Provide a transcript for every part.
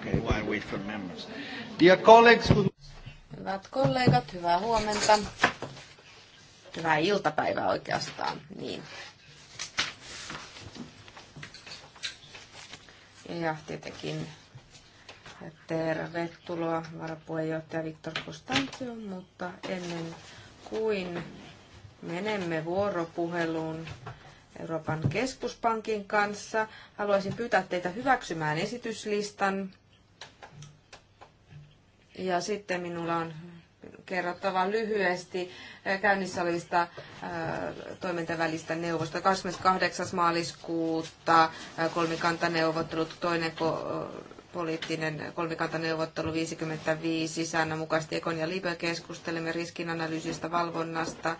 Okay, wait for members? Dear colleagues, good... Hyvät kollegat, hyvää huomenta. Hyvää iltapäivää oikeastaan. Niin. Ja tietenkin tervetuloa varapuheenjohtaja Viktor Kostantio, mutta ennen kuin menemme vuoropuheluun Euroopan keskuspankin kanssa. Haluaisin pyytää teitä hyväksymään esityslistan. Ja sitten minulla on kerrottava lyhyesti käynnissä olevista äh, toimintavälistä neuvosta. 28. maaliskuuta äh, kolmikantaneuvottelut, toinen äh, poliittinen kolmikantaneuvottelu 55 säännön mukaisesti Ekon ja Libe keskustelemme riskinanalyysistä, valvonnasta,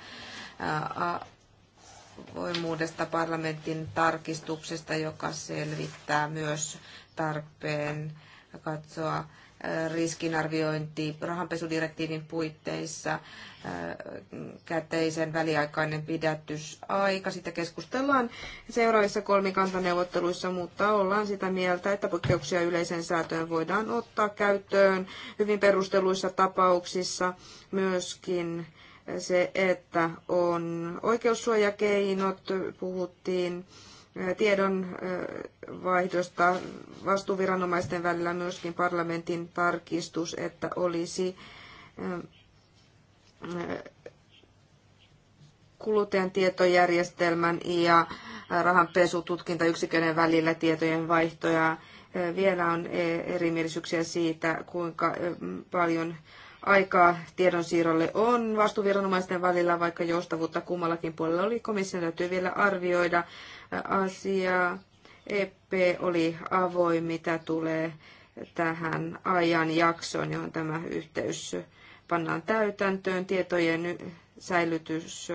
voimuudesta parlamentin tarkistuksesta, joka selvittää myös tarpeen katsoa riskinarviointi rahanpesudirektiivin puitteissa, äh, käteisen väliaikainen pidätysaika. Sitä keskustellaan seuraavissa kolmikantaneuvotteluissa, mutta ollaan sitä mieltä, että poikkeuksia yleiseen säätöön voidaan ottaa käyttöön hyvin perusteluissa tapauksissa myöskin se, että on oikeussuojakeinot, puhuttiin tiedon vaihdosta vastuuviranomaisten välillä myöskin parlamentin tarkistus, että olisi kuluttajan tietojärjestelmän ja rahanpesututkintayksiköiden välillä tietojen vaihtoja. Vielä on erimielisyyksiä siitä, kuinka paljon aikaa tiedonsiirrolle on vastuviranomaisten välillä, vaikka joustavuutta kummallakin puolella oli. Komission täytyy vielä arvioida asiaa. EP oli avoin, mitä tulee tähän ajanjaksoon, johon tämä yhteys pannaan täytäntöön. Tietojen säilytys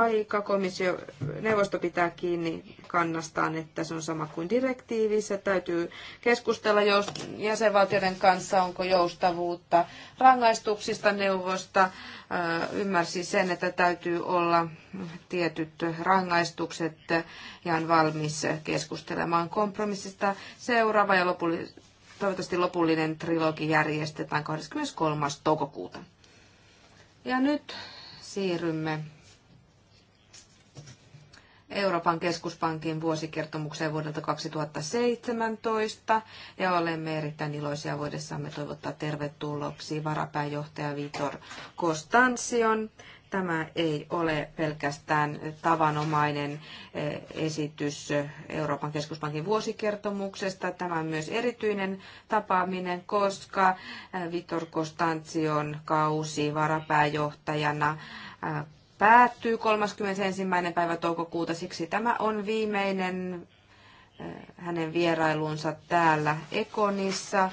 aika. Komissio, neuvosto pitää kiinni kannastaan, että se on sama kuin direktiivi. Se täytyy keskustella jos jäsenvaltioiden kanssa, onko joustavuutta rangaistuksista neuvosta. Äh, ymmärsi sen, että täytyy olla tietyt rangaistukset ja on valmis keskustelemaan kompromissista. Seuraava ja lopulli- toivottavasti lopullinen trilogi järjestetään 23. toukokuuta. Ja nyt siirrymme Euroopan keskuspankin vuosikertomukseen vuodelta 2017 ja olemme erittäin iloisia voidessamme toivottaa tervetulloksi varapääjohtaja Vitor Kostansion. Tämä ei ole pelkästään tavanomainen eh, esitys Euroopan keskuspankin vuosikertomuksesta. Tämä on myös erityinen tapaaminen, koska eh, Vitor Kostantion kausi varapääjohtajana eh, päättyy 31. päivä toukokuuta, siksi tämä on viimeinen eh, hänen vierailunsa täällä Ekonissa.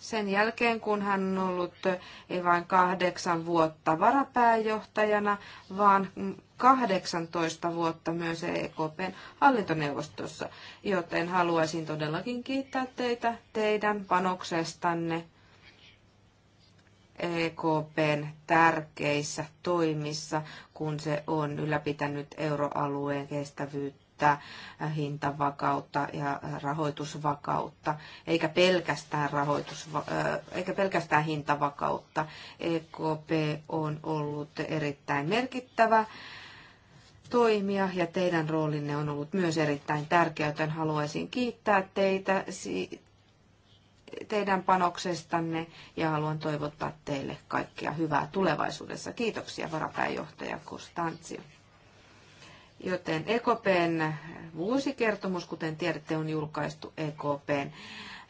Sen jälkeen, kun hän on ollut ei eh, vain kahdeksan vuotta varapääjohtajana, vaan 18 vuotta myös EKPn hallintoneuvostossa, joten haluaisin todellakin kiittää teitä teidän panoksestanne EKPn tärkeissä toimissa, kun se on ylläpitänyt euroalueen kestävyyttä, hintavakautta ja rahoitusvakautta, eikä pelkästään, rahoitusva- eikä pelkästään hintavakautta. EKP on ollut erittäin merkittävä toimia ja teidän roolinne on ollut myös erittäin tärkeä, joten haluaisin kiittää teitä teidän panoksestanne ja haluan toivottaa teille kaikkea hyvää tulevaisuudessa. Kiitoksia varapääjohtaja Kostantsio. Joten EKPn vuosikertomus, kuten tiedätte, on julkaistu EKPn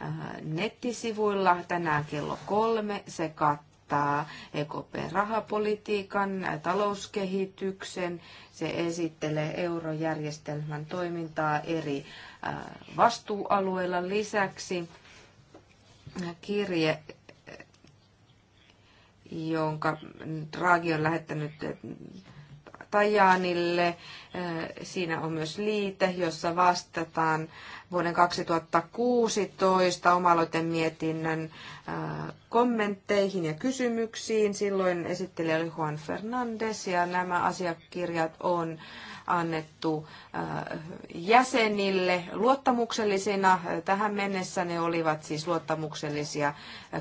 äh, nettisivuilla tänään kello kolme. Se kattaa EKPn rahapolitiikan, äh, talouskehityksen. Se esittelee eurojärjestelmän toimintaa eri äh, vastuualueilla lisäksi kirje, jonka Draghi on lähettänyt Tajanille. Siinä on myös liite, jossa vastataan vuoden 2016 omaloitemietinnön kommentteihin ja kysymyksiin. Silloin esittelijä oli Juan Fernandes ja nämä asiakirjat on annettu jäsenille luottamuksellisina. Tähän mennessä ne olivat siis luottamuksellisia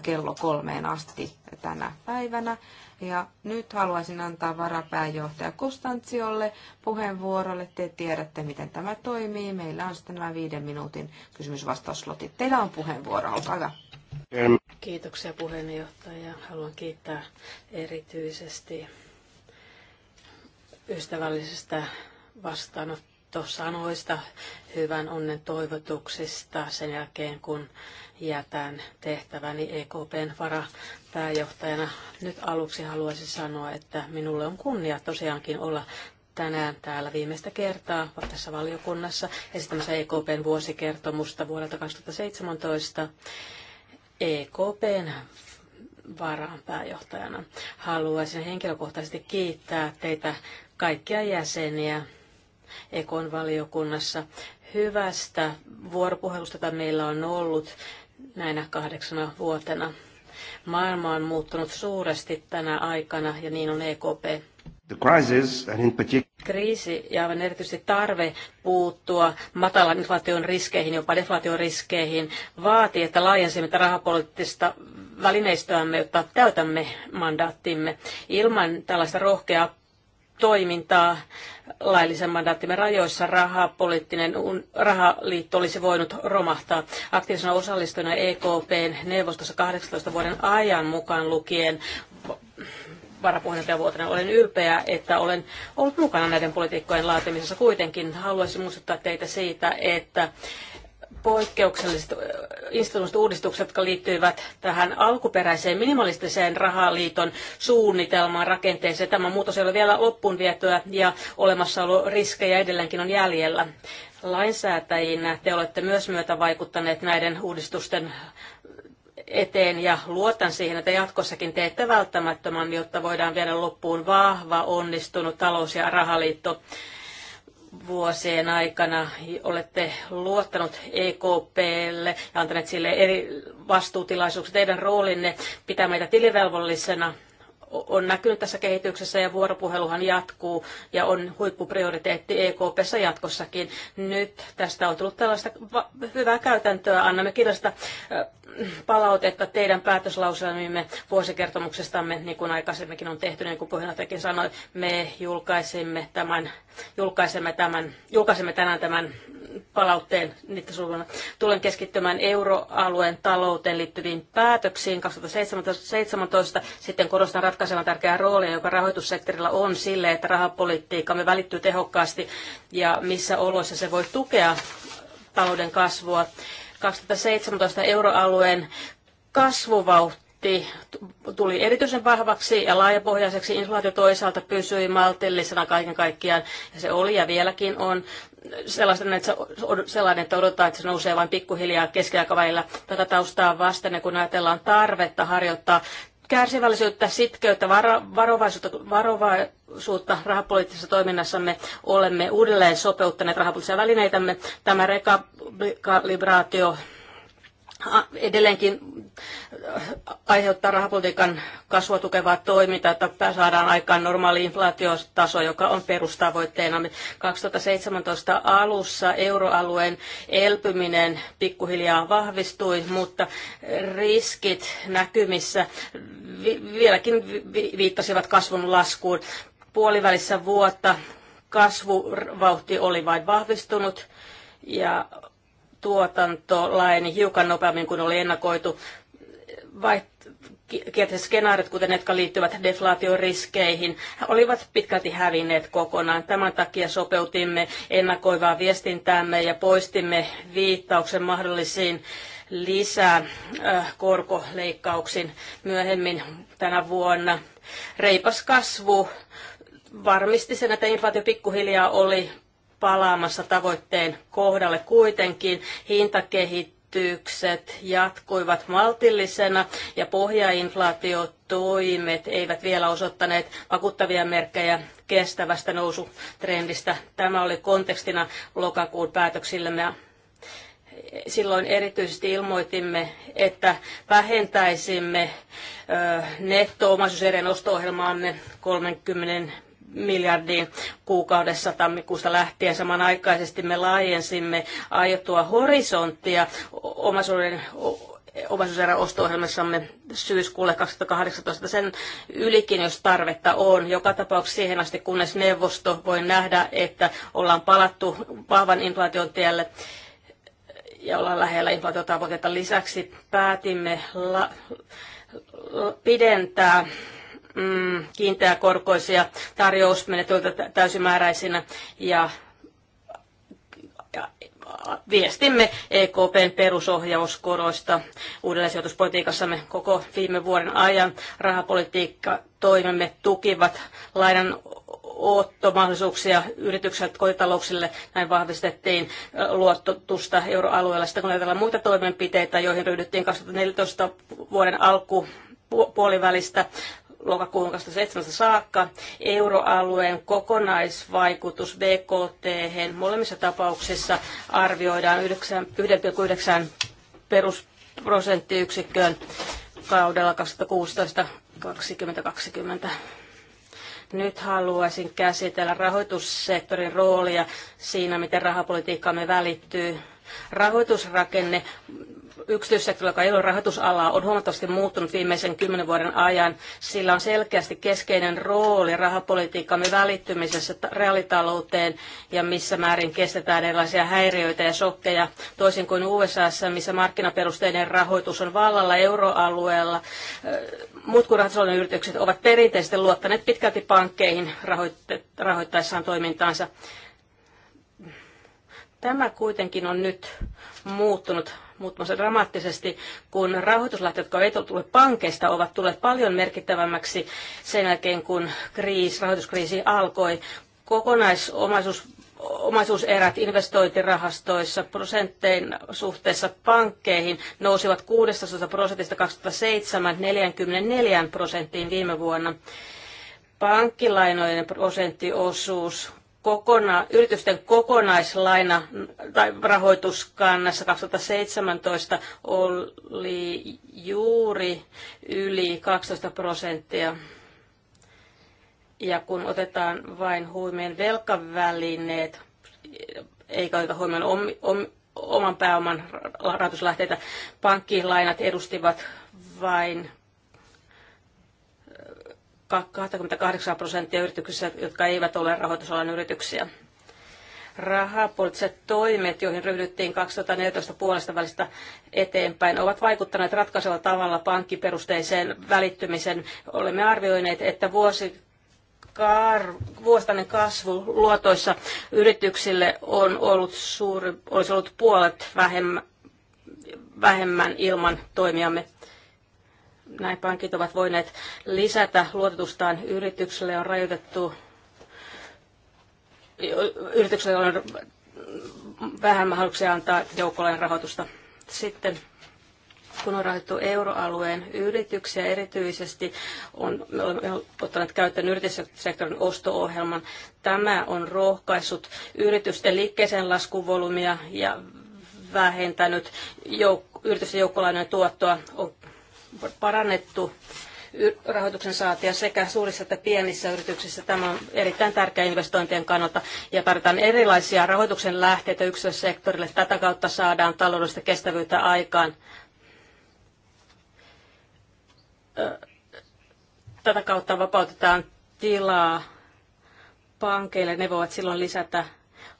kello kolmeen asti tänä päivänä. Ja nyt haluaisin antaa varapääjohtaja Kustantsiolle puheenvuorolle. Te tiedätte, miten tämä toimii. Meillä on sitten nämä viiden minuutin kysymysvastauslotit. Teillä on puheenvuoro, olkaa hyvä. Kiitoksia puheenjohtaja. Haluan kiittää erityisesti ystävällisestä vastaanottosanoista, hyvän onnen toivotuksista sen jälkeen, kun jätän tehtäväni EKPn varapääjohtajana. Nyt aluksi haluaisin sanoa, että minulle on kunnia tosiaankin olla tänään täällä viimeistä kertaa tässä valiokunnassa esittämässä EKPn vuosikertomusta vuodelta 2017 EKPn varaan pääjohtajana. Haluaisin henkilökohtaisesti kiittää teitä kaikkia jäseniä Ekon valiokunnassa hyvästä vuoropuhelusta, jota meillä on ollut näinä kahdeksana vuotena. Maailma on muuttunut suuresti tänä aikana ja niin on EKP. The crisis, and in particular... Kriisi ja aivan erityisesti tarve puuttua matalan inflaation riskeihin, jopa deflaation riskeihin, vaatii, että laajensimme rahapoliittista välineistöämme, jotta täytämme mandaattimme. Ilman tällaista rohkeaa toimintaa laillisen mandaattimme rajoissa rahapoliittinen rahaliitto olisi voinut romahtaa. Aktiivisena osallistujana EKPn neuvostossa 18 vuoden ajan mukaan lukien varapuheenjohtajavuotena olen ylpeä, että olen ollut mukana näiden politiikkojen laatimisessa. Kuitenkin haluaisin muistuttaa teitä siitä, että poikkeukselliset instituutiset uudistukset, jotka liittyivät tähän alkuperäiseen minimalistiseen rahaliiton suunnitelmaan rakenteeseen. Tämä muutos ei ole vielä loppuun vietyä ja olemassaoloriskejä edelleenkin on jäljellä. Lainsäätäjinä te olette myös myötä vaikuttaneet näiden uudistusten eteen ja luotan siihen, että jatkossakin teette välttämättömän, jotta voidaan viedä loppuun vahva, onnistunut talous- ja rahaliitto vuosien aikana olette luottanut EKPlle ja antaneet sille eri vastuutilaisuuksia. Teidän roolinne pitää meitä tilivelvollisena on näkynyt tässä kehityksessä ja vuoropuheluhan jatkuu ja on huippuprioriteetti EKPssä jatkossakin. Nyt tästä on tullut tällaista hyvää käytäntöä. Annamme kirjasta palautetta teidän päätöslauselmimme vuosikertomuksestamme, niin kuin aikaisemminkin on tehty, niin kuin puheenjohtajakin sanoi, me julkaisimme tämän Julkaisemme, tämän, julkaisemme tänään tämän palautteen nittasuvuna. Tulen keskittymään euroalueen talouteen liittyviin päätöksiin 2017. Sitten korostan ratkaisevan tärkeää roolia, joka rahoitussektorilla on sille, että rahapolitiikkamme välittyy tehokkaasti ja missä oloissa se voi tukea talouden kasvua. 2017 euroalueen kasvuvauhti prosentti tuli erityisen vahvaksi ja laajapohjaiseksi. Inflaatio toisaalta pysyi maltillisena kaiken kaikkiaan ja se oli ja vieläkin on sellainen, että, sellainen, että odotetaan, että se nousee vain pikkuhiljaa keskiaikavälillä tätä taustaa vasten ja kun ajatellaan tarvetta harjoittaa kärsivällisyyttä, sitkeyttä, varo, varovaisuutta, varovaisuutta rahapoliittisessa toiminnassamme olemme uudelleen sopeuttaneet rahapoliittisia välineitämme. Tämä rekalibraatio edelleenkin äh, aiheuttaa rahapolitiikan kasvua tukevaa toimintaa, että saadaan aikaan normaali inflaatiotaso, joka on perustavoitteena. 2017 alussa euroalueen elpyminen pikkuhiljaa vahvistui, mutta riskit näkymissä vieläkin viittasivat kasvun laskuun. Puolivälissä vuotta kasvuvauhti oli vain vahvistunut ja tuotantolaini hiukan nopeammin kuin oli ennakoitu. Kielteiset skenaariot, kuten ne, jotka liittyvät deflaatioriskeihin, olivat pitkälti hävinneet kokonaan. Tämän takia sopeutimme ennakoivaa viestintäämme ja poistimme viittauksen mahdollisiin lisää korkoleikkauksiin myöhemmin tänä vuonna. Reipas kasvu varmisti sen, että inflaatio pikkuhiljaa oli palaamassa tavoitteen kohdalle kuitenkin. Hintakehitykset jatkuivat maltillisena ja pohjainflaatiotoimet eivät vielä osoittaneet vakuuttavia merkkejä kestävästä nousutrendistä. Tämä oli kontekstina lokakuun päätöksillemme silloin erityisesti ilmoitimme, että vähentäisimme netto-omaisuuserien osto-ohjelmaamme 30 miljardiin kuukaudessa tammikuusta lähtien. Samanaikaisesti me laajensimme aiottua horisonttia omaisuuden omaisuuserän osto-ohjelmassamme syyskuulle 2018 sen ylikin, jos tarvetta on. Joka tapauksessa siihen asti, kunnes neuvosto voi nähdä, että ollaan palattu vahvan inflaation tielle ja ollaan lähellä inflaatiotavoitetta. Lisäksi päätimme la- pidentää mm, kiinteäkorkoisia tarjousmenetöitä täysimääräisinä ja, ja viestimme EKPn perusohjauskoroista uudelleensijoituspolitiikassamme koko viime vuoden ajan. Rahapolitiikka toimemme tukivat lainan ottomahdollisuuksia yritykseltä kotitalouksille, näin vahvistettiin luottotusta euroalueella. Sitten kun ajatellaan muita toimenpiteitä, joihin ryhdyttiin 2014 vuoden alku puolivälistä lokakuun 2007 saakka. Euroalueen kokonaisvaikutus BKT hen molemmissa tapauksissa arvioidaan 1,9 perusprosenttiyksikköön kaudella 2016-2020. Nyt haluaisin käsitellä rahoitussektorin roolia siinä, miten rahapolitiikkaamme välittyy. Rahoitusrakenne yksityissektorilla, joka ei ole rahoitusalaa, on huomattavasti muuttunut viimeisen kymmenen vuoden ajan. Sillä on selkeästi keskeinen rooli rahapolitiikkamme välittymisessä reaalitalouteen ja missä määrin kestetään erilaisia häiriöitä ja sokkeja. toisin kuin USA, missä markkinaperusteinen rahoitus on vallalla euroalueella. Muut kuin rahoitusalueen yritykset ovat perinteisesti luottaneet pitkälti pankkeihin rahoittaessaan toimintaansa. Tämä kuitenkin on nyt muuttunut muuttumassa dramaattisesti, kun rahoituslähteet, jotka eivät tulleet pankeista, ovat tulleet paljon merkittävämmäksi sen jälkeen, kun kriis, rahoituskriisi alkoi. Kokonaisomaisuus omaisuuserät investointirahastoissa prosenttein suhteessa pankkeihin nousivat 16 prosentista 2007 44 prosenttiin viime vuonna. Pankkilainojen prosenttiosuus kokona, yritysten kokonaislaina tai rahoituskannassa 2017 oli juuri yli 12 prosenttia. Ja kun otetaan vain huimien velkavälineet, eikä oteta huomioon om, om, oman pääoman rahoituslähteitä, pankkilainat edustivat vain 28 prosenttia yrityksistä jotka eivät ole rahoitusalan yrityksiä. Rahapoliittiset toimet, joihin ryhdyttiin 2014 puolesta välistä eteenpäin, ovat vaikuttaneet ratkaisella tavalla pankkiperusteiseen välittymiseen. Olemme arvioineet, että vuosi kar, vuostainen kasvu luotoissa yrityksille on ollut suuri, olisi ollut puolet vähemmän, vähemmän ilman toimiamme näin pankit ovat voineet lisätä luototustaan yritykselle on rajoitettu yritykselle on vähän mahdollisuuksia antaa joukkolain rahoitusta. Sitten kun on rajoitettu euroalueen yrityksiä erityisesti, on, me olemme ottaneet käyttöön yrityssektorin osto-ohjelman. Tämä on rohkaissut yritysten liikkeeseen laskuvolumia ja vähentänyt jouk- yritysten joukkolainojen tuottoa. On parannettu rahoituksen saatia sekä suurissa että pienissä yrityksissä. Tämä on erittäin tärkeä investointien kannalta ja tarvitaan erilaisia rahoituksen lähteitä yksityissektorille. Tätä kautta saadaan taloudellista kestävyyttä aikaan. Tätä kautta vapautetaan tilaa pankeille. Ne voivat silloin lisätä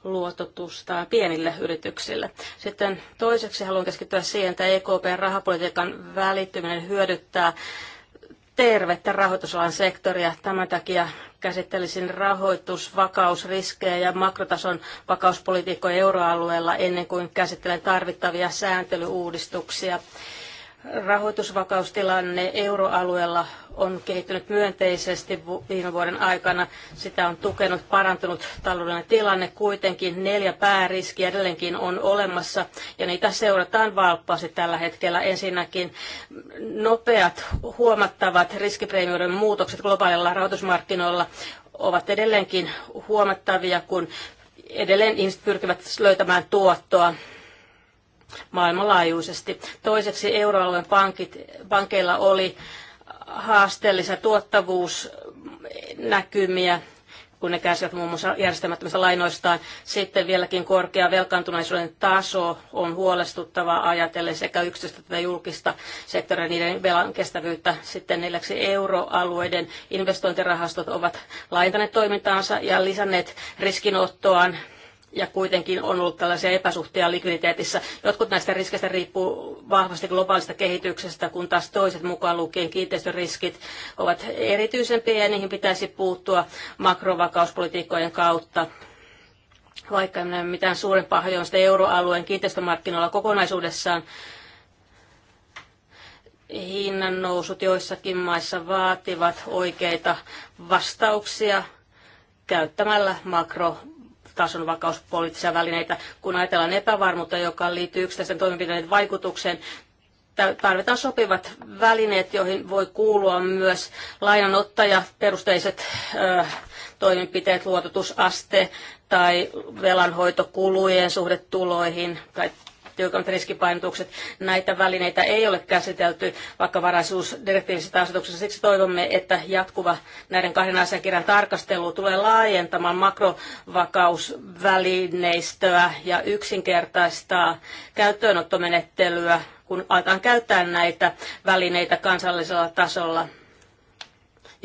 luototusta pienille yrityksille. Sitten toiseksi haluan keskittyä siihen, että EKPn rahapolitiikan välittyminen hyödyttää tervettä rahoitusalan sektoria. Tämän takia käsittelisin rahoitusvakausriskejä ja makrotason vakauspolitiikkoja euroalueella ennen kuin käsittelen tarvittavia sääntelyuudistuksia Rahoitusvakaustilanne euroalueella on kehittynyt myönteisesti viime vuoden aikana. Sitä on tukenut parantunut taloudellinen tilanne. Kuitenkin neljä pääriskiä edelleenkin on olemassa ja niitä seurataan valppaasti tällä hetkellä. Ensinnäkin nopeat huomattavat riskipreemioiden muutokset globaalilla rahoitusmarkkinoilla ovat edelleenkin huomattavia, kun edelleen ihmiset pyrkivät löytämään tuottoa maailmanlaajuisesti. Toiseksi euroalueen pankit, pankeilla oli haasteellisia tuottavuusnäkymiä, kun ne kärsivät muun muassa järjestämättömistä lainoistaan. Sitten vieläkin korkea velkaantuneisuuden taso on huolestuttavaa ajatellen sekä yksityistä että julkista sektoria niiden velan kestävyyttä. Sitten neljäksi euroalueiden investointirahastot ovat laajentaneet toimintaansa ja lisänneet riskinottoaan ja kuitenkin on ollut tällaisia epäsuhtia likviditeetissä. Jotkut näistä riskeistä riippuu vahvasti globaalista kehityksestä, kun taas toiset mukaan lukien kiinteistöriskit ovat erityisen ja niihin pitäisi puuttua makrovakauspolitiikkojen kautta. Vaikka en näe mitään suurempaa hajoamista euroalueen kiinteistömarkkinoilla kokonaisuudessaan, hinnan nousut joissakin maissa vaativat oikeita vastauksia käyttämällä makro tason vakauspoliittisia välineitä. Kun ajatellaan epävarmuutta, joka liittyy yksittäisten toimenpiteiden vaikutukseen, tarvitaan sopivat välineet, joihin voi kuulua myös lainanottaja, perusteiset toimenpiteet, luototusaste tai velanhoitokulujen suhde tuloihin tai tiukat riskipainotukset. Näitä välineitä ei ole käsitelty vaikka varaisuusdirektiivissä tai asetuksessa. Siksi toivomme, että jatkuva näiden kahden asiakirjan tarkastelu tulee laajentamaan makrovakausvälineistöä ja yksinkertaistaa käyttöönottomenettelyä kun aletaan käyttää näitä välineitä kansallisella tasolla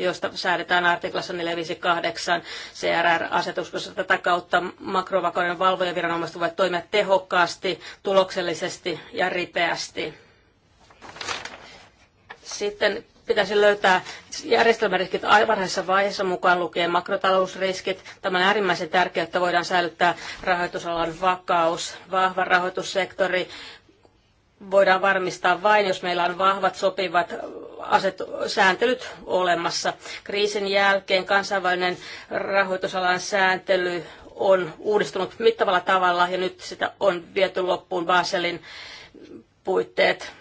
josta säädetään artiklassa 458 CRR-asetuksessa. Tätä kautta makrovakauden valvojaviranomaiset voivat toimia tehokkaasti, tuloksellisesti ja ripeästi. Sitten pitäisi löytää järjestelmäriskit varhaisessa vaiheessa mukaan lukien makrotalousriskit. Tämä on äärimmäisen tärkeää, että voidaan säilyttää rahoitusalan vakaus, vahva rahoitussektori, voidaan varmistaa vain, jos meillä on vahvat sopivat aset sääntelyt olemassa. Kriisin jälkeen kansainvälinen rahoitusalan sääntely on uudistunut mittavalla tavalla ja nyt sitä on viety loppuun Baselin puitteet.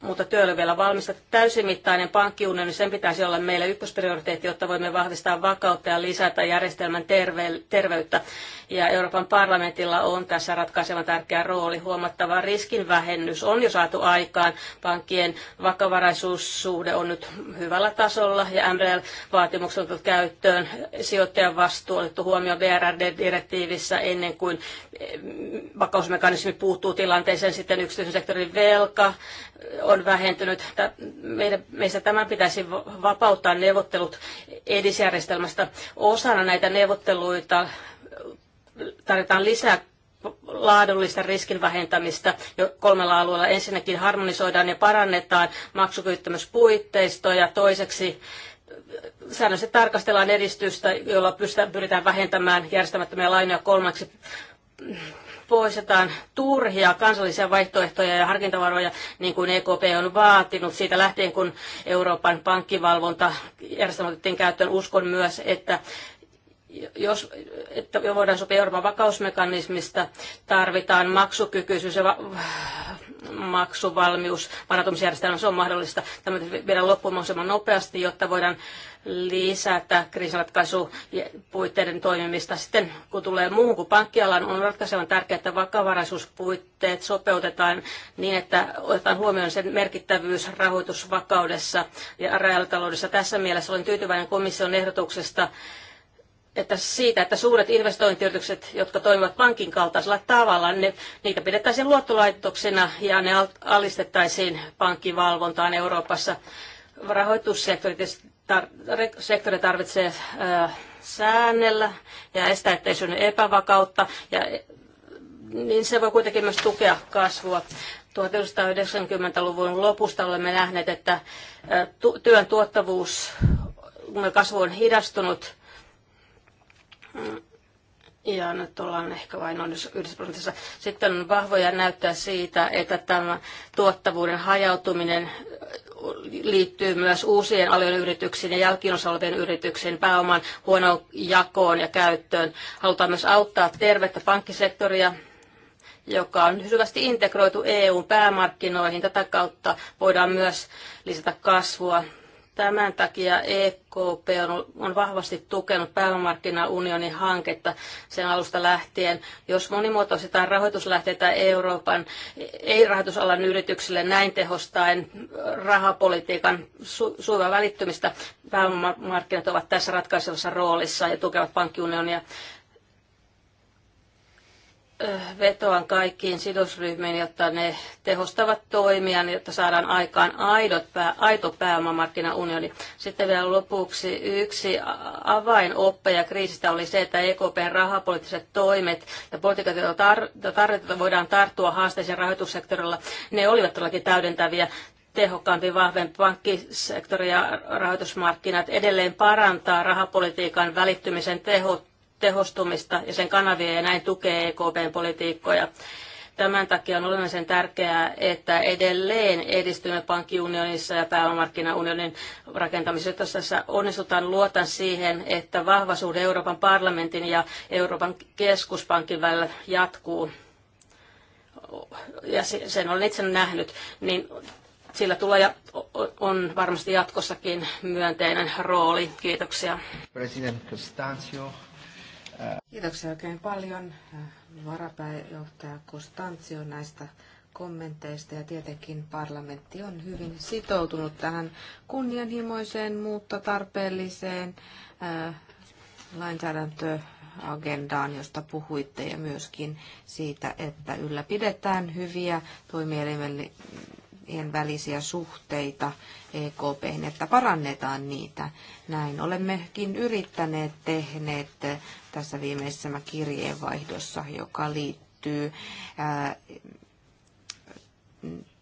Mutta työ on vielä valmista. Täysimittainen pankkiunioni, niin sen pitäisi olla meille ykkösprioriteetti, jotta voimme vahvistaa vakautta ja lisätä järjestelmän terve- terveyttä ja Euroopan parlamentilla on tässä ratkaisevan tärkeä rooli. Huomattava riskinvähennys on jo saatu aikaan. Pankkien vakavaraisuussuhde on nyt hyvällä tasolla ja MREL-vaatimukset on otettu käyttöön. Sijoittajan vastuu on otettu huomioon VRD-direktiivissä ennen kuin eh, vakausmekanismi puuttuu tilanteeseen. Sitten yksityisen sektorin velka on vähentynyt. Meidän, meistä tämän pitäisi vapauttaa neuvottelut edisjärjestelmästä. Osana näitä neuvotteluita tarvitaan lisää laadullista riskin vähentämistä jo kolmella alueella. Ensinnäkin harmonisoidaan ja parannetaan maksukyvyttömyyspuitteistoja. Toiseksi äh, säännöllisesti tarkastellaan edistystä, jolla pyritään vähentämään järjestämättömiä lainoja. Kolmanneksi poistetaan turhia kansallisia vaihtoehtoja ja harkintavaroja, niin kuin EKP on vaatinut siitä lähtien, kun Euroopan pankkivalvonta järjestelmä otettiin käyttöön. Uskon myös, että jos, että jo voidaan sopia Euroopan vakausmekanismista, tarvitaan maksukykyisyys ja va- maksuvalmius varautumisjärjestelmä, se on mahdollista. Tämä viedään loppuun mahdollisimman nopeasti, jotta voidaan lisätä kriisinratkaisupuitteiden toimimista. Sitten kun tulee muuhun kuin pankkialan, on ratkaisevan tärkeää, että vakavaraisuuspuitteet sopeutetaan niin, että otetaan huomioon sen merkittävyys rahoitusvakaudessa ja rajataloudessa. Tässä mielessä olen tyytyväinen komission ehdotuksesta että siitä, että suuret investointiyritykset, jotka toimivat pankin kaltaisella tavalla, ne, niitä pidettäisiin luottolaitoksena ja ne alistettaisiin pankkivalvontaan Euroopassa. Rahoitussektori, sektori tarvitsee äh, säännellä ja estää, ettei synny epävakautta, ja, e, niin se voi kuitenkin myös tukea kasvua. 1990-luvun lopusta olemme nähneet, että äh, työn tuottavuus kasvu on hidastunut ja nyt ollaan ehkä vain noin yhdessä. prosentissa. Sitten on vahvoja näyttää siitä, että tämä tuottavuuden hajautuminen liittyy myös uusien alojen yrityksiin ja jälkinossa olevien yrityksiin pääoman huonoon jakoon ja käyttöön. Halutaan myös auttaa tervettä pankkisektoria joka on hyvästi integroitu EUn päämarkkinoihin. Tätä kautta voidaan myös lisätä kasvua Tämän takia EKP on, on vahvasti tukenut pääomamarkkinaunionin hanketta sen alusta lähtien. Jos monimuotoisetaan rahoituslähteitä Euroopan ei-rahoitusalan yrityksille näin tehostaen rahapolitiikan su- suivaa välittymistä, pääomamarkkinat ovat tässä ratkaisevassa roolissa ja tukevat pankkiunionia vetoan kaikkiin sidosryhmiin, jotta ne tehostavat toimia, jotta saadaan aikaan aidot pää, aito pääomamarkkinaunioni. Sitten vielä lopuksi yksi avainoppeja kriisistä oli se, että EKPn rahapoliittiset toimet ja politiikat, joita tarvitaan, voidaan tarttua haasteisiin rahoitussektorilla, ne olivat todellakin täydentäviä tehokkaampi, vahvempi pankkisektori ja rahoitusmarkkinat edelleen parantaa rahapolitiikan välittymisen teho, tehostumista ja sen kanavia ja näin tukee EKPn politiikkoja. Tämän takia on olennaisen tärkeää, että edelleen edistymme pankkiunionissa ja pääomamarkkinaunionin rakentamisessa. Tässä onnistutaan luotan siihen, että vahva suhde Euroopan parlamentin ja Euroopan keskuspankin välillä jatkuu. Ja sen olen itse nähnyt, niin sillä tulee ja on varmasti jatkossakin myönteinen rooli. Kiitoksia. President Kiitoksia oikein paljon varapääjohtaja Konstantio näistä kommenteista ja tietenkin parlamentti on hyvin sitoutunut tähän kunnianhimoiseen, mutta tarpeelliseen äh, lainsäädäntöagendaan, josta puhuitte, ja myöskin siitä, että ylläpidetään hyviä toimielimien välisiä suhteita EKP, että parannetaan niitä. Näin olemmekin yrittäneet tehneet tässä viimeisessä kirjeenvaihdossa, joka liittyy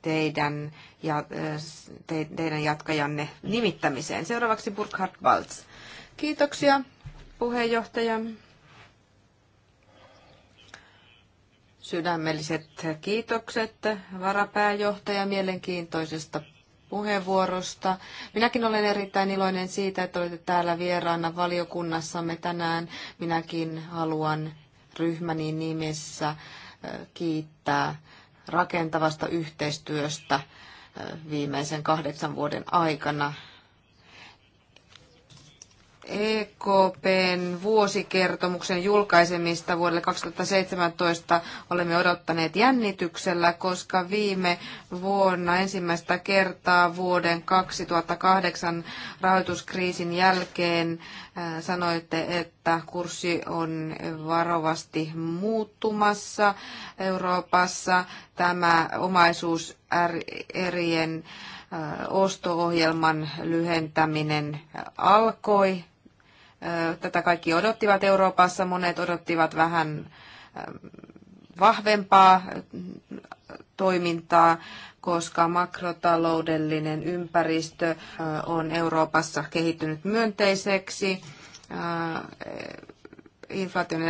teidän, ja, te, teidän jatkajanne nimittämiseen. Seuraavaksi Burkhard Waltz. Kiitoksia puheenjohtaja. Sydämelliset kiitokset varapääjohtaja mielenkiintoisesta puheenvuorosta. Minäkin olen erittäin iloinen siitä, että olette täällä vieraana valiokunnassamme tänään. Minäkin haluan ryhmäni nimessä kiittää rakentavasta yhteistyöstä viimeisen kahdeksan vuoden aikana. EKPn vuosikertomuksen julkaisemista vuodelle 2017 olemme odottaneet jännityksellä, koska viime vuonna ensimmäistä kertaa vuoden 2008 rahoituskriisin jälkeen sanoitte, että kurssi on varovasti muuttumassa Euroopassa. Tämä omaisuus erien osto-ohjelman lyhentäminen alkoi Tätä kaikki odottivat Euroopassa, monet odottivat vähän vahvempaa toimintaa, koska makrotaloudellinen ympäristö on Euroopassa kehittynyt myönteiseksi. E, Inflaation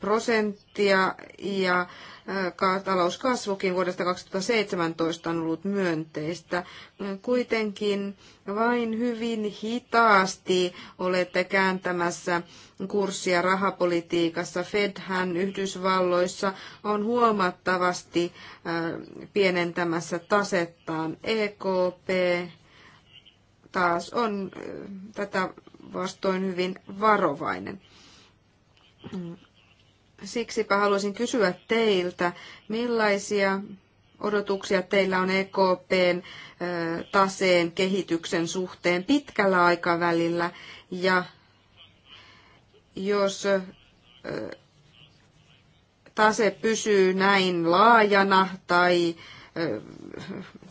prosenttia ja talouskasvukin vuodesta 2017 on ollut myönteistä. Kuitenkin vain hyvin hitaasti olette kääntämässä kurssia rahapolitiikassa. Fedhän Yhdysvalloissa on huomattavasti pienentämässä tasettaan. EKP taas on tätä vastoin hyvin varovainen siksipä haluaisin kysyä teiltä, millaisia odotuksia teillä on EKPn taseen kehityksen suhteen pitkällä aikavälillä ja jos tase pysyy näin laajana tai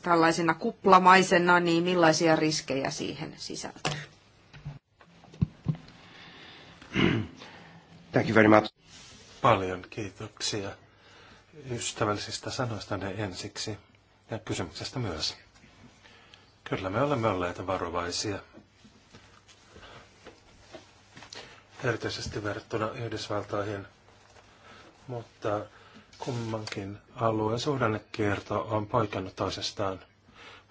tällaisena kuplamaisena, niin millaisia riskejä siihen sisältyy? Thank you very much paljon kiitoksia ystävällisistä ne ensiksi ja kysymyksestä myös. Kyllä me olemme olleet varovaisia. Erityisesti verrattuna Yhdysvaltoihin, mutta kummankin alueen suhdannekierto on poikennut toisestaan.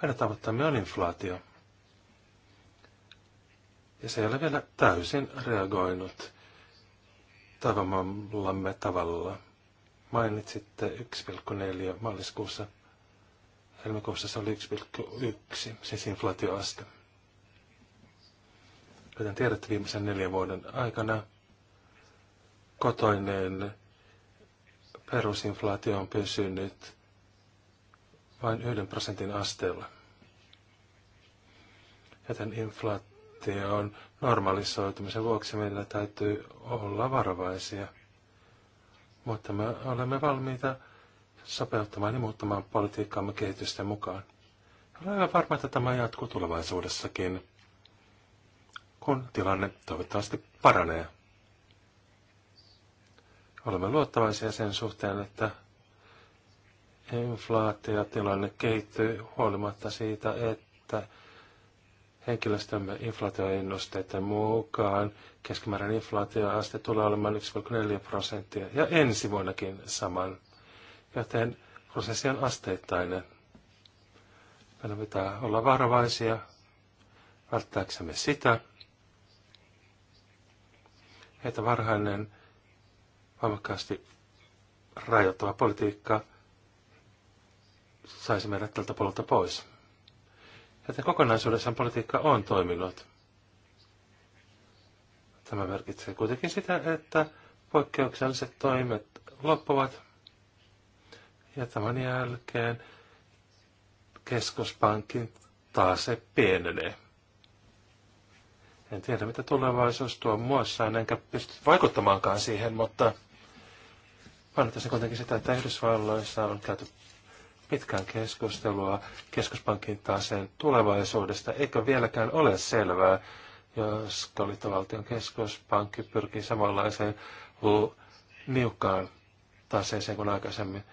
Meidän tavoittamme on inflaatio. Ja se ei ole vielä täysin reagoinut tavamallamme tavalla. Mainitsitte 1,4 maaliskuussa. Helmikuussa se oli 1,1, siis inflaatioaste. Kuten tiedätte, viimeisen neljän vuoden aikana kotoinen perusinflaatio on pysynyt vain yhden prosentin asteella. Joten inflaatio on normalisoitumisen vuoksi meillä täytyy olla varovaisia. Mutta me olemme valmiita sopeuttamaan ja muuttamaan politiikkaamme kehitysten mukaan. Olen aivan varma, että tämä jatkuu tulevaisuudessakin, kun tilanne toivottavasti paranee. Olemme luottavaisia sen suhteen, että inflaatiotilanne kehittyy huolimatta siitä, että henkilöstömme inflaatioennusteiden mukaan keskimääräinen inflaatioaste tulee olemaan 1,4 prosenttia ja ensi vuonnakin saman, joten prosessi on asteittainen. Meidän pitää olla varovaisia välttääksemme sitä, että varhainen voimakkaasti rajoittava politiikka saisi meidät tältä polulta pois että kokonaisuudessaan politiikka on toiminut. Tämä merkitsee kuitenkin sitä, että poikkeukselliset toimet loppuvat ja tämän jälkeen keskuspankin taas se pienenee. En tiedä, mitä tulevaisuus tuo muassaan, enkä pysty vaikuttamaankaan siihen, mutta painottaisin kuitenkin sitä, että Yhdysvalloissa on käyty pitkään keskustelua keskuspankin taseen tulevaisuudesta, eikä vieläkään ole selvää, jos liittovaltion keskuspankki pyrkii samanlaiseen niukkaan taseeseen kuin aikaisemmin.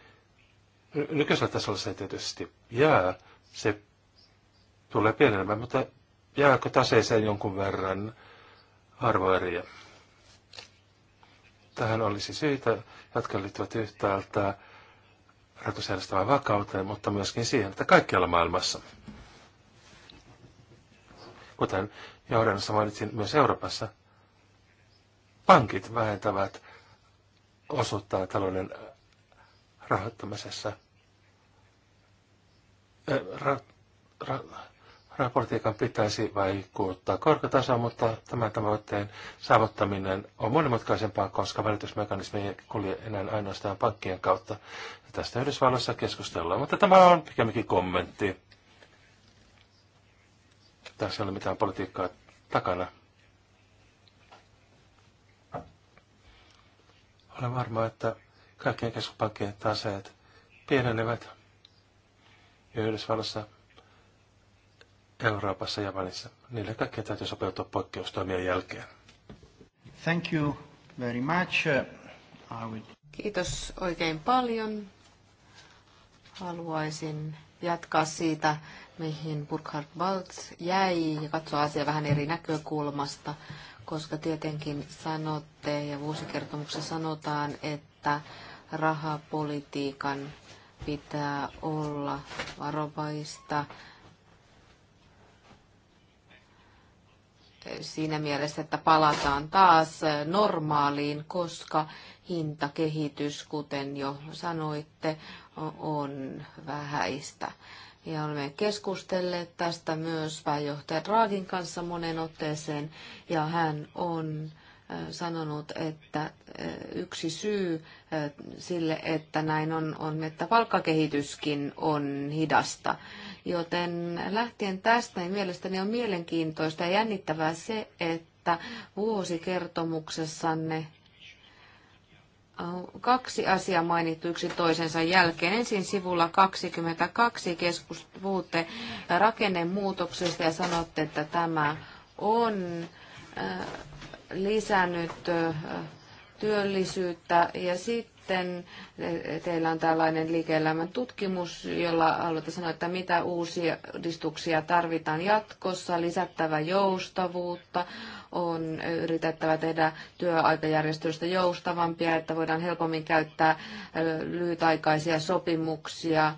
Nykyisellä tasolla se tietysti jää, se tulee pienemmän, mutta jääkö taseeseen jonkun verran arvoeriä? Tähän olisi syytä, jotka liittyvät yhtäältä rahoitusjärjestelmän vakauteen, mutta myöskin siihen, että kaikkialla maailmassa, kuten johdannossa mainitsin myös Euroopassa, pankit vähentävät osuutta talouden rahoittamisessa. Ra- ra- raportiikan pitäisi vaikuttaa korkotasoon, mutta tämän tavoitteen saavuttaminen on monimutkaisempaa, koska välitysmekanismi ei kulje enää ainoastaan pankkien kautta. Tästä Yhdysvalloissa keskustellaan, mutta tämä on pikemminkin kommentti. Tässä ei ole mitään politiikkaa takana. Olen varma, että kaikkien keskuspankkien taseet pienenevät ja Yhdysvalloissa, Euroopassa ja Japanissa. Niille kaikkien täytyy sopeutua poikkeustoimien jälkeen. Thank you very much. I would... Kiitos oikein paljon. Haluaisin jatkaa siitä, mihin Burkhard Baltz jäi ja katsoa asiaa vähän eri näkökulmasta, koska tietenkin sanotte ja vuosikertomuksessa sanotaan, että rahapolitiikan pitää olla varovaista siinä mielessä, että palataan taas normaaliin, koska hintakehitys, kuten jo sanoitte, on vähäistä. Ja olemme keskustelleet tästä myös pääjohtaja Draagin kanssa monen otteeseen, ja hän on äh, sanonut, että äh, yksi syy äh, sille, että näin on, on että palkkakehityskin on hidasta. Joten lähtien tästä, niin mielestäni on mielenkiintoista ja jännittävää se, että vuosikertomuksessanne kaksi asiaa mainittu yksi toisensa jälkeen. Ensin sivulla 22 keskus, puhutte rakennemuutoksesta ja sanotte, että tämä on äh, lisännyt äh, työllisyyttä ja sitten äh, teillä on tällainen liike-elämän tutkimus, jolla haluatte sanoa, että mitä uusia uudistuksia tarvitaan jatkossa, lisättävä joustavuutta, on yritettävä tehdä työaikajärjestelystä joustavampia, että voidaan helpommin käyttää lyhytaikaisia sopimuksia.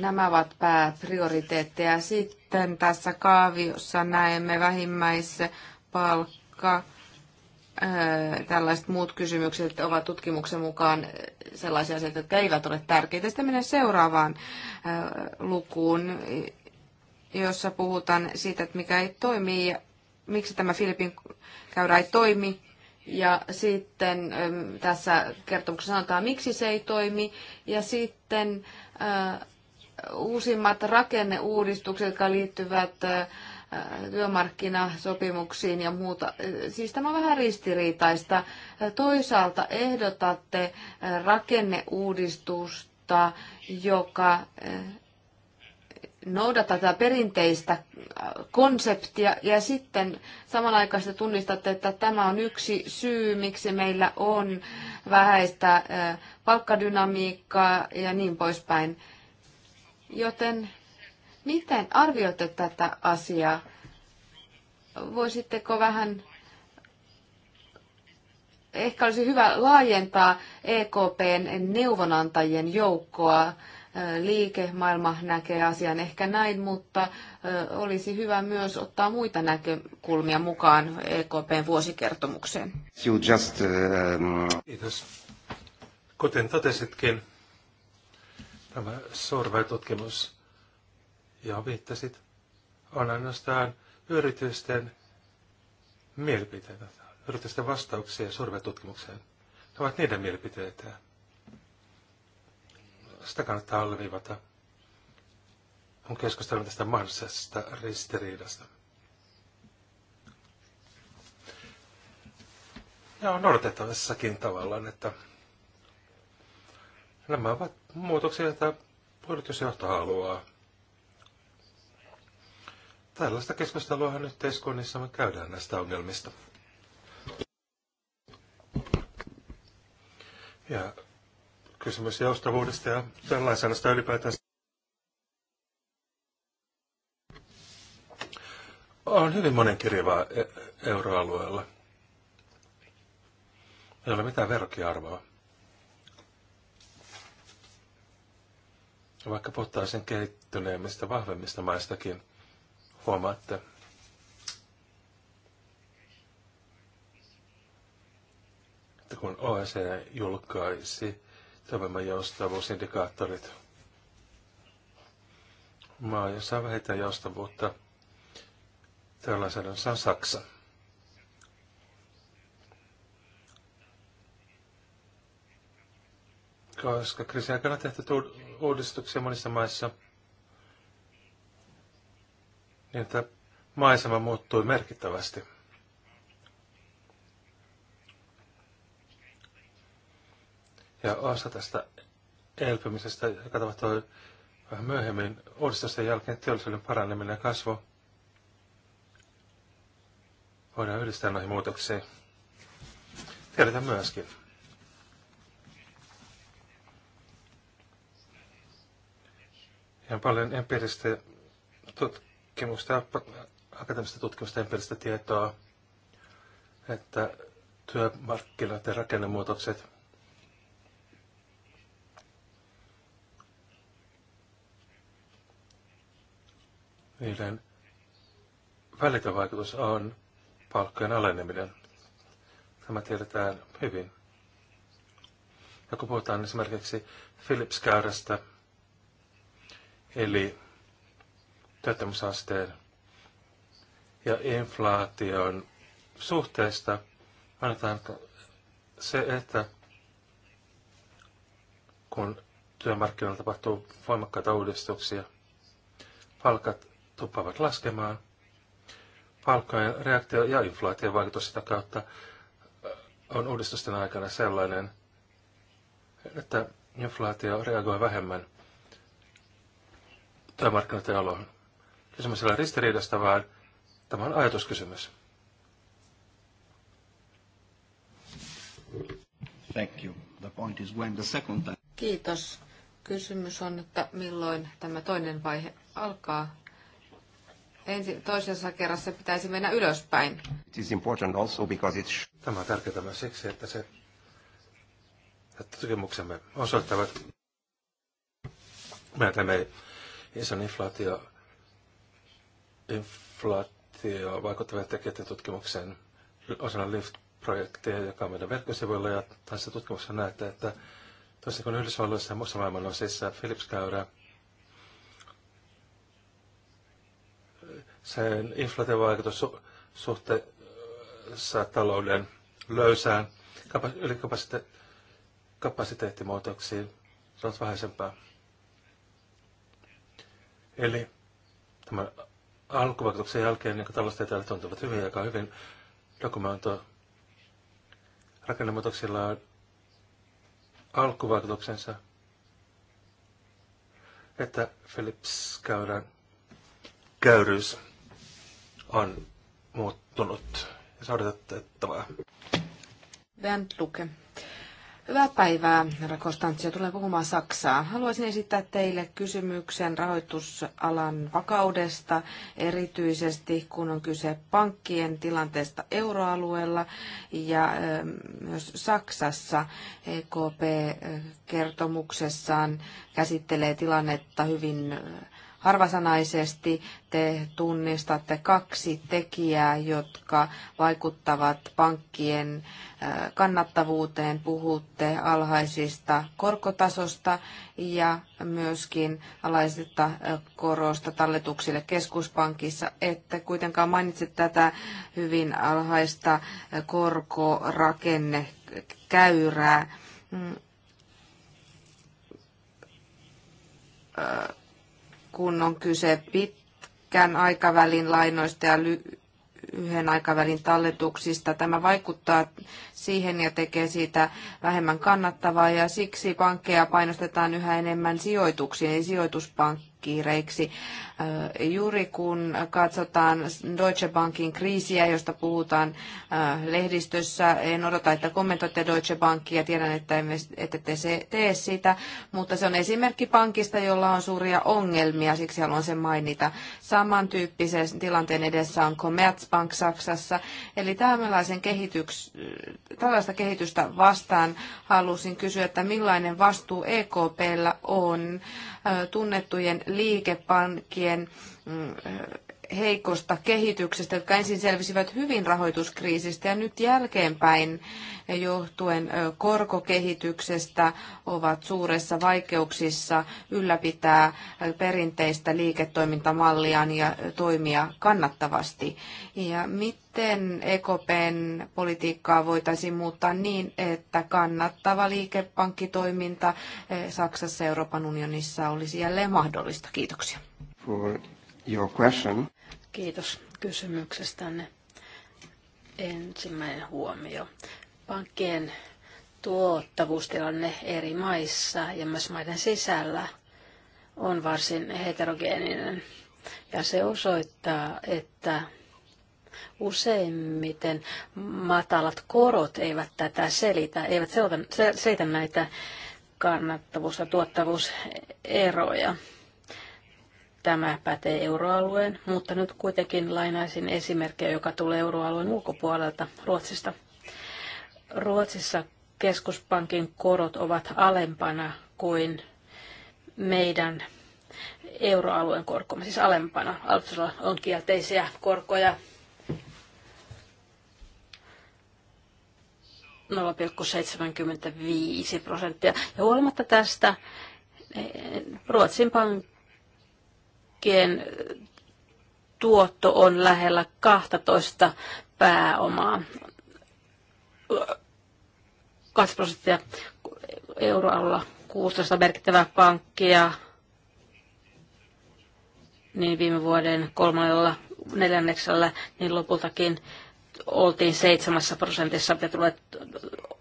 Nämä ovat pääprioriteetteja. Sitten tässä kaaviossa näemme vähimmäispalkka. Tällaiset muut kysymykset ovat tutkimuksen mukaan sellaisia asioita, jotka eivät ole tärkeitä. Sitten menen seuraavaan lukuun, jossa puhutaan siitä, että mikä ei toimi ja miksi tämä Filipin käyrä ei toimi. Ja sitten ähm, tässä kertomuksessa sanotaan, miksi se ei toimi. Ja sitten äh, uusimmat rakenneuudistukset, jotka liittyvät äh, työmarkkinasopimuksiin ja muuta. Siis tämä on vähän ristiriitaista. Toisaalta ehdotatte äh, rakenneuudistusta, joka äh, noudata tätä perinteistä konseptia ja sitten samanaikaisesti tunnistatte, että tämä on yksi syy, miksi meillä on vähäistä palkkadynamiikkaa ja niin poispäin. Joten miten arvioitte tätä asiaa? Voisitteko vähän ehkä olisi hyvä laajentaa EKPn neuvonantajien joukkoa liikemaailma näkee asian ehkä näin, mutta olisi hyvä myös ottaa muita näkökulmia mukaan EKPn vuosikertomukseen. You just, uh... Kiitos. Kuten totesitkin, tämä sorvetutkimus, johon viittasit, on ainoastaan yritysten mielipiteitä, yritysten vastauksia sorvetutkimukseen. Ne ovat niiden mielipiteitä sitä kannattaa alleviivata, on keskustelun tästä mahdollisesta ristiriidasta. Ja on odotettavissakin tavallaan, että nämä ovat muutoksia, joita puolustusjohto haluaa. Tällaista keskustelua yhteiskunnissa me käydään näistä ongelmista. Ja kysymys joustavuudesta ja lainsäädännöstä ylipäätään. On hyvin monenkirjavaa e- euroalueella. Ei ole mitään verokiarvoa, Vaikka sen kehittyneemmistä, vahvemmista maistakin, huomaatte, että kun OECD julkaisi työvoimajoustavuusindikaattorit. Maa, jossa on vähiten joustavuutta, työlainsäädännössä on Saksa. Koska kriisin aikana on tehty uudistuksia monissa maissa, niin tämä maisema muuttui merkittävästi. Ja osa tästä elpymisestä, joka tapahtui vähän myöhemmin, uudistusten jälkeen teollisuuden paranneminen ja kasvu voidaan yhdistää noihin muutoksiin. Tiedetään myöskin. Ja paljon empiiristä tutkimusta, akateemista tutkimusta, empiiristä tietoa, että työmarkkinoiden rakennemuutokset niiden välitön vaikutus on palkkojen aleneminen. Tämä tiedetään hyvin. Ja kun puhutaan esimerkiksi Philips-käyrästä, eli työttömyysasteen ja inflaation suhteesta, annetaan se, että kun työmarkkinoilla tapahtuu voimakkaita uudistuksia, palkat tuppaavat laskemaan. ja reaktio ja inflaation vaikutus sitä kautta on uudistusten aikana sellainen, että inflaatio reagoi vähemmän työmarkkinoiden oloon. Kysymys ei ole ristiriidasta, vaan tämä on ajatuskysymys. Thank you. The point is when the second time. Kiitos. Kysymys on, että milloin tämä toinen vaihe alkaa ensi, toisessa kerrassa pitäisi mennä ylöspäin. It is important also because it's... Tämä on tärkeää myös siksi, että se että tutkimuksemme osoittavat, että me iso inflaatio, inflaatio vaikuttavien tekijöiden tutkimuksen osana LIFT-projektia, joka on meidän verkkosivuilla, ja tässä tutkimuksessa näette, että toisin kuin Yhdysvalloissa ja muussa maailmanosissa siis Philips-käyrä – sen vaikutus su- suhteessa talouden löysään ylikapasiteettimuutoksiin se on vähäisempää. Eli tämän alkuvaikutuksen jälkeen niin taloustieteilijät tuntuvat hyvin, joka on hyvin dokumentoitu. Rakennemuutoksilla on alkuvaikutuksensa, että Philips käydään käyryys on muuttunut ja se odotettavaa. Bernd Luke. Hyvää päivää, herra Tulee puhumaan Saksaa. Haluaisin esittää teille kysymyksen rahoitusalan vakaudesta, erityisesti kun on kyse pankkien tilanteesta euroalueella ja myös Saksassa. EKP kertomuksessaan käsittelee tilannetta hyvin Harvasanaisesti te tunnistatte kaksi tekijää, jotka vaikuttavat pankkien äh, kannattavuuteen. Puhutte alhaisista korkotasosta ja myöskin alhaisista äh, korosta talletuksille keskuspankissa. Ette kuitenkaan mainitse tätä hyvin alhaista äh, korkorakennekäyrää. Mm kun on kyse pitkän aikavälin lainoista ja yhden aikavälin talletuksista. Tämä vaikuttaa siihen ja tekee siitä vähemmän kannattavaa ja siksi pankkeja painostetaan yhä enemmän sijoituksiin eli sijoituspankkeja kiireiksi. Juuri kun katsotaan Deutsche Bankin kriisiä, josta puhutaan lehdistössä, en odota, että kommentoitte Deutsche Bankia, tiedän, että ette te se tee sitä, mutta se on esimerkki pankista, jolla on suuria ongelmia, siksi haluan sen mainita. Samantyyppisen tilanteen edessä on Commerzbank Saksassa. Eli tällaisen kehityks, tällaista kehitystä vastaan halusin kysyä, että millainen vastuu EKPllä on äh, tunnettujen liikepankkien mm, heikosta kehityksestä, jotka ensin selvisivät hyvin rahoituskriisistä ja nyt jälkeenpäin johtuen korkokehityksestä ovat suuressa vaikeuksissa ylläpitää perinteistä liiketoimintamalliaan ja toimia kannattavasti. Ja miten EKPn politiikkaa voitaisiin muuttaa niin, että kannattava liikepankkitoiminta Saksassa ja Euroopan unionissa olisi jälleen mahdollista? Kiitoksia. For your question. Kiitos kysymyksestänne. Ensimmäinen huomio. Pankkien tuottavuustilanne eri maissa ja myös maiden sisällä on varsin heterogeeninen. Ja se osoittaa, että useimmiten matalat korot eivät tätä selitä, eivät selitä näitä kannattavuus- ja tuottavuuseroja Tämä pätee euroalueen, mutta nyt kuitenkin lainaisin esimerkkejä, joka tulee euroalueen ulkopuolelta Ruotsista. Ruotsissa keskuspankin korot ovat alempana kuin meidän euroalueen korkomme, siis alempana. Alpsalla on kielteisiä korkoja 0,75 prosenttia. Ja huolimatta tästä eh, Ruotsin pankki osakkeen tuotto on lähellä 12 pääomaa. 2 prosenttia euroalla 16 merkittävää pankkia, niin viime vuoden kolmannella neljänneksellä, niin lopultakin oltiin seitsemässä prosentissa, mitä tulee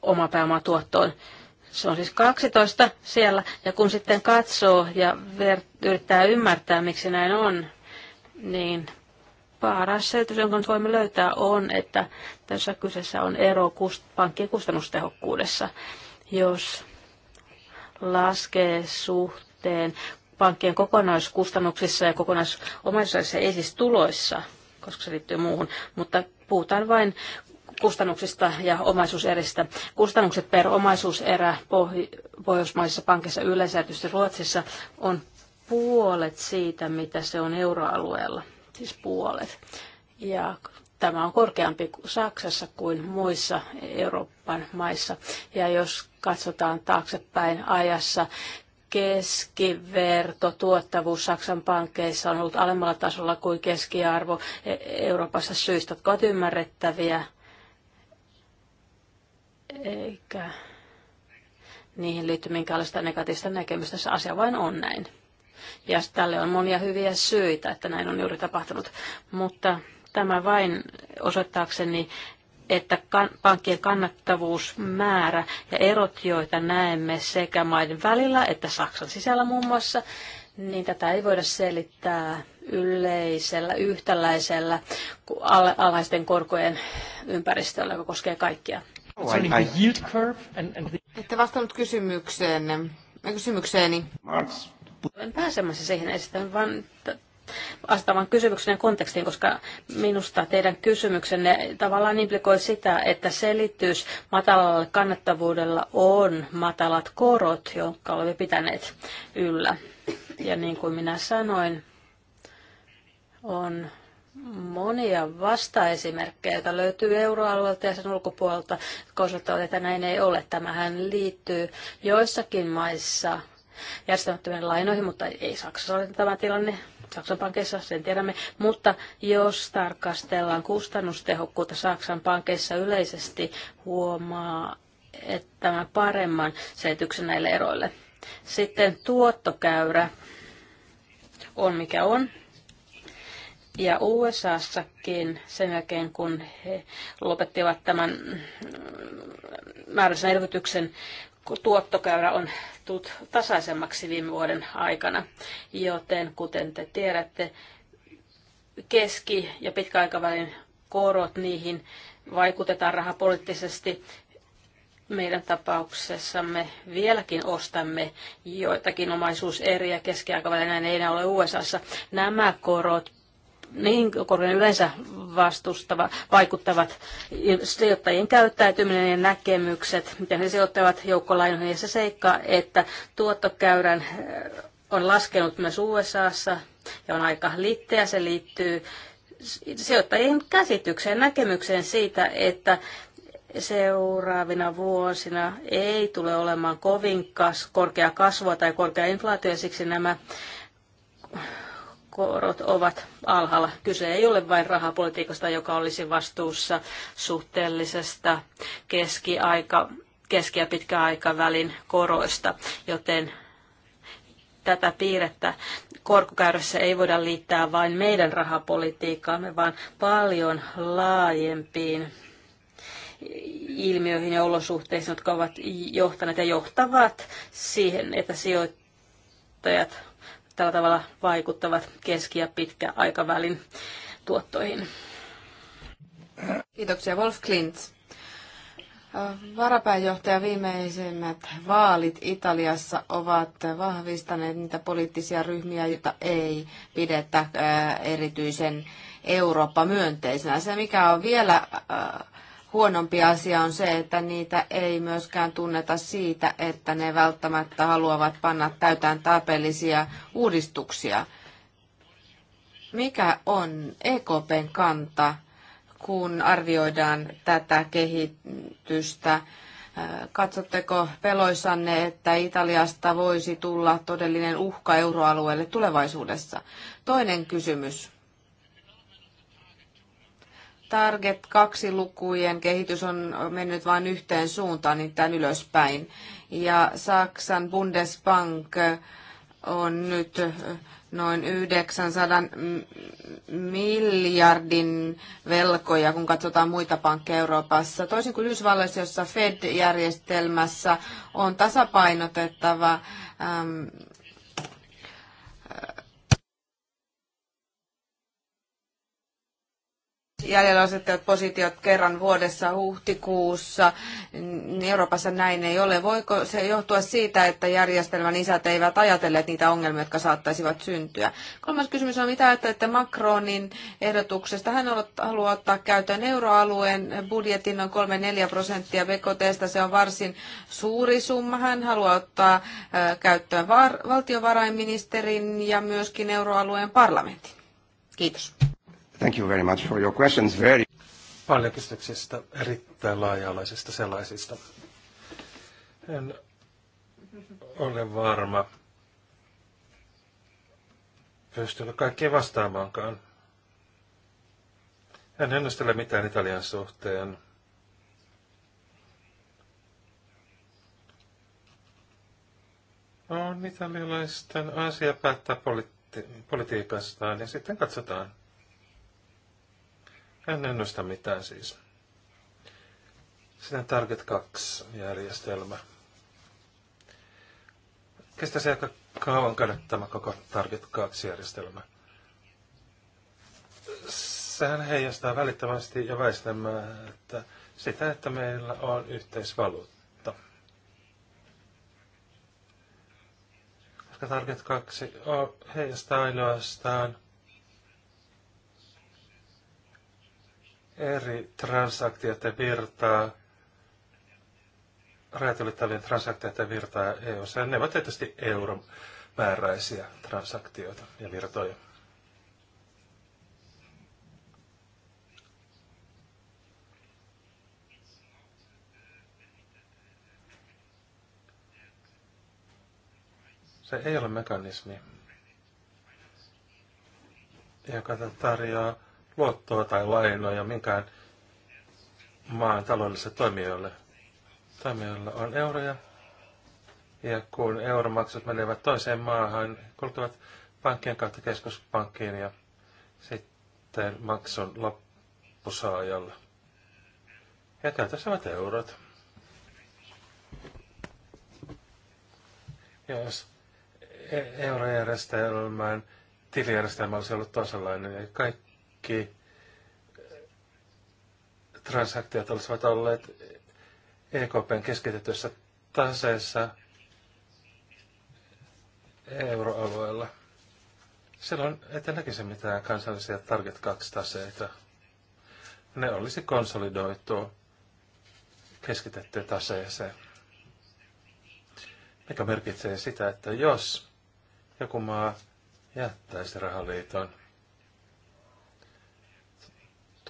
oma pääoma tuottoon. Se on siis 12 siellä, ja kun sitten katsoo ja ver- yrittää ymmärtää, miksi näin on, niin paras selitys, jonka nyt voimme löytää, on, että tässä kyseessä on ero kust- pankkien kustannustehokkuudessa. Jos laskee suhteen pankkien kokonaiskustannuksissa ja kokonaisomaisuudessa, ei siis tuloissa, koska se liittyy muuhun, mutta puhutaan vain kustannuksista ja omaisuuseristä. Kustannukset per omaisuuserä Pohjoismaisissa pankeissa yleensä Ruotsissa on puolet siitä, mitä se on euroalueella, siis puolet. Ja tämä on korkeampi Saksassa kuin muissa Euroopan maissa. Ja jos katsotaan taaksepäin ajassa, keskiverto tuottavuus Saksan pankkeissa on ollut alemmalla tasolla kuin keskiarvo e-, Euroopassa syistä, jotka ovat ymmärrettäviä eikä niihin liitty minkäänlaista negatiivista näkemystä. Se asia vain on näin. Ja tälle on monia hyviä syitä, että näin on juuri tapahtunut. Mutta tämä vain osoittaakseni, että kan- pankkien kannattavuusmäärä ja erot, joita näemme sekä maiden välillä että Saksan sisällä muun muassa, niin tätä ei voida selittää yleisellä, yhtäläisellä alhaisten korkojen ympäristöllä, joka koskee kaikkia Concerning the yield curve and, and the... Ette vastannut kysymykseenne, äh, kysymykseeni. Marks. Olen pääsemässä siihen esittämään vaan vastaavan kysymyksen kontekstiin, koska minusta teidän kysymyksenne tavallaan implikoi sitä, että selitys matalalla kannattavuudella on matalat korot, jotka olemme pitäneet yllä. Ja niin kuin minä sanoin, on monia vastaesimerkkejä, joita löytyy euroalueelta ja sen ulkopuolelta, jotka osoittavat, että näin ei ole. Tämähän liittyy joissakin maissa järjestämättömiin lainoihin, mutta ei Saksassa ole tämä tilanne. Saksan pankeissa, sen tiedämme, mutta jos tarkastellaan kustannustehokkuutta Saksan pankeissa yleisesti, huomaa, että tämä paremman selityksen näille eroille. Sitten tuottokäyrä on mikä on. Ja USAssakin sen jälkeen, kun he lopettivat tämän määräisen elvytyksen, tuottokäyrä on tullut tasaisemmaksi viime vuoden aikana. Joten kuten te tiedätte, keski- ja pitkäaikavälin korot, niihin vaikutetaan rahapoliittisesti. Meidän tapauksessamme vieläkin ostamme joitakin omaisuuseriä keskiaikavälillä, näin ei ole USAssa. Nämä korot niin korkein yleensä vastustava, vaikuttavat sijoittajien käyttäytyminen ja näkemykset, miten he sijoittavat joukkolainoihin. Ja se seikka, että tuottokäyrän äh, on laskenut myös USAssa ja on aika liitteä. Se liittyy sijoittajien käsitykseen, näkemykseen siitä, että seuraavina vuosina ei tule olemaan kovin kas, korkea kasvua tai korkea inflaatio, ja siksi nämä korot ovat alhaalla. Kyse ei ole vain rahapolitiikasta, joka olisi vastuussa suhteellisesta keskiaika, keski- ja pitkäaikavälin koroista, joten tätä piirrettä korkokäyrässä ei voida liittää vain meidän rahapolitiikkaamme, vaan paljon laajempiin ilmiöihin ja olosuhteisiin, jotka ovat johtaneet ja johtavat siihen, että sijoittajat tällä tavalla vaikuttavat keski- ja pitkäaikavälin tuottoihin. Kiitoksia Wolf Klint. Varapääjohtaja viimeisimmät vaalit Italiassa ovat vahvistaneet niitä poliittisia ryhmiä, joita ei pidetä erityisen Eurooppa-myönteisenä. Se, mikä on vielä äh, huonompi asia on se, että niitä ei myöskään tunneta siitä, että ne välttämättä haluavat panna täytään tarpeellisia uudistuksia. Mikä on EKPn kanta, kun arvioidaan tätä kehitystä? Katsotteko peloissanne, että Italiasta voisi tulla todellinen uhka euroalueelle tulevaisuudessa? Toinen kysymys Target kaksi lukujen kehitys on mennyt vain yhteen suuntaan, niin tämän ylöspäin. Ja Saksan Bundesbank on nyt noin 900 miljardin velkoja, kun katsotaan muita pankkeja Euroopassa. Toisin kuin Yhdysvalloissa, jossa Fed-järjestelmässä on tasapainotettava jäljellä asettavat positiot kerran vuodessa huhtikuussa. Euroopassa näin ei ole. Voiko se johtua siitä, että järjestelmän isät eivät ajatelleet niitä ongelmia, jotka saattaisivat syntyä? Kolmas kysymys on, mitä ajattelette Macronin ehdotuksesta? Hän haluaa ottaa käyttöön euroalueen budjetin noin 3-4 prosenttia BKTstä. Se on varsin suuri summa. Hän haluaa ottaa käyttöön valtiovarainministerin ja myöskin euroalueen parlamentin. Kiitos. Thank you very much for your questions. Very... Paljon kysymyksistä, erittäin laaja-alaisista sellaisista. En ole varma, pystynyt kaikkeen vastaamaankaan. En ennustele mitään Italian suhteen. On italialaisten asia päättää politi- politiikastaan ja sitten katsotaan. En ennusta mitään siis. Sinä Target 2 järjestelmä. Kestäisi aika kauan käydä tämä koko Target 2 järjestelmä. Sehän heijastaa välittömästi ja väistämättä sitä, että meillä on yhteisvaluutta. Koska Target 2 heijastaa ainoastaan eri transaktioiden virtaa, rajat ylittävien transaktioiden virtaa eu -ssa. Ne ovat tietysti euromääräisiä transaktioita ja virtoja. Se ei ole mekanismi, joka tarjoaa luottoa tai lainoja minkään maan taloudellisille toimijoille. Toimijoilla on euroja, ja kun euromaksut menevät toiseen maahan, kulkevat pankkien kautta keskuspankkiin ja sitten maksun loppusaajalle. Ja käytössä ovat eurot. Jos e- eurojärjestelmän tilijärjestelmä olisi ollut toisenlainen, niin kaikki kaikki transaktiot olisivat olleet EKPn keskitetyssä taseessa euroalueella. Silloin ette näkisi mitään kansallisia Target 2-taseita. Ne olisi konsolidoitu keskitetty taseeseen. Mikä merkitsee sitä, että jos joku maa jättäisi rahaliiton,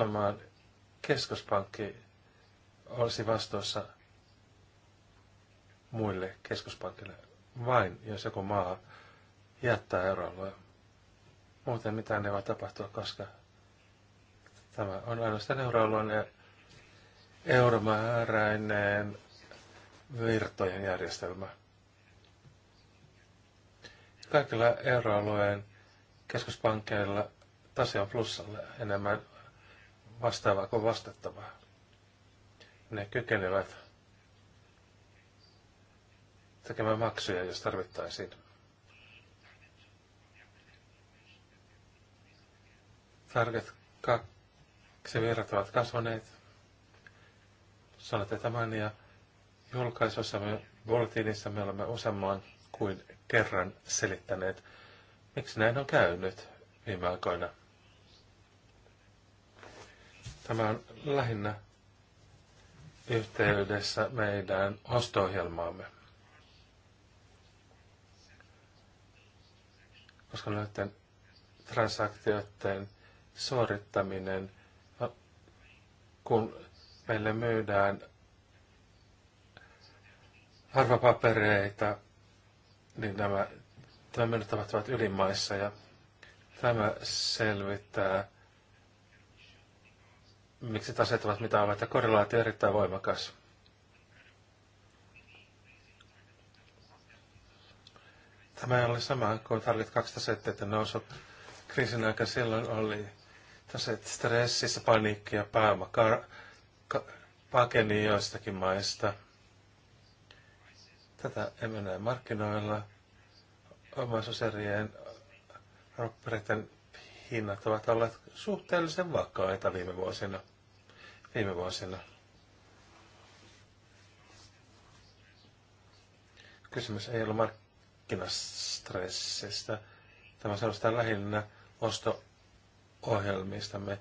tuon keskuspankki olisi vastuussa muille keskuspankille vain, jos joku maa jättää euroalueen. Muuten mitään ei voi tapahtua, koska tämä on ainoastaan euroalueen euromääräinen virtojen järjestelmä. Kaikilla euroalueen keskuspankkeilla tase on plussalle enemmän vastaavaa kuin vastattavaa. Ne kykenevät tekemään maksuja, jos tarvittaisiin. Target 2 virrat ovat kasvaneet. Sanotte tämän ja julkaisussa me Volatiinissa me olemme useamman kuin kerran selittäneet, miksi näin on käynyt viime aikoina. Tämä on lähinnä yhteydessä meidän osto-ohjelmaamme. Koska näiden transaktioiden suorittaminen, kun meille myydään arvopapereita, niin nämä toiminnot ovat ylimaissa ja tämä selvittää miksi taseet ovat mitä ovat, ja korrelaatio on erittäin voimakas. Tämä ei ole sama kuin tarvit kaksi että nousut Kriisin aika silloin oli taset stressissä, paniikki ja pääoma kar- ka- pakeni joistakin maista. Tätä emme näe markkinoilla. Omaisuuserien roppereiden hinnat ovat olleet suhteellisen vakaita viime vuosina. Viime vuosina. Kysymys ei ole markkinastressistä. Tämä sellaista lähinnä osto-ohjelmistamme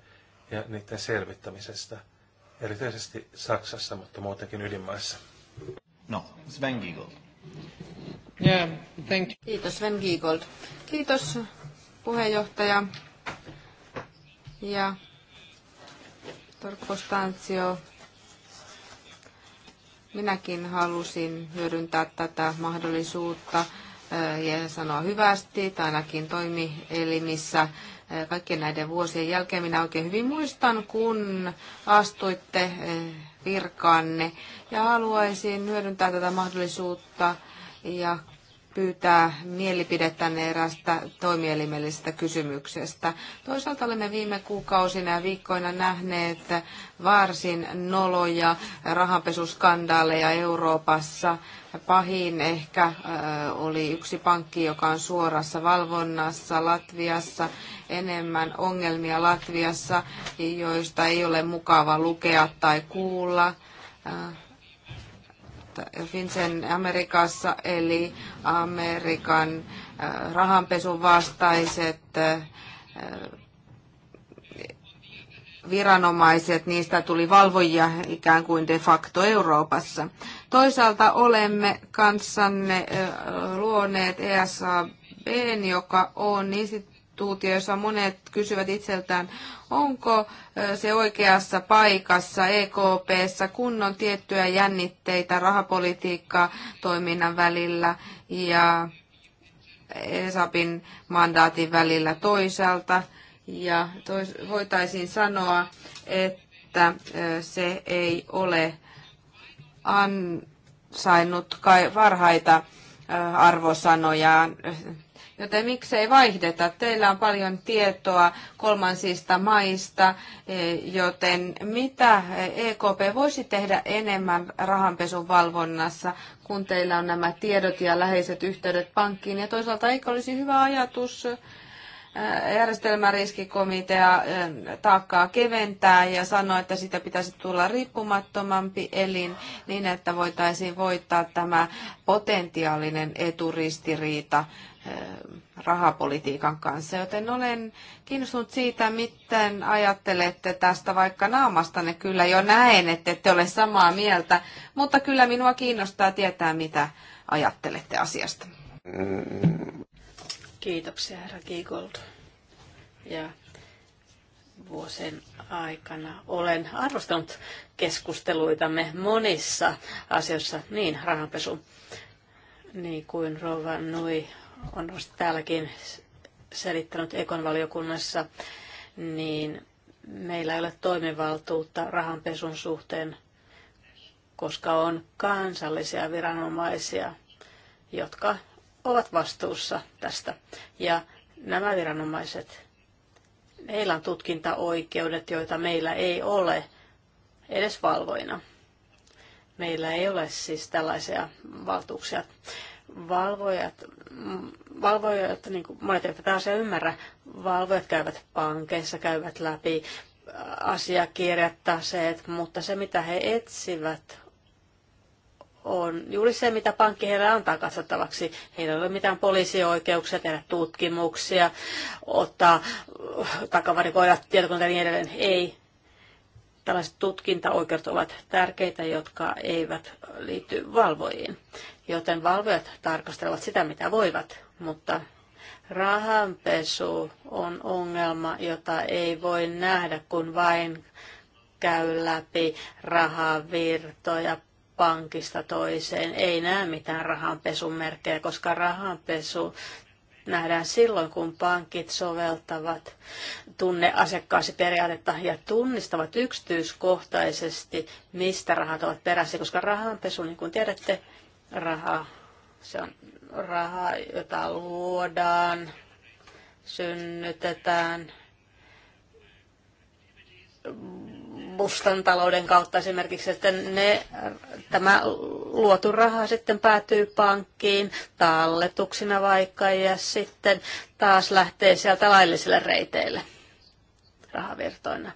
ja niiden selvittämisestä. Erityisesti Saksassa, mutta muutenkin ydinmaissa. No, Sven Giegold. Yeah, thank you. Kiitos Sven Giegold. Kiitos puheenjohtaja. Ja Torkostanzio, minäkin halusin hyödyntää tätä mahdollisuutta eh, ja sanoa hyvästi, tai ainakin toimielimissä eh, kaikkien näiden vuosien jälkeen. Minä oikein hyvin muistan, kun astuitte eh, virkaanne ja haluaisin hyödyntää tätä mahdollisuutta ja pyytää mielipidettänne eräästä toimielimellisestä kysymyksestä. Toisaalta olemme viime kuukausina ja viikkoina nähneet varsin noloja rahanpesuskandaaleja Euroopassa. Pahin ehkä äh, oli yksi pankki, joka on suorassa valvonnassa Latviassa. Enemmän ongelmia Latviassa, joista ei ole mukava lukea tai kuulla äh, FinCEN Amerikassa, eli Amerikan äh, rahanpesun vastaiset äh, viranomaiset, niistä tuli valvojia ikään kuin de facto Euroopassa. Toisaalta olemme kanssanne äh, luoneet ESAB, joka on niin sit instituutio, jossa monet kysyvät itseltään, onko se oikeassa paikassa EKPssä, kun on tiettyjä jännitteitä rahapolitiikkaa toiminnan välillä ja ESAPin mandaatin välillä toisaalta. Ja tois, voitaisiin sanoa, että se ei ole ansainnut kai varhaita arvosanoja. Joten miksei vaihdeta? Teillä on paljon tietoa kolmansista maista, e, joten mitä EKP voisi tehdä enemmän rahanpesun valvonnassa, kun teillä on nämä tiedot ja läheiset yhteydet pankkiin? Ja toisaalta eikö olisi hyvä ajatus e, järjestelmäriskikomitea e, taakkaa keventää ja sanoa, että sitä pitäisi tulla riippumattomampi elin niin, että voitaisiin voittaa tämä potentiaalinen eturistiriita Eh, rahapolitiikan kanssa, joten olen kiinnostunut siitä, miten ajattelette tästä, vaikka naamastanne kyllä jo näen, että ette ole samaa mieltä, mutta kyllä minua kiinnostaa tietää, mitä ajattelette asiasta. Kiitoksia, herra Giegold. Ja vuosien aikana olen arvostanut keskusteluitamme monissa asioissa, niin rahanpesu, niin kuin Rova Nui on täälläkin selittänyt ekonvaliokunnassa, niin meillä ei ole toimivaltuutta rahanpesun suhteen, koska on kansallisia viranomaisia, jotka ovat vastuussa tästä. Ja nämä viranomaiset, heillä on tutkintaoikeudet, joita meillä ei ole edes valvoina. Meillä ei ole siis tällaisia valtuuksia. Valvojat valvoja, että niin monet eivät tätä asiaa ymmärrä, valvojat käyvät pankeissa, käyvät läpi äh, asiakirjat, taseet, mutta se mitä he etsivät on juuri se, mitä pankki heille antaa katsottavaksi. Heillä ei ole mitään poliisioikeuksia tehdä tutkimuksia, ottaa äh, takavarikoida tietokoneita ja niin edelleen. Ei. Tällaiset tutkintaoikeudet ovat tärkeitä, jotka eivät liity valvojiin, joten valvojat tarkastelevat sitä, mitä voivat, mutta rahanpesu on ongelma, jota ei voi nähdä, kun vain käy läpi rahavirtoja pankista toiseen. Ei näe mitään rahanpesun merkkejä, koska rahanpesu nähdään silloin, kun pankit soveltavat tunne periaatetta ja tunnistavat yksityiskohtaisesti, mistä rahat ovat perässä, koska rahanpesu, niin kuin tiedätte, raha, se on raha, jota luodaan, synnytetään, mustan talouden kautta esimerkiksi, että ne, tämä luotu raha sitten päätyy pankkiin talletuksina vaikka ja sitten taas lähtee sieltä laillisille reiteille rahavirtoina.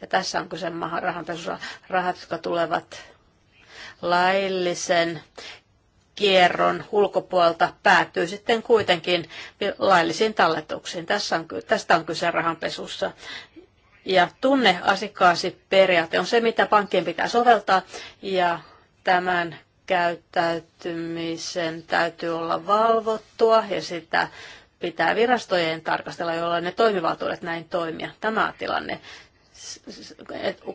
Ja tässä on kyse rahat, jotka tulevat laillisen kierron ulkopuolta päätyy sitten kuitenkin laillisiin talletuksiin. Tässä on, tästä on kyse rahanpesussa ja tunne asiakkaasi periaate on se, mitä pankkien pitää soveltaa ja tämän käyttäytymisen täytyy olla valvottua ja sitä pitää virastojen tarkastella, jolla ne toimivaltuudet näin toimia. Tämä tilanne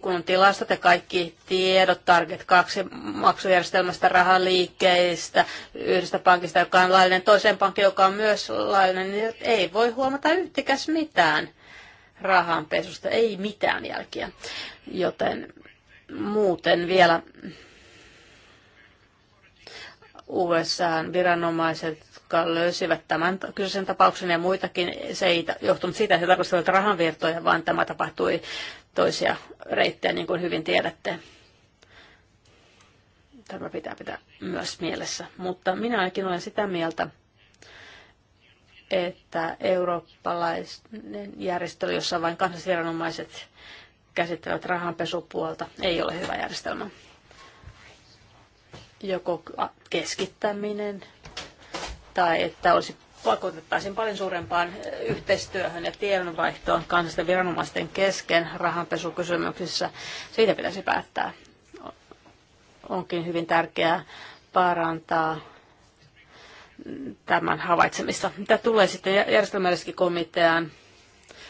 kun ja kaikki tiedot Target 2 maksujärjestelmästä, rahaliikkeistä, yhdestä pankista, joka on laillinen, toiseen pankkiin, joka on myös laillinen, niin ei voi huomata yhtikäs mitään rahanpesusta, ei mitään jälkiä. Joten muuten vielä usa viranomaiset, jotka löysivät tämän kyseisen tapauksen ja muitakin, se ei johtunut siitä, että se rahanvirtoja, vaan tämä tapahtui toisia reittejä, niin kuin hyvin tiedätte. Tämä pitää pitää myös mielessä. Mutta minä ainakin olen sitä mieltä, että eurooppalainen järjestely, jossa vain kansallisviranomaiset käsittelevät rahanpesupuolta, ei ole hyvä järjestelmä. Joko keskittäminen tai että olisi pakotettaisiin paljon suurempaan yhteistyöhön ja tiedonvaihtoon kansallisten viranomaisten kesken rahanpesukysymyksissä. Siitä pitäisi päättää. Onkin hyvin tärkeää parantaa tämän havaitsemista. Mitä tulee sitten järjestelmäriskikomiteaan,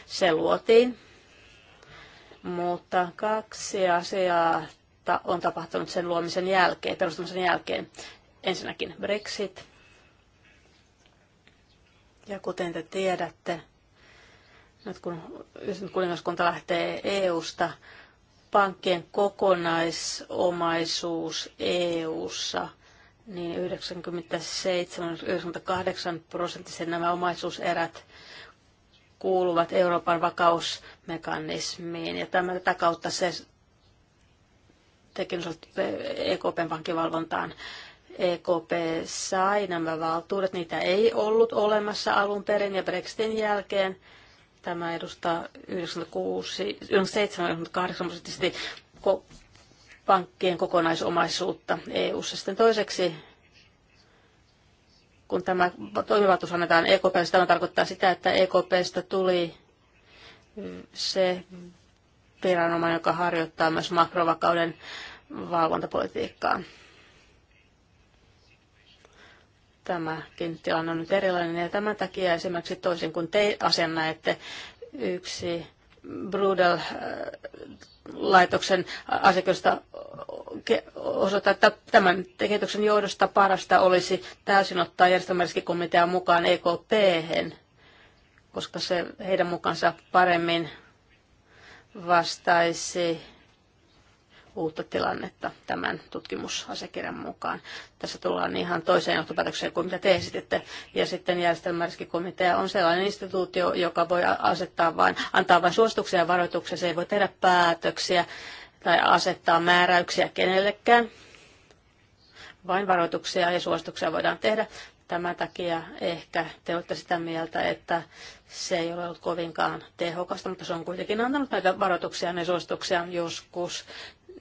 se luotiin, mutta kaksi asiaa on tapahtunut sen luomisen jälkeen, perustamisen jälkeen. Ensinnäkin Brexit. Ja kuten te tiedätte, nyt kun kuningaskunta lähtee EU-sta, pankkien kokonaisomaisuus EU-ssa – niin 97-98 prosenttisen nämä omaisuuserät kuuluvat Euroopan vakausmekanismiin. Ja tämä, tätä kautta se tekin EKPn pankkivalvontaan. EKP sai nämä valtuudet, niitä ei ollut olemassa alun perin ja Brexitin jälkeen. Tämä edustaa 97-98 prosenttisesti pankkien kokonaisomaisuutta EU-ssa. Sitten toiseksi, kun tämä toimivaltuus annetaan EKPstä, niin tämä tarkoittaa sitä, että EKPstä tuli se viranomainen, joka harjoittaa myös makrovakauden valvontapolitiikkaa. Tämäkin tilanne on nyt erilainen ja tämän takia esimerkiksi toisin kuin te asian näette, yksi Brudel-laitoksen äh, asiakirjoista osoittaa, että tämän kehityksen johdosta parasta olisi täysin ottaa järjestelmäriskikomitea mukaan ekp koska se heidän mukaansa paremmin vastaisi uutta tilannetta tämän tutkimusasiakirjan mukaan. Tässä tullaan ihan toiseen johtopäätökseen kuin mitä te esititte. Ja sitten järjestelmäriskikomitea on sellainen instituutio, joka voi asettaa vain, antaa vain suosituksia ja varoituksia. Se ei voi tehdä päätöksiä tai asettaa määräyksiä kenellekään. Vain varoituksia ja suosituksia voidaan tehdä. Tämän takia ehkä te olette sitä mieltä, että se ei ole ollut kovinkaan tehokasta, mutta se on kuitenkin antanut näitä varoituksia ja suosituksia joskus.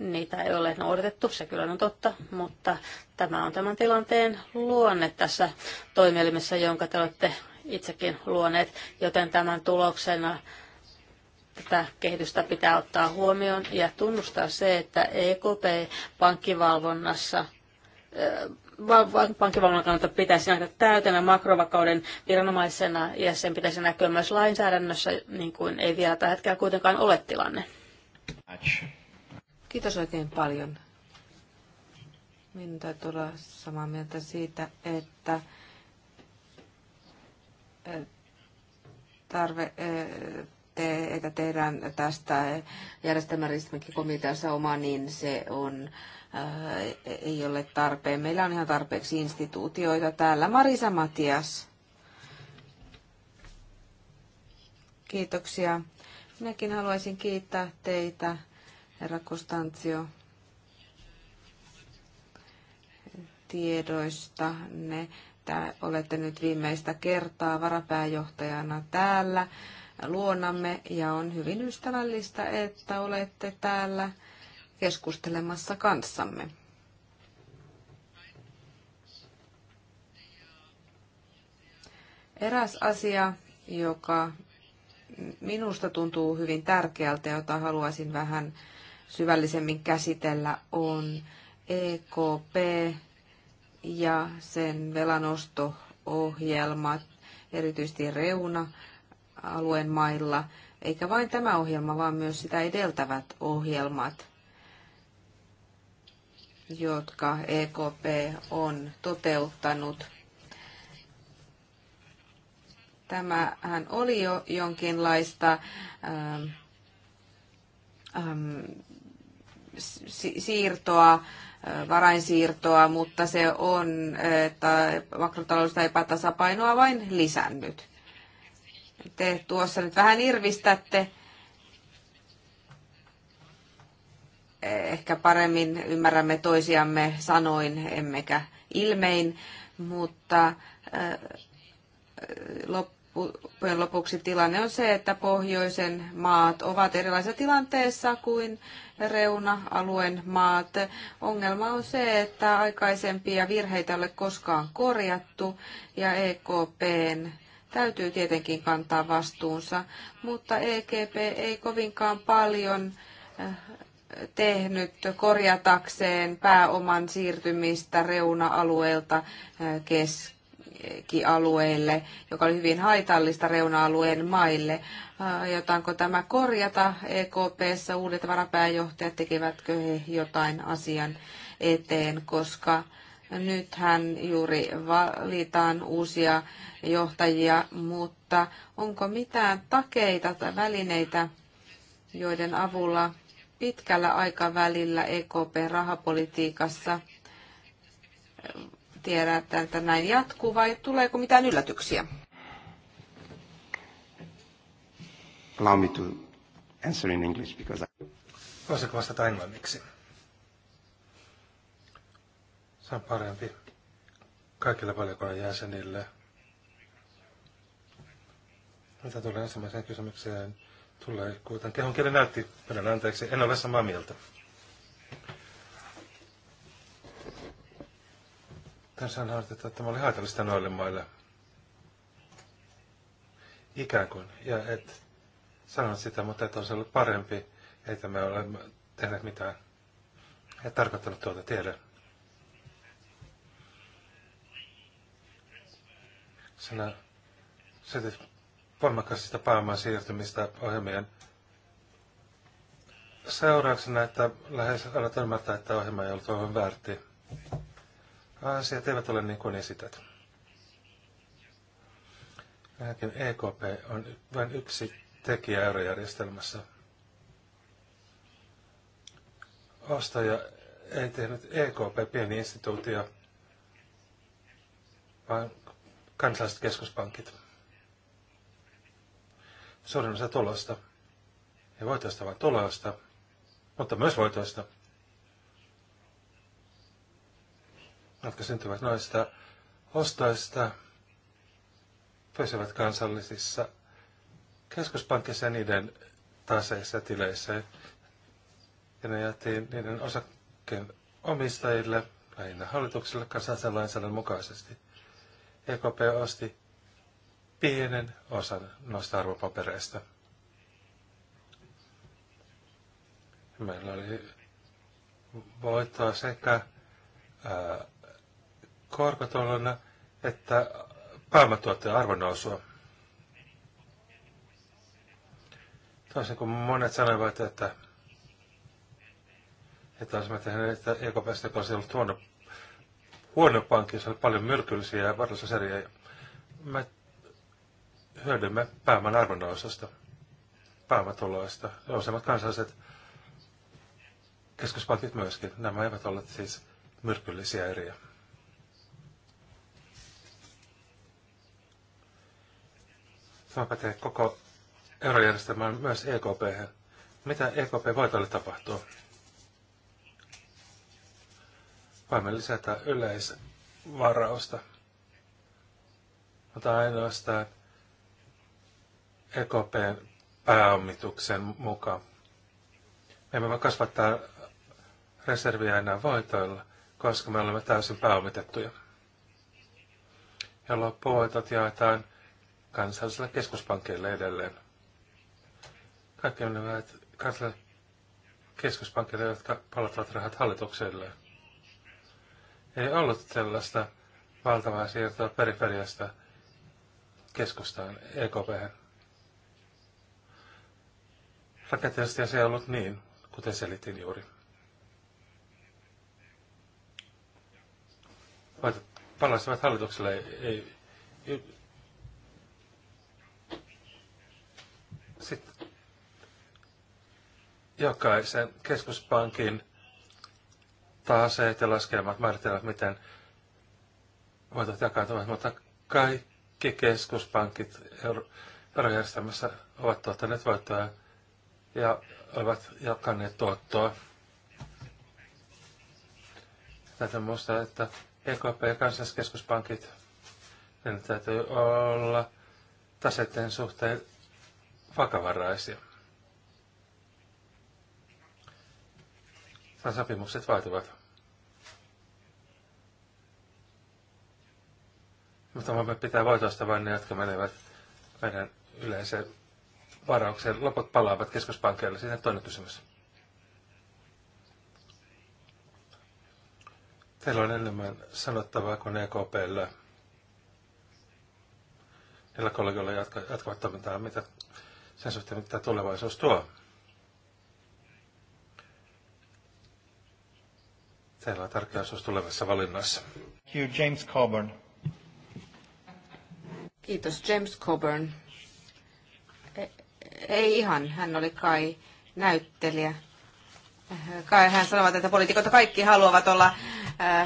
Niitä ei ole noudatettu, se kyllä on totta, mutta tämä on tämän tilanteen luonne tässä toimielimessä, jonka te olette itsekin luoneet, joten tämän tuloksena tätä kehitystä pitää ottaa huomioon ja tunnustaa se, että EKP pankkivalvonnassa pankkivalvonnan kannalta pitäisi nähdä täytenä makrovakauden viranomaisena ja sen pitäisi näkyä myös lainsäädännössä, niin kuin ei vielä tällä hetkellä kuitenkaan ole tilanne. Kiitos oikein paljon. Minun täytyy olla samaa mieltä siitä, että tarve te, että teidän tästä järjestelmäriskikomiteassa oma, niin se on, ää, äh, ei ole tarpeen. Meillä on ihan tarpeeksi instituutioita täällä. Marisa Matias. Kiitoksia. Minäkin haluaisin kiittää teitä, herra Kostantio, tiedoista. Ne olette nyt viimeistä kertaa varapääjohtajana täällä luonamme ja on hyvin ystävällistä, että olette täällä keskustelemassa kanssamme. Eräs asia, joka minusta tuntuu hyvin tärkeältä, ja jota haluaisin vähän syvällisemmin käsitellä, on EKP ja sen velanosto-ohjelmat, erityisesti reuna alueen mailla, eikä vain tämä ohjelma, vaan myös sitä edeltävät ohjelmat, jotka EKP on toteuttanut. Tämähän oli jo jonkinlaista ähm, ähm, siirtoa, äh, varainsiirtoa, mutta se on että makrotaloudellista epätasapainoa vain lisännyt te tuossa nyt vähän irvistätte. Ehkä paremmin ymmärrämme toisiamme sanoin, emmekä ilmein, mutta äh, loppujen lopuksi tilanne on se, että pohjoisen maat ovat erilaisessa tilanteessa kuin reuna-alueen maat. Ongelma on se, että aikaisempia virheitä ei ole koskaan korjattu ja EKPn täytyy tietenkin kantaa vastuunsa, mutta EGP ei kovinkaan paljon äh, tehnyt korjatakseen pääoman siirtymistä reuna-alueelta äh, keskialueelle, joka oli hyvin haitallista reuna-alueen maille. Äh, aiotaanko tämä korjata EKPssä? Uudet varapääjohtajat tekevätkö he jotain asian eteen, koska Nythän juuri valitaan uusia johtajia, mutta onko mitään takeita tai välineitä, joiden avulla pitkällä aikavälillä EKP-rahapolitiikassa tiedä, että näin jatkuu vai tuleeko mitään yllätyksiä? Allow me to answer in English because I... Voisiko vastata englanniksi? on parempi kaikille valiokunnan jäsenille. Mitä tulee ensimmäiseen kysymykseen, tulee kuten kehon kieli näytti, pyydän anteeksi, en ole samaa mieltä. Tässä on harjoitettu, että tämä oli haitallista noille maille. Ikään kuin, ja et sanon sitä, mutta että olisi ollut parempi, että me olemme tehneet mitään. Et tarkoittanut tuota, tiedä. Sinä selitit voimakkaasta pääomaan siirtymistä ohjelmien seurauksena, että lähes annat ymmärtää, että ohjelma ei ollut ohjelman väärti. Asiat eivät ole niin kuin esität. Vähänkin EKP on vain yksi tekijä eurojärjestelmässä. Ostaja ei tehnyt EKP pieni instituutio, vaan kansalliset keskuspankit. Suurin osa tulosta, ja voitoista vaan tulosta, mutta myös voitoista, jotka syntyvät noista ostoista, pysyvät kansallisissa keskuspankissa ja niiden taseissa ja tileissä. Ja ne jäätiin niiden osakkeen omistajille, lähinnä hallitukselle lainsäädännön mukaisesti. EKP osti pienen osan noista arvopapereista. Meillä oli voittoa sekä ää, korkotolona että pääomatuotteen arvonnousua. Toisin kuin monet sanoivat, että, että olisimme tehneet, että EKPstä olisi ollut tuonut huono pankki, jossa on paljon myrkyllisiä ja varallisuuseriä. Me hyödymme pääoman arvonnoususta, pääomatuloista nousemat kansalliset keskuspankit myöskin. Nämä eivät ole siis myrkyllisiä eriä. Tämä pätee koko eurojärjestelmään myös EKP. Mitä EKP voitolle tapahtuu? voimme lisätä yleisvarausta. Mutta ainoastaan EKPn pääomituksen mukaan. Me emme voi kasvattaa reserviä enää voitoilla, koska me olemme täysin pääomitettuja. Ja loppuvoitot jaetaan kansalliselle keskuspankille edelleen. Kaikki menevät kansalliselle keskuspankille, jotka palauttavat rahat hallitukselleen. Ei ollut sellaista valtavaa siirtoa periferiasta keskustaan EKP. Rakenteellisesti se ei ollut niin, kuten selitin juuri. Palaisivat hallitukselle ei, ei, sitten jokaisen keskuspankin taseet ja laskelmat määrittelevät, miten voitot jakaantuvat, mutta kaikki keskuspankit eurojärjestelmässä ovat tuottaneet voittoa ja ovat jakaneet tuottoa. Täytyy muistaa, että EKP ja kansalliskeskuspankit, niin täytyy olla taseiden suhteen vakavaraisia. Nämä sopimukset vaativat. Mutta me pitää voitosta vain ne, jotka menevät meidän yleiseen varaukseen. Loput palaavat keskuspankkeille. Siinä toinen kysymys. Teillä on enemmän sanottavaa kuin EKPllä. Niillä kollegoilla jatka, jatkavat toimintaa, mitä sen suhteen, mitä tulevaisuus tuo. Teillä on tärkeä osuus tulevassa valinnassa. Hugh James Coburn. Kiitos James Coburn. E, ei ihan, hän oli kai näyttelijä. Kai hän sanoi, että poliitikot kaikki haluavat olla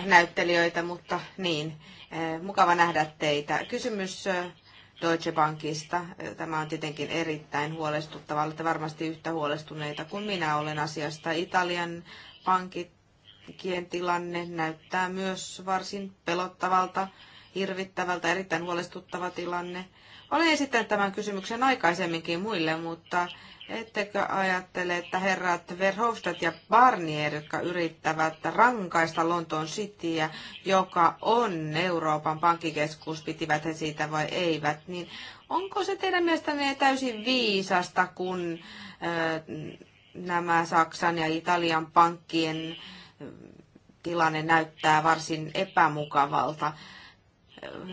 näyttelijöitä, mutta niin, mukava nähdä teitä. Kysymys Deutsche Bankista. Tämä on tietenkin erittäin huolestuttava, Olette varmasti yhtä huolestuneita kuin minä olen asiasta. Italian pankkien tilanne näyttää myös varsin pelottavalta hirvittävältä, erittäin huolestuttava tilanne. Olen esittänyt tämän kysymyksen aikaisemminkin muille, mutta ettekö ajattele, että herrat Verhofstadt ja Barnier, jotka yrittävät rankaista Lontoon Cityä, joka on Euroopan pankkikeskus, pitivät he siitä vai eivät, niin onko se teidän mielestänne täysin viisasta, kun nämä Saksan ja Italian pankkien tilanne näyttää varsin epämukavalta.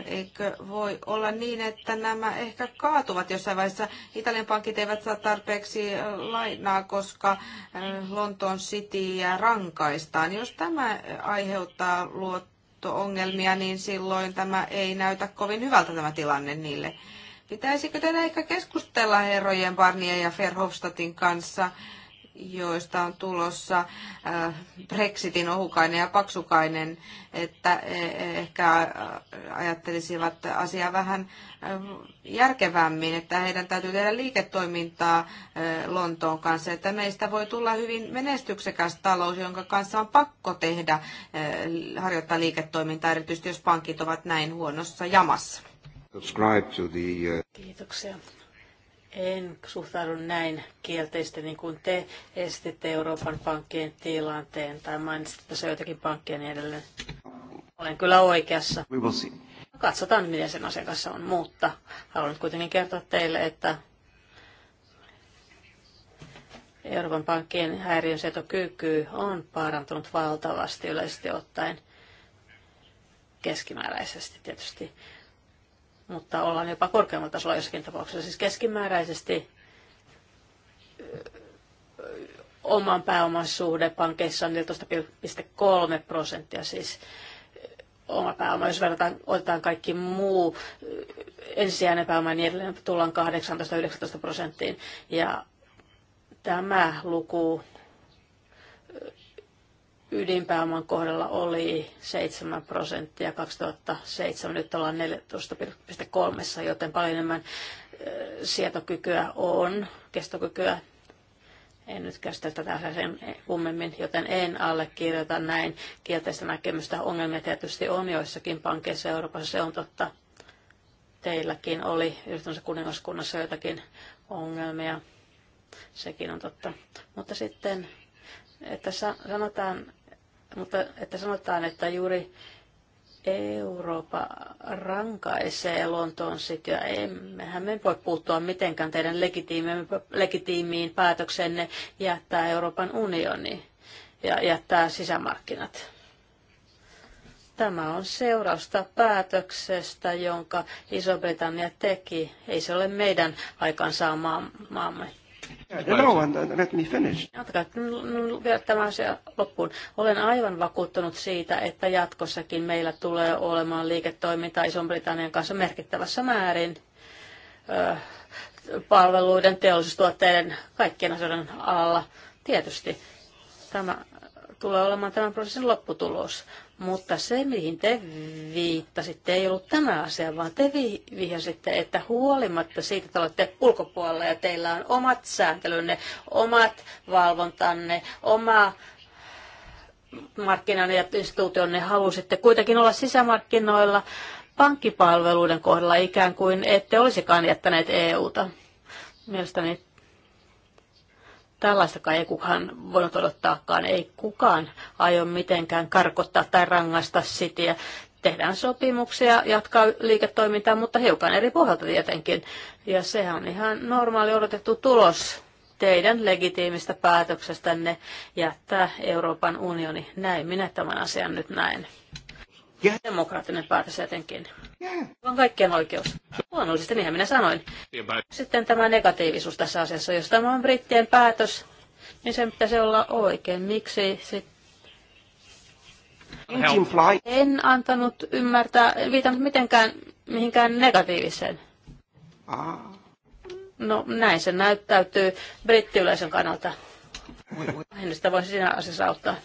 Eikö voi olla niin, että nämä ehkä kaatuvat jossain vaiheessa? Italian pankit eivät saa tarpeeksi äh, lainaa, koska äh, Lontoon Cityä rankaistaan. Jos tämä aiheuttaa luotto-ongelmia, niin silloin tämä ei näytä kovin hyvältä tämä tilanne niille. Pitäisikö teidän ehkä keskustella herrojen Barnier ja Verhofstadtin kanssa? joista on tulossa äh, Brexitin ohukainen ja paksukainen, että eh, eh, ehkä äh, ajattelisivat asiaa vähän äh, järkevämmin, että heidän täytyy tehdä liiketoimintaa Lontoon kanssa, että meistä voi tulla hyvin menestyksekäs talous, jonka kanssa on pakko tehdä, harjoittaa liiketoimintaa, erityisesti jos pankit ovat näin huonossa jamassa. Uh, Kiitoksia. En suhtaudu näin kielteisesti niin kuin te estitte Euroopan pankkien tilanteen tai mainitsitte tässä joitakin pankkien niin edelleen. Olen kyllä oikeassa. We will see. Katsotaan, miten sen asian kanssa on, mutta haluan nyt kuitenkin kertoa teille, että Euroopan pankkien häiriönsietokyky on parantunut valtavasti yleisesti ottaen keskimääräisesti tietysti mutta ollaan jopa korkeammalla tasolla jossakin tapauksessa. Siis keskimääräisesti oman pääoman suhde pankeissa on 14,3 prosenttia, siis oma pääoma, jos verrataan, otetaan kaikki muu ensisijainen pääoma niin edelleen, tullaan 18-19 prosenttiin. Ja tämä luku ydinpääoman kohdalla oli 7 prosenttia 2007, nyt ollaan 14,3, joten paljon enemmän sietokykyä on, kestokykyä. En nyt käsitä tätä sen kummemmin, joten en allekirjoita näin kielteistä näkemystä. Ongelmia tietysti on joissakin pankeissa Euroopassa, se on totta. Teilläkin oli yhdessä kuningaskunnassa joitakin ongelmia, sekin on totta. Mutta sitten että sanotaan mutta että sanotaan, että juuri Eurooppa rankaisee Lontoon sitten ja emmehän me voi puuttua mitenkään teidän legitiimiin päätöksenne jättää Euroopan unioni ja jättää sisämarkkinat. Tämä on seurausta päätöksestä, jonka Iso-Britannia teki. Ei se ole meidän aikaansaamaamme. No, let me finish. vielä tämä asia loppuun. Olen aivan vakuuttunut siitä, että jatkossakin meillä tulee olemaan liiketoiminta iso britannian kanssa merkittävässä määrin ö, palveluiden, teollisuustuotteiden, kaikkien asioiden alla. Tietysti tämä tulee olemaan tämän prosessin lopputulos. Mutta se, mihin te viittasitte, ei ollut tämä asia, vaan te vihjasitte, että huolimatta siitä, että olette ulkopuolella ja teillä on omat sääntelynne, omat valvontanne, oma markkinan ja instituutionne halusitte kuitenkin olla sisämarkkinoilla pankkipalveluiden kohdalla ikään kuin ette olisikaan jättäneet EUta. Mielestäni Tällaistakaan ei kukaan voinut odottaakaan. Ei kukaan aio mitenkään karkottaa tai rangaista sitiä. Tehdään sopimuksia, jatkaa liiketoimintaa, mutta hiukan eri pohjalta tietenkin. Ja sehän on ihan normaali odotettu tulos teidän legitiimistä päätöksestänne jättää Euroopan unioni. Näin minä tämän asian nyt näen yeah. demokraattinen päätös jotenkin. Yeah. On kaikkien oikeus. Luonnollisesti, niinhän minä sanoin. Sitten tämä negatiivisuus tässä asiassa, jos tämä on brittien päätös, niin sen pitäisi olla oikein. Miksi sitten en antanut ymmärtää, viitannut mitenkään mihinkään negatiiviseen. Ah. No näin se näyttäytyy brittiyleisön kannalta. Lähinnä sitä voisi siinä asiassa auttaa.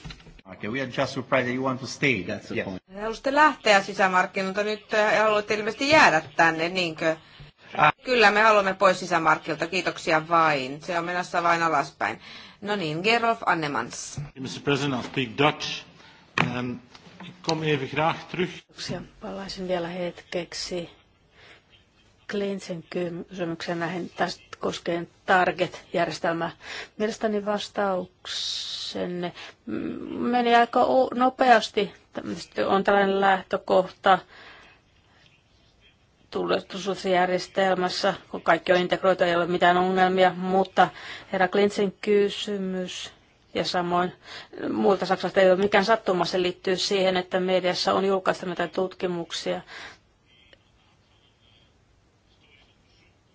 Okay, we are just surprised that you want to stay, that's the yes. point. Halusitte lähteä sisämarkkinoilta, nyt ja äh, haluatte ilmeisesti jäädä tänne, niinkö? Ah. Kyllä, me haluamme pois sisämarkkilta, kiitoksia vain. Se on menossa vain alaspäin. No niin, Gerolf Annemans. Mr. President, I'll speak Dutch. Um, kom even graag terug. Kiitoksia. Palaisin vielä hetkeksi Klinsen kysymykseen näihin tästä koskien Target-järjestelmää. Mielestäni vastauksenne meni aika nopeasti. On tällainen lähtökohta tulostusjärjestelmässä, kun kaikki on integroitu, ei ole mitään ongelmia, mutta herra Klintsin kysymys ja samoin muilta Saksasta ei ole mikään sattuma, se liittyy siihen, että mediassa on julkaistu näitä tutkimuksia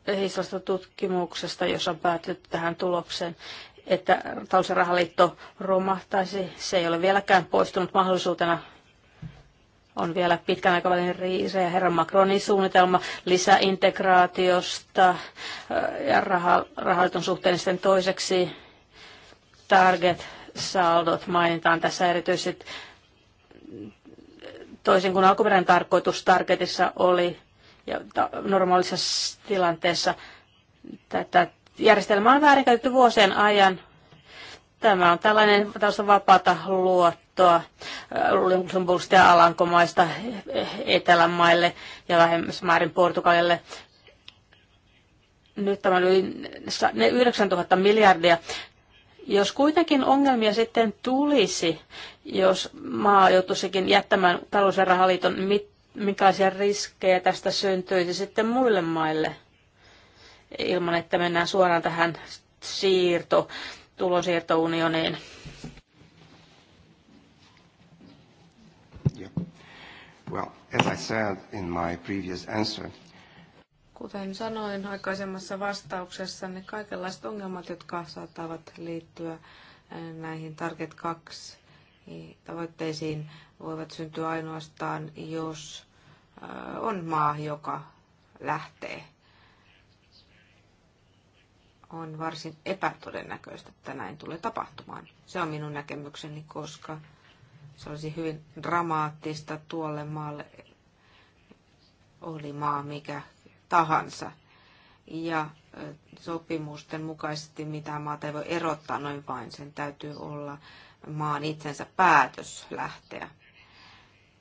sellaista tutkimuksesta, jossa on päätynyt tähän tulokseen, että talousrahaliitto romahtaisi. Se ei ole vieläkään poistunut mahdollisuutena. On vielä pitkän aikavälin riise ja herran Macronin suunnitelma lisäintegraatiosta äh, ja raha, rahaliiton sitten toiseksi target-saldot mainitaan tässä erityisesti toisin kuin alkuperäinen tarkoitus targetissa oli ja normaalissa tilanteessa. Tätä järjestelmää on väärinkäytetty vuosien ajan. Tämä on tällainen tällaista vapaata luottoa äh, Luxemburgista ja Alankomaista eh, Etelämaille ja vähemmässä määrin Portugalille. Nyt tämä oli 9000 miljardia jos kuitenkin ongelmia sitten tulisi, jos maa joutuisikin jättämään talous- ja rahaliiton, mit, minkälaisia riskejä tästä syntyisi sitten muille maille ilman, että mennään suoraan tähän siirto, tulosiirtounioniin. Yeah. Well, as I said in my previous answer, Kuten sanoin aikaisemmassa vastauksessa, ne kaikenlaiset ongelmat, jotka saattavat liittyä eh, näihin Target 2 tavoitteisiin, voivat syntyä ainoastaan, jos on maa, joka lähtee. On varsin epätodennäköistä, että näin tulee tapahtumaan. Se on minun näkemykseni, koska se olisi hyvin dramaattista tuolle maalle, oli maa mikä tahansa. Ja sopimusten mukaisesti mitään maata ei voi erottaa noin vain, sen täytyy olla maan itsensä päätös lähteä.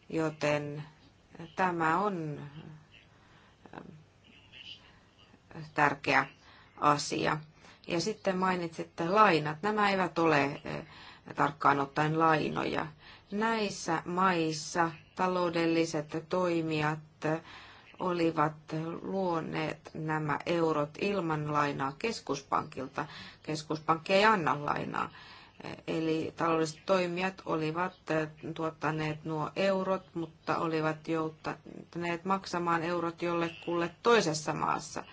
Joten Tämä on äh, tärkeä asia. Ja sitten mainitsitte lainat. Nämä eivät ole äh, tarkkaan ottaen lainoja. Näissä maissa taloudelliset toimijat äh, olivat luoneet nämä eurot ilman lainaa keskuspankilta. Keskuspankki ei anna lainaa. Eli taloudelliset toimijat olivat eh, tuottaneet nuo eurot, mutta olivat joutuneet maksamaan eurot jollekulle toisessa maassa.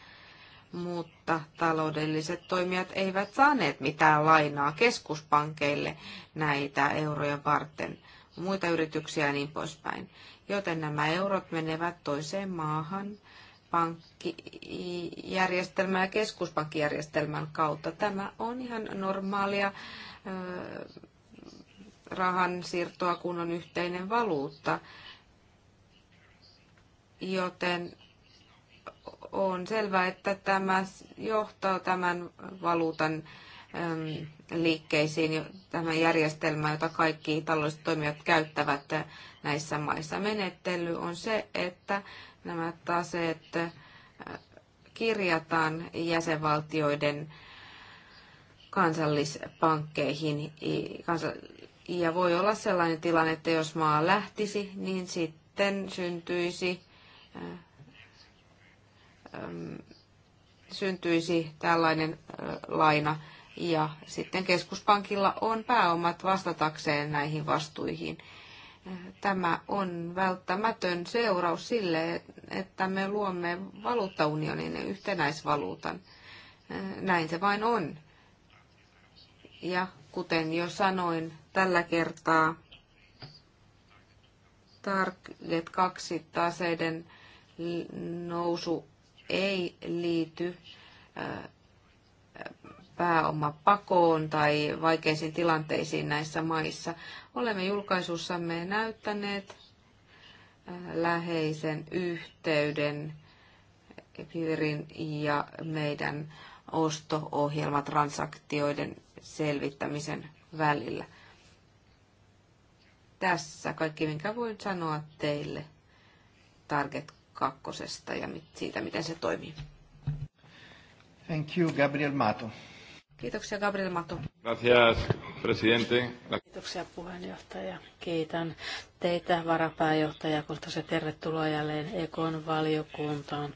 Mutta taloudelliset toimijat eivät saaneet mitään lainaa keskuspankeille näitä euroja varten, muita yrityksiä ja niin poispäin. Joten nämä eurot menevät toiseen maahan pankkijärjestelmän ja keskuspankkijärjestelmän kautta. Tämä on ihan normaalia rahan siirtoa, kun on yhteinen valuutta. Joten on selvää, että tämä johtaa tämän valuutan liikkeisiin tämä järjestelmä, jota kaikki taloudelliset toimijat käyttävät näissä maissa. Menettely on se, että nämä taseet äh, kirjataan jäsenvaltioiden kansallispankkeihin. Ja voi olla sellainen tilanne, että jos maa lähtisi, niin sitten syntyisi, äh, syntyisi tällainen äh, laina. Ja sitten keskuspankilla on pääomat vastatakseen näihin vastuihin äh, tämä on välttämätön seuraus sille, että me luomme valuuttaunionin ja yhtenäisvaluutan. Näin se vain on. Ja kuten jo sanoin, tällä kertaa Target 2 taseiden nousu ei liity äh, pääomapakoon tai vaikeisiin tilanteisiin näissä maissa. Olemme julkaisussamme näyttäneet äh, läheisen yhteyden Piverin ja meidän osto-ohjelmatransaktioiden selvittämisen välillä. Tässä kaikki, minkä voin sanoa teille Target kakkosesta ja siitä, miten se toimii. Thank you, Gabriel Mato. Kiitoksia, Gabriel Mato. Gracias, presidente. Kiitoksia, puheenjohtaja. Kiitän teitä, varapääjohtaja, kun tervetuloa jälleen Ekon valiokuntaan.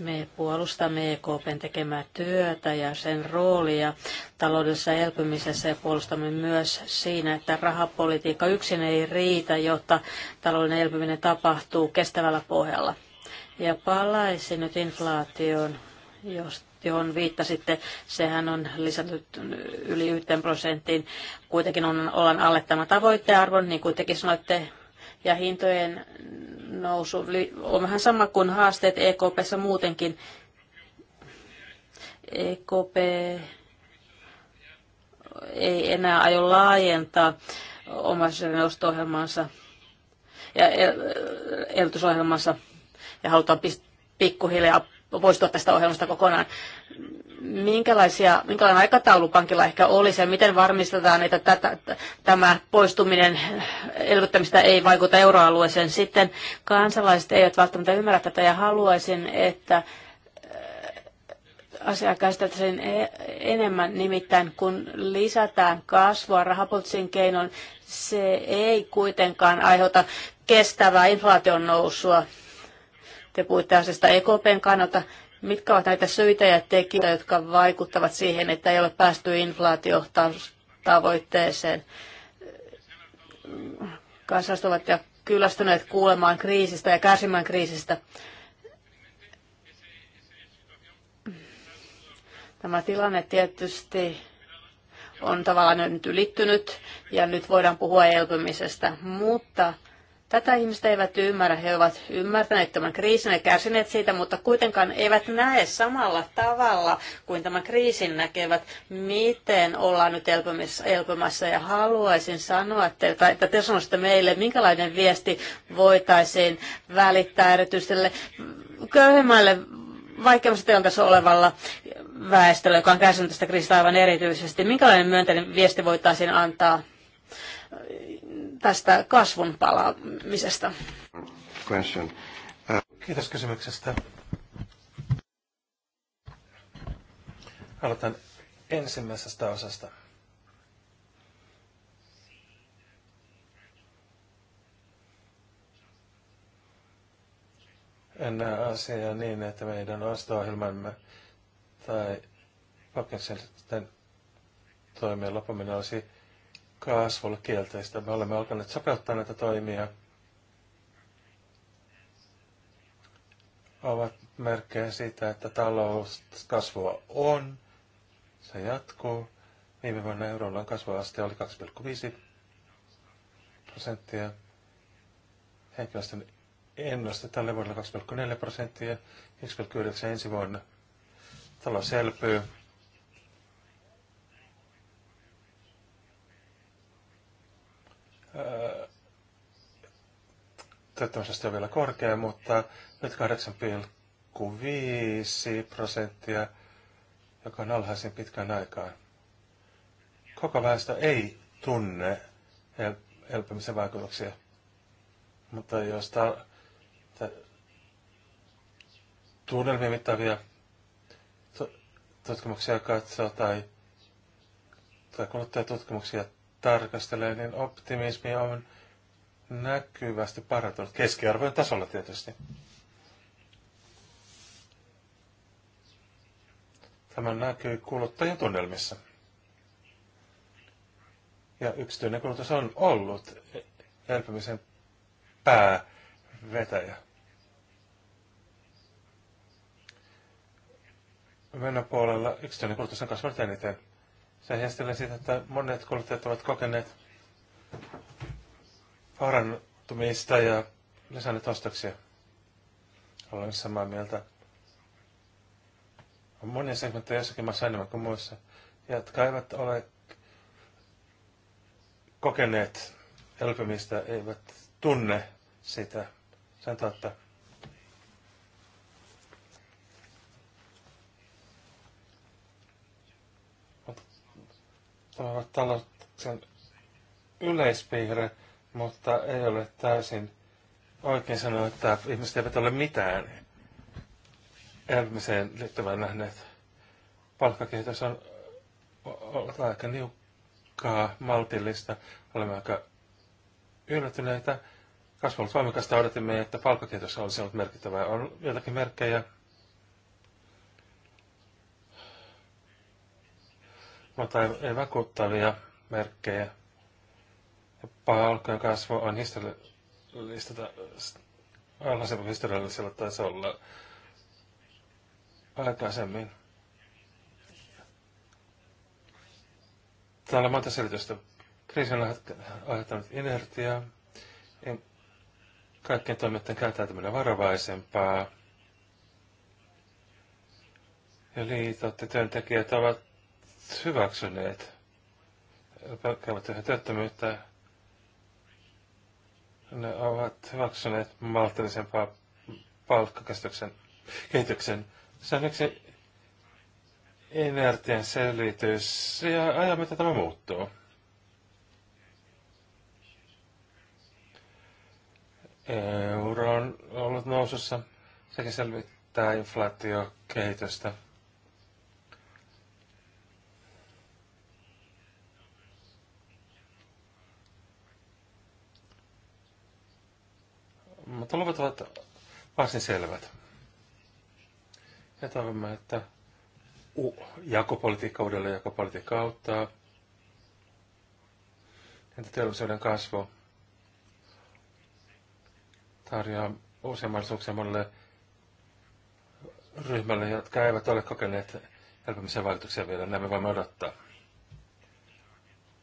Me puolustamme EKPn tekemää työtä ja sen roolia taloudellisessa elpymisessä ja puolustamme myös siinä, että rahapolitiikka yksin ei riitä, jotta talouden elpyminen tapahtuu kestävällä pohjalla. Ja palaisin nyt inflaatioon, johon viittasitte. Sehän on lisännyt yli 1 prosenttiin. Kuitenkin on, ollaan alle tämä tavoittearvo, niin kuin tekin sanoitte, ja hintojen nousu on vähän sama kuin haasteet EKPssä muutenkin. EKP ei enää aio laajentaa omaisuuden osto ohjelmansa ja elvytysohjelmansa ja halutaan pikkuhiljaa poistua tästä ohjelmasta kokonaan. Minkälaisia, minkälainen aikataulu pankilla ehkä olisi ja miten varmistetaan, että tätä, tämä poistuminen elvyttämistä ei vaikuta euroalueeseen? Sitten kansalaiset eivät välttämättä ymmärrä tätä ja haluaisin, että äh, asiaa käsiteltäisiin e-, enemmän, nimittäin kun lisätään kasvua rahapoliittisen keinon, se ei kuitenkaan aiheuta kestävää inflaation nousua. Te puhuitte asiasta EKPn kannalta. Mitkä ovat näitä syitä ja tekijöitä, jotka vaikuttavat siihen, että ei ole päästy inflaatiotavoitteeseen? Kansalaiset ovat ja kyllästyneet kuulemaan kriisistä ja kärsimään kriisistä. Tämä tilanne tietysti on tavallaan nyt ylittynyt ja nyt voidaan puhua elpymisestä, mutta Tätä ihmistä eivät ymmärrä. He ovat ymmärtäneet tämän kriisin ja kärsineet siitä, mutta kuitenkaan eivät näe samalla tavalla kuin tämän kriisin näkevät, miten ollaan nyt elpymässä. Ja haluaisin sanoa että te sanoisitte meille, minkälainen viesti voitaisiin välittää erityisesti köyhemmälle vaikeimmassa tilanteessa olevalla väestöllä, joka on kärsinyt tästä kriisistä aivan erityisesti. Minkälainen myönteinen viesti voitaisiin antaa tästä kasvun palaamisesta? Question. Uh, Kiitos kysymyksestä. Aloitan ensimmäisestä osasta. En näe asiaa niin, että meidän osto-ohjelmamme tai pakkauksen toimien loppuminen olisi kasvulle kielteistä. Me olemme alkaneet sopeuttaa näitä toimia. Ovat merkkejä siitä, että talouskasvua on. Se jatkuu. Viime vuonna euroalueen kasvuaste oli 2,5 prosenttia. Henkilöstön ennuste tälle vuodelle 2,4 prosenttia, 1,9 ensi vuonna. Talous selpyy. työttömyysaste on vielä korkea, mutta nyt 8,5 prosenttia, joka on alhaisin pitkän aikaan. Koko väestö ei tunne el- elpymisen vaikutuksia, mutta jos ta- tunnelmia mittavia tutkimuksia katsoo tai, tai kuluttajatutkimuksia tarkastelee, niin optimismi on näkyvästi parantunut keskiarvojen tasolla tietysti. Tämä näkyy kuluttajien tunnelmissa. Ja yksityinen kulutus on ollut elpymisen päävetäjä. puolella yksityinen kulutus on kasvanut eniten. Se siitä, että monet kuluttajat ovat kokeneet parantumista ja lisännyt ostoksia. Olen samaa mieltä. On monia segmenttejä jossakin maassa enemmän kuin muissa, jotka eivät ole kokeneet elpymistä, eivät tunne sitä. Sen totta. Tämä on yleispiirre mutta ei ole täysin oikein sanoa, että ihmiset eivät ole mitään elämiseen liittyvän nähneet. Palkkakehitys on ollut aika niukkaa, maltillista. Olemme aika yllättyneitä. Kasvanut voimakasta odotimme, että palkkakehitys olisi ollut merkittävää. On jotakin merkkejä. Mutta ei vakuuttavia merkkejä. Alkaa kasvu on historiallista, alhaisemmin historiallisella tasolla aikaisemmin. Täällä on monta selitystä. Kriisi on aiheuttanut inertiaa, kaikkien toimijoiden käyttäytyminen varovaisempaa. Ja liitot ja työntekijät ovat hyväksyneet pelkäävät työttömyyttä ne ovat hyväksyneet maltillisempaa palkkakestoksen kehityksen. Se on yksi inertien selitys ja ajan mitä tämä muuttuu. Euro on ollut nousussa sekä selvittää inflaatiokehitystä. kehitystä. mutta luvut ovat varsin selvät. Ja toivomme, että jakopolitiikka uudelleen jakopolitiikka auttaa. Entä teollisuuden kasvu tarjoaa uusia mahdollisuuksia monelle ryhmälle, jotka eivät ole kokeneet helpomisen vaikutuksia vielä. Nämä voimme odottaa.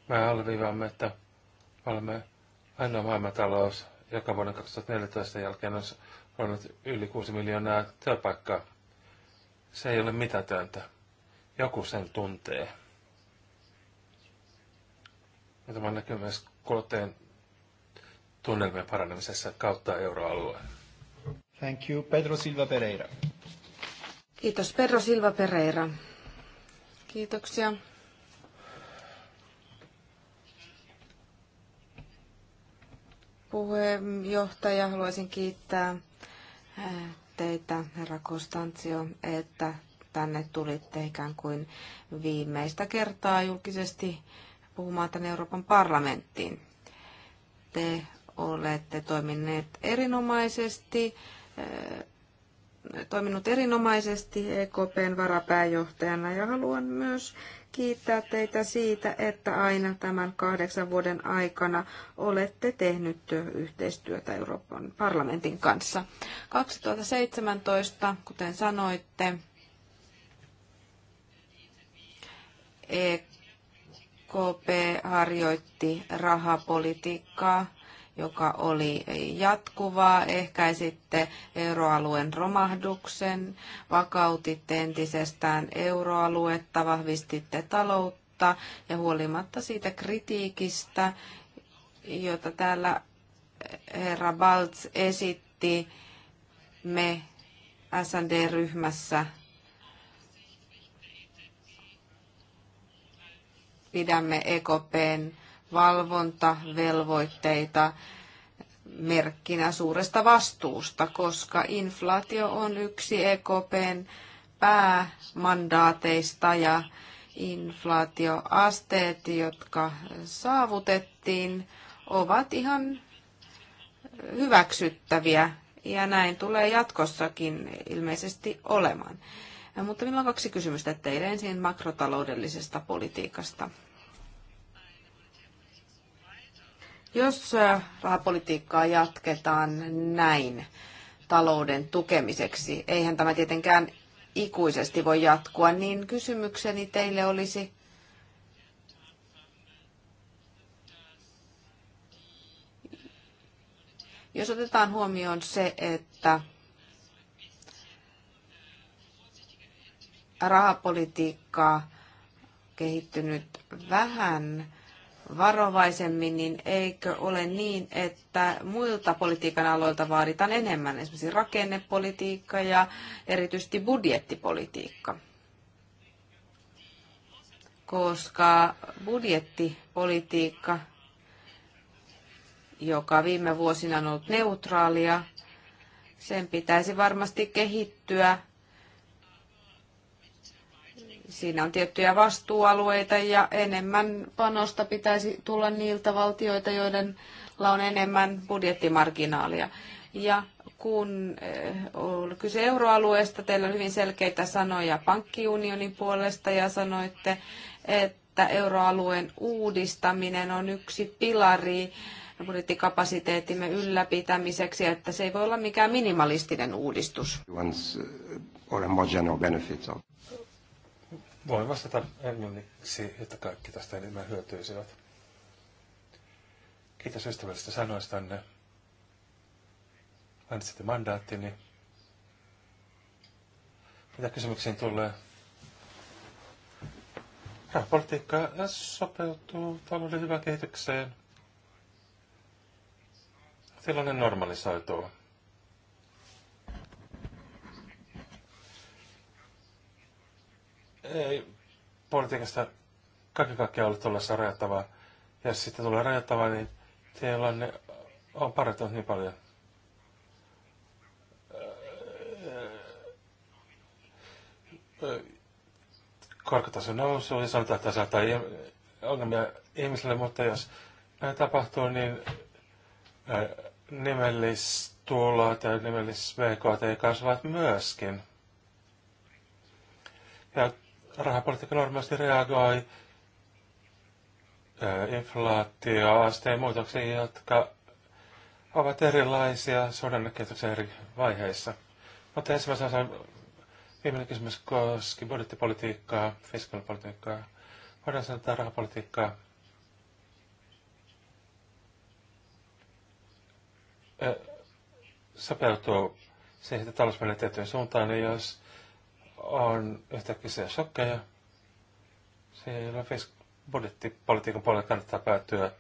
Me alleviivaamme, että olemme ainoa maailmantalous, joka vuonna 2014 jälkeen on ollut yli 6 miljoonaa työpaikkaa. Se ei ole mitätöntä. Joku sen tuntee. Ja tämä näkyy myös kuluttajien tunnelmien paranemisessa kautta euroalueen. Thank you, Pedro Silva Pereira. Kiitos, Pedro Silva Pereira. Kiitoksia. puheenjohtaja. Haluaisin kiittää eh, teitä, herra Konstantio, että tänne tulitte ikään kuin viimeistä kertaa julkisesti puhumaan tänne Euroopan parlamenttiin. Te olette toimineet erinomaisesti eh, toiminut erinomaisesti EKPn varapääjohtajana ja haluan myös kiittää teitä siitä, että aina tämän kahdeksan vuoden aikana olette tehnyt yhteistyötä Euroopan parlamentin kanssa. 2017, kuten sanoitte, EKP harjoitti rahapolitiikkaa joka oli jatkuvaa. Ehkäisitte euroalueen romahduksen, vakautitte entisestään euroaluetta, vahvistitte taloutta ja huolimatta siitä kritiikistä, jota täällä herra Baltz esitti, me SND-ryhmässä pidämme EKPn valvontavelvoitteita merkkinä suuresta vastuusta, koska inflaatio on yksi EKPn päämandaateista ja inflaatioasteet, jotka saavutettiin, ovat ihan hyväksyttäviä ja näin tulee jatkossakin ilmeisesti olemaan. Mutta minulla on kaksi kysymystä teille. Ensin makrotaloudellisesta politiikasta. jos rahapolitiikkaa jatketaan näin talouden tukemiseksi, eihän tämä tietenkään ikuisesti voi jatkua, niin kysymykseni teille olisi, jos otetaan huomioon se, että rahapolitiikkaa kehittynyt vähän, varovaisemmin, niin eikö ole niin, että muilta politiikan aloilta vaaditaan enemmän, esimerkiksi rakennepolitiikka ja erityisesti budjettipolitiikka? Koska budjettipolitiikka, joka viime vuosina on ollut neutraalia, sen pitäisi varmasti kehittyä Siinä on tiettyjä vastuualueita ja enemmän panosta pitäisi tulla niiltä valtioita, joiden on enemmän budjettimarginaalia. Ja kun eh, on kyse euroalueesta, teillä on hyvin selkeitä sanoja pankkiunionin puolesta ja sanoitte, että euroalueen uudistaminen on yksi pilari budjettikapasiteettimme ylläpitämiseksi, että se ei voi olla mikään minimalistinen uudistus. Eh, Voin vastata englanniksi, että kaikki tästä enemmän hyötyisivät. Kiitos ystävällisistä sanoistanne. Mainitsitte mandaattini. Mitä kysymyksiin tulee? Rahapolitiikka sopeutuu talouden hyvään kehitykseen. Tilanne normalisoituu. ei politiikasta kaiken kaikkiaan ollut tuollaista rajoittavaa. Ja jos sitten tulee rajoittavaa, niin tilanne on parantunut niin paljon. Korkotaso nousu ja sanotaan, että saattaa ongelmia ihmisille, mutta jos näin tapahtuu, niin nimellistulot ja nimellis VKT kasvavat myöskin. Ja rahapolitiikka normaalisti reagoi inflaatioasteen muutoksiin, jotka ovat erilaisia suhdannekehityksen eri vaiheissa. Mutta ensimmäisenä osan viimeinen kysymys koski budjettipolitiikkaa, fiskalipolitiikkaa, voidaan sanoa rahapolitiikkaa. Sopeutuu siihen menee tiettyyn suuntaan, niin jos on yhtäkkiä shokkeja. Siellä budjettipolitiikan puolella kannattaa päätyä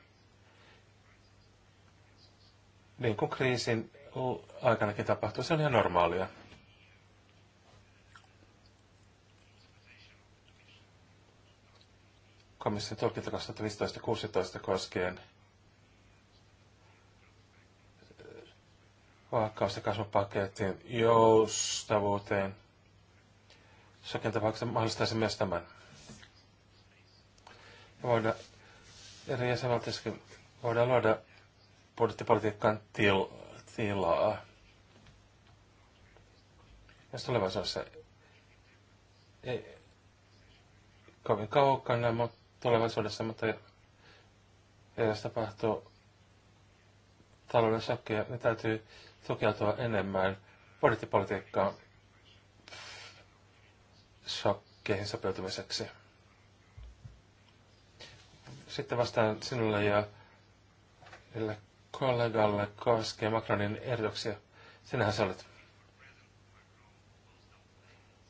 niin kuin kriisin aikanakin tapahtuu. Se on ihan normaalia. komission tulkinta 2015-2016 koskien vakaus- ja kasvupaketin joustavuuteen – jossakin tapauksessa mahdollistaisi myös tämän. Voida, eri jäsenvaltioissa voidaan luoda budjettipolitiikkaan til, tilaa. Jos tulevaisuudessa ei kovin kaukana mutta tulevaisuudessa, mutta jos tapahtuu talouden shokkia, niin täytyy tukeutua enemmän budjettipolitiikkaan shokkeihin sopeutumiseksi. Sitten vastaan sinulle ja kollegalle koskee Macronin ehdotuksia. Sinähän sä olet.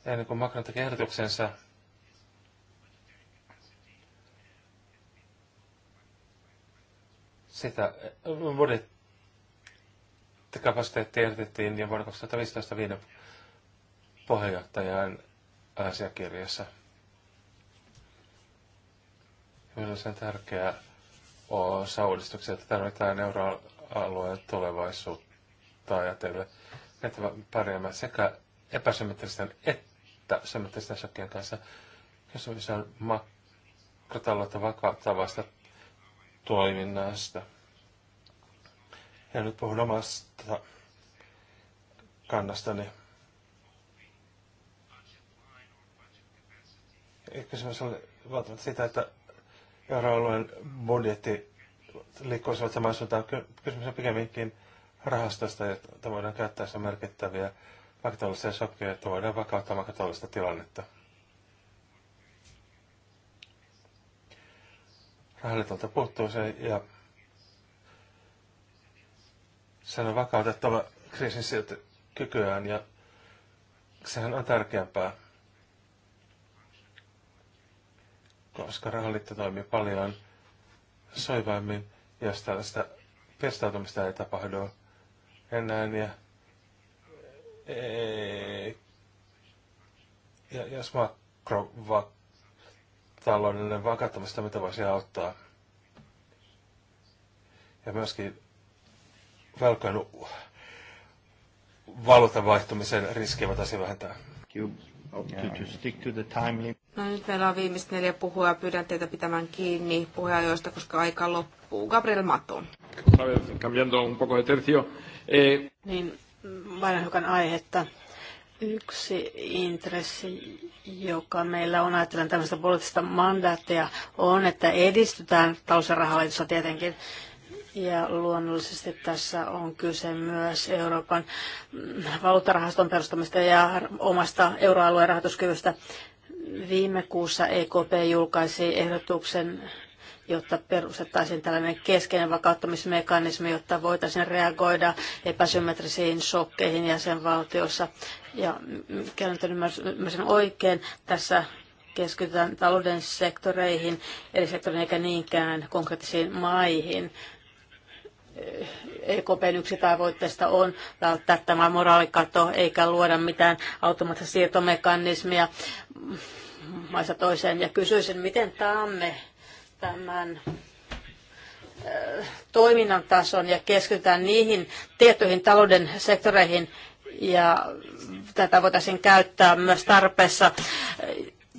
Ennen kuin Macron teki ehdotuksensa, sitä äh, budjettikapasiteetti ehdotettiin jo vuonna 2015 viiden puheenjohtajan asiakirjassa. Mielestäni tärkeä osa uudistuksia, että tarvitaan euroalueen tulevaisuutta ajatellen. Näitä pärjäämään sekä epäsymmetristen että symmetristen shokkien kanssa. Jos on makrotaloutta vakauttavasta toiminnasta. Ja nyt puhun omasta kannastani. kysymys oli valtavat siitä, että euroalueen budjetti liikkuisivat samaan suuntaan. Kysymys on pikemminkin rahastosta, että voidaan käyttää sen merkittäviä makrotalousia shokkeja, että voidaan vakauttaa makrotaloudellista tilannetta. Rahaliitolta puuttuu se ja sen on vakautettava kriisin kykyään ja sehän on tärkeämpää. koska rahaliitto toimii paljon soivaimmin, jos tällaista pestautumista ei tapahdu enää. Ja, e- ja jos makrotaloudellinen vakattamista, mitä voisi auttaa. Ja myöskin velkojen valuutan vaihtumisen riskiä voitaisiin vähentää. Thank You, Hope yeah, to, to stick to the time limit. No nyt meillä on viimeiset neljä puhua Pyydän teitä pitämään kiinni puheenjoista, koska aika loppuu. Gabriel Maton. Cambiando un poco de tercio. Eh... Niin, vain hiukan aihetta. Yksi intressi, joka meillä on, ajatellen tämmöistä poliittista mandaattia, on, että edistytään talous- ja tietenkin. Ja luonnollisesti tässä on kyse myös Euroopan mm, valuuttarahaston perustamista ja omasta euroalueen rahoituskyvystä. Viime kuussa EKP julkaisi ehdotuksen, jotta perustettaisiin tällainen keskeinen vakauttamismekanismi, jotta voitaisiin reagoida epäsymmetrisiin shokkeihin jäsenvaltiossa. Ja mikä nyt ymmärsin oikein, tässä keskitytään talouden sektoreihin, eli sektoreihin, eikä niinkään konkreettisiin maihin. EKPn yksi tavoitteista on välttää tämä moraalikato eikä luoda mitään automaattista siirtomekanismia maissa toiseen. Ja kysyisin, miten taamme tämän toiminnan tason ja keskitytään niihin tiettyihin talouden sektoreihin ja tätä voitaisiin käyttää myös tarpeessa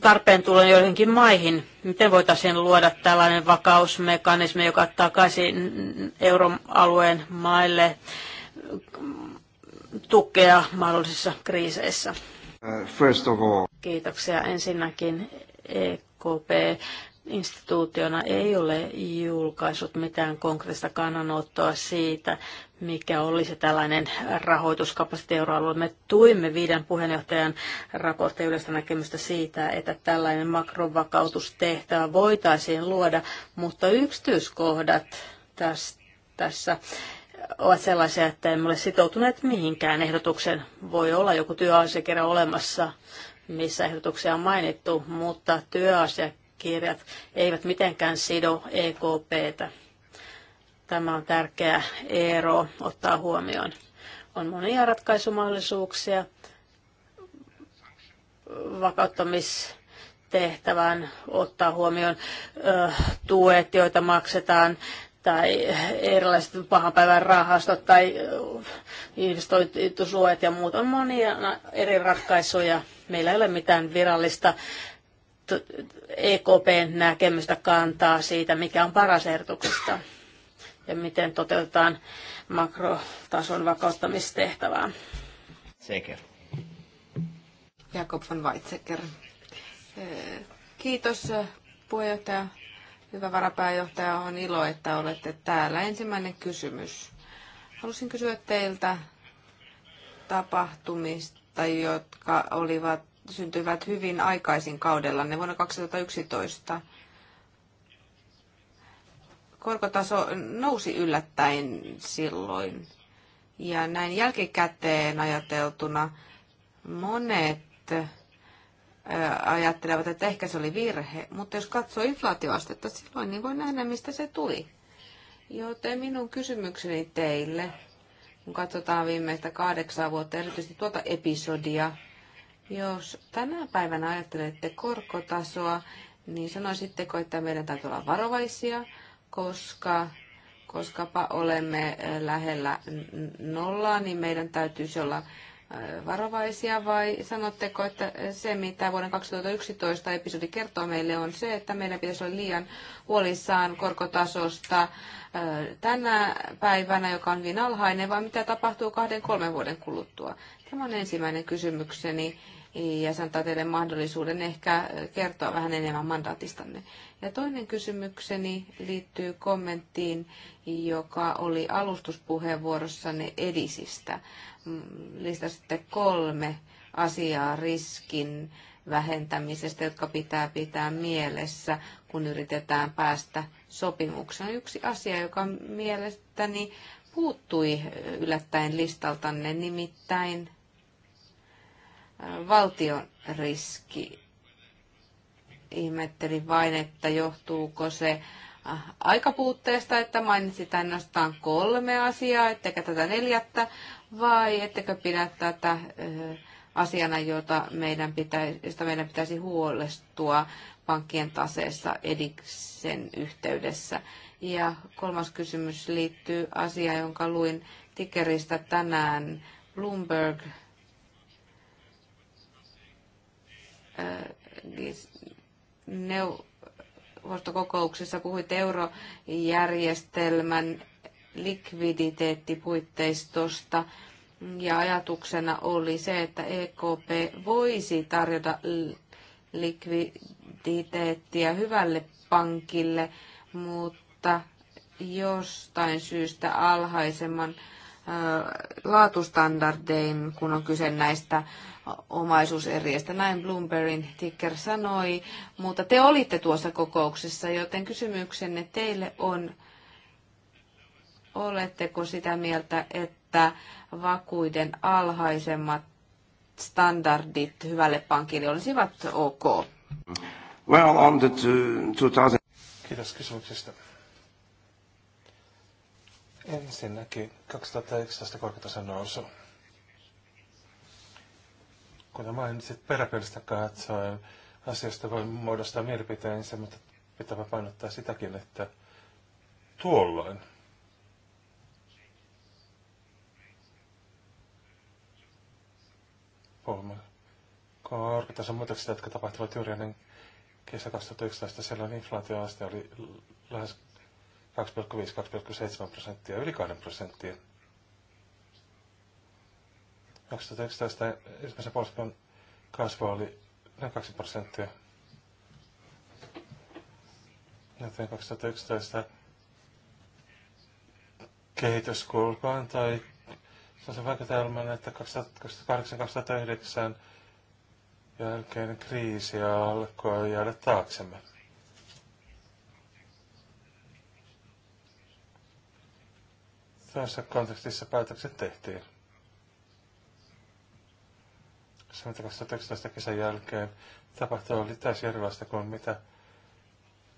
tarpeen tulla joihinkin maihin. Miten voitaisiin luoda tällainen vakausmekanismi, joka takaisi euroalueen maille tukea mahdollisissa kriiseissä? Uh, first of all. Kiitoksia ensinnäkin EKP instituutiona ei ole julkaissut mitään konkreettista kannanottoa siitä, mikä olisi tällainen rahoituskapasiteetti Me tuimme viiden puheenjohtajan raportin yleistä näkemystä siitä, että tällainen makrovakautustehtävä voitaisiin luoda, mutta yksityiskohdat tässä, tässä ovat sellaisia, että emme ole sitoutuneet mihinkään ehdotuksen. Voi olla joku työasiakirja olemassa, missä ehdotuksia on mainittu, mutta työasiakirja kirjat eivät mitenkään sido EKPtä. Tämä on tärkeä ero ottaa huomioon. On monia ratkaisumahdollisuuksia tehtävään ottaa huomioon ö, tuet, joita maksetaan tai erilaiset pahan päivän rahastot tai investointisuojat ja muut. On monia eri ratkaisuja. Meillä ei ole mitään virallista EKPn näkemystä kantaa siitä, mikä on paras ehdotuksesta ja miten toteutetaan makrotason vakauttamistehtävää. Seker. Jakob von Weizsäcker. Kiitos puheenjohtaja. Hyvä varapääjohtaja, on ilo, että olette täällä. Ensimmäinen kysymys. Halusin kysyä teiltä tapahtumista, jotka olivat syntyivät hyvin aikaisin kaudella, ne vuonna 2011. Korkotaso nousi yllättäen silloin. Ja näin jälkikäteen ajateltuna monet äh, ajattelevat, että ehkä se oli virhe, mutta jos katsoo inflaatioastetta silloin, niin voi nähdä, mistä se tuli. Joten minun kysymykseni teille, kun katsotaan viimeistä kahdeksaa vuotta, erityisesti tuota episodia, jos tänä päivänä ajattelette korkotasoa, niin sanoisitteko, että meidän täytyy olla varovaisia, koska koskapa olemme eh, lähellä nollaa, niin meidän täytyisi olla eh, varovaisia vai sanotteko, että se mitä vuoden 2011 episodi kertoo meille on se, että meidän pitäisi olla liian huolissaan korkotasosta eh, tänä päivänä, joka on hyvin niin alhainen, vai mitä tapahtuu kahden kolmen vuoden kuluttua? Tämä on ensimmäinen kysymykseni ja se antaa teille mahdollisuuden ehkä kertoa vähän enemmän mandaatistanne. Ja toinen kysymykseni liittyy kommenttiin, joka oli alustuspuheenvuorossanne Edisistä. Mm, Listasitte kolme asiaa riskin vähentämisestä, jotka pitää pitää mielessä, kun yritetään päästä sopimukseen. Yksi asia, joka mielestäni puuttui yllättäen listaltanne, nimittäin valtion riski. Ihmettelin vain, että johtuuko se äh, aikapuutteesta, että mainitsit ainoastaan kolme asiaa, ettekä tätä neljättä, vai ettekö pidä tätä äh, asiana, jota meidän pitäisi, josta meidän pitäisi huolestua pankkien taseessa ediksen yhteydessä. Ja kolmas kysymys liittyy asiaan, jonka luin Tickeristä tänään. Bloomberg neuvostokokouksessa puhuit eurojärjestelmän likviditeettipuitteistosta ja ajatuksena oli se, että EKP voisi tarjota likviditeettiä hyvälle pankille, mutta jostain syystä alhaisemman laatustandardein, kun on kyse näistä omaisuuseriästä. Näin Bloombergin ticker sanoi, mutta te olitte tuossa kokouksessa, joten kysymyksenne teille on, oletteko sitä mieltä, että vakuuden alhaisemmat standardit hyvälle pankille olisivat ok? Well, on the 2000... Kiitos kysymyksestä. Ensinnäkin 2019 korkotason nousu. Kuten mainitsit, peräpylistä katsoen asiasta voi muodostaa mielipiteensä, mutta pitää painottaa sitäkin, että tuolloin kolme korkeatason muutoksia, jotka tapahtuvat juuri ennen kesä 2011. Silloin inflaatioaste oli lähes 2,5-2,7 prosenttia, yli 2 prosenttia. 2011 ensimmäisen puolustuksen kasvu oli noin 2 prosenttia. Joten 2011 kehityskulku antoi sellaisen vaikutelman, että 2008-2009 jälkeen kriisi alkoi jäädä taaksemme. Tässä kontekstissa päätökset tehtiin se, mitä kesän jälkeen tapahtui, oli täysin erilaista kuin mitä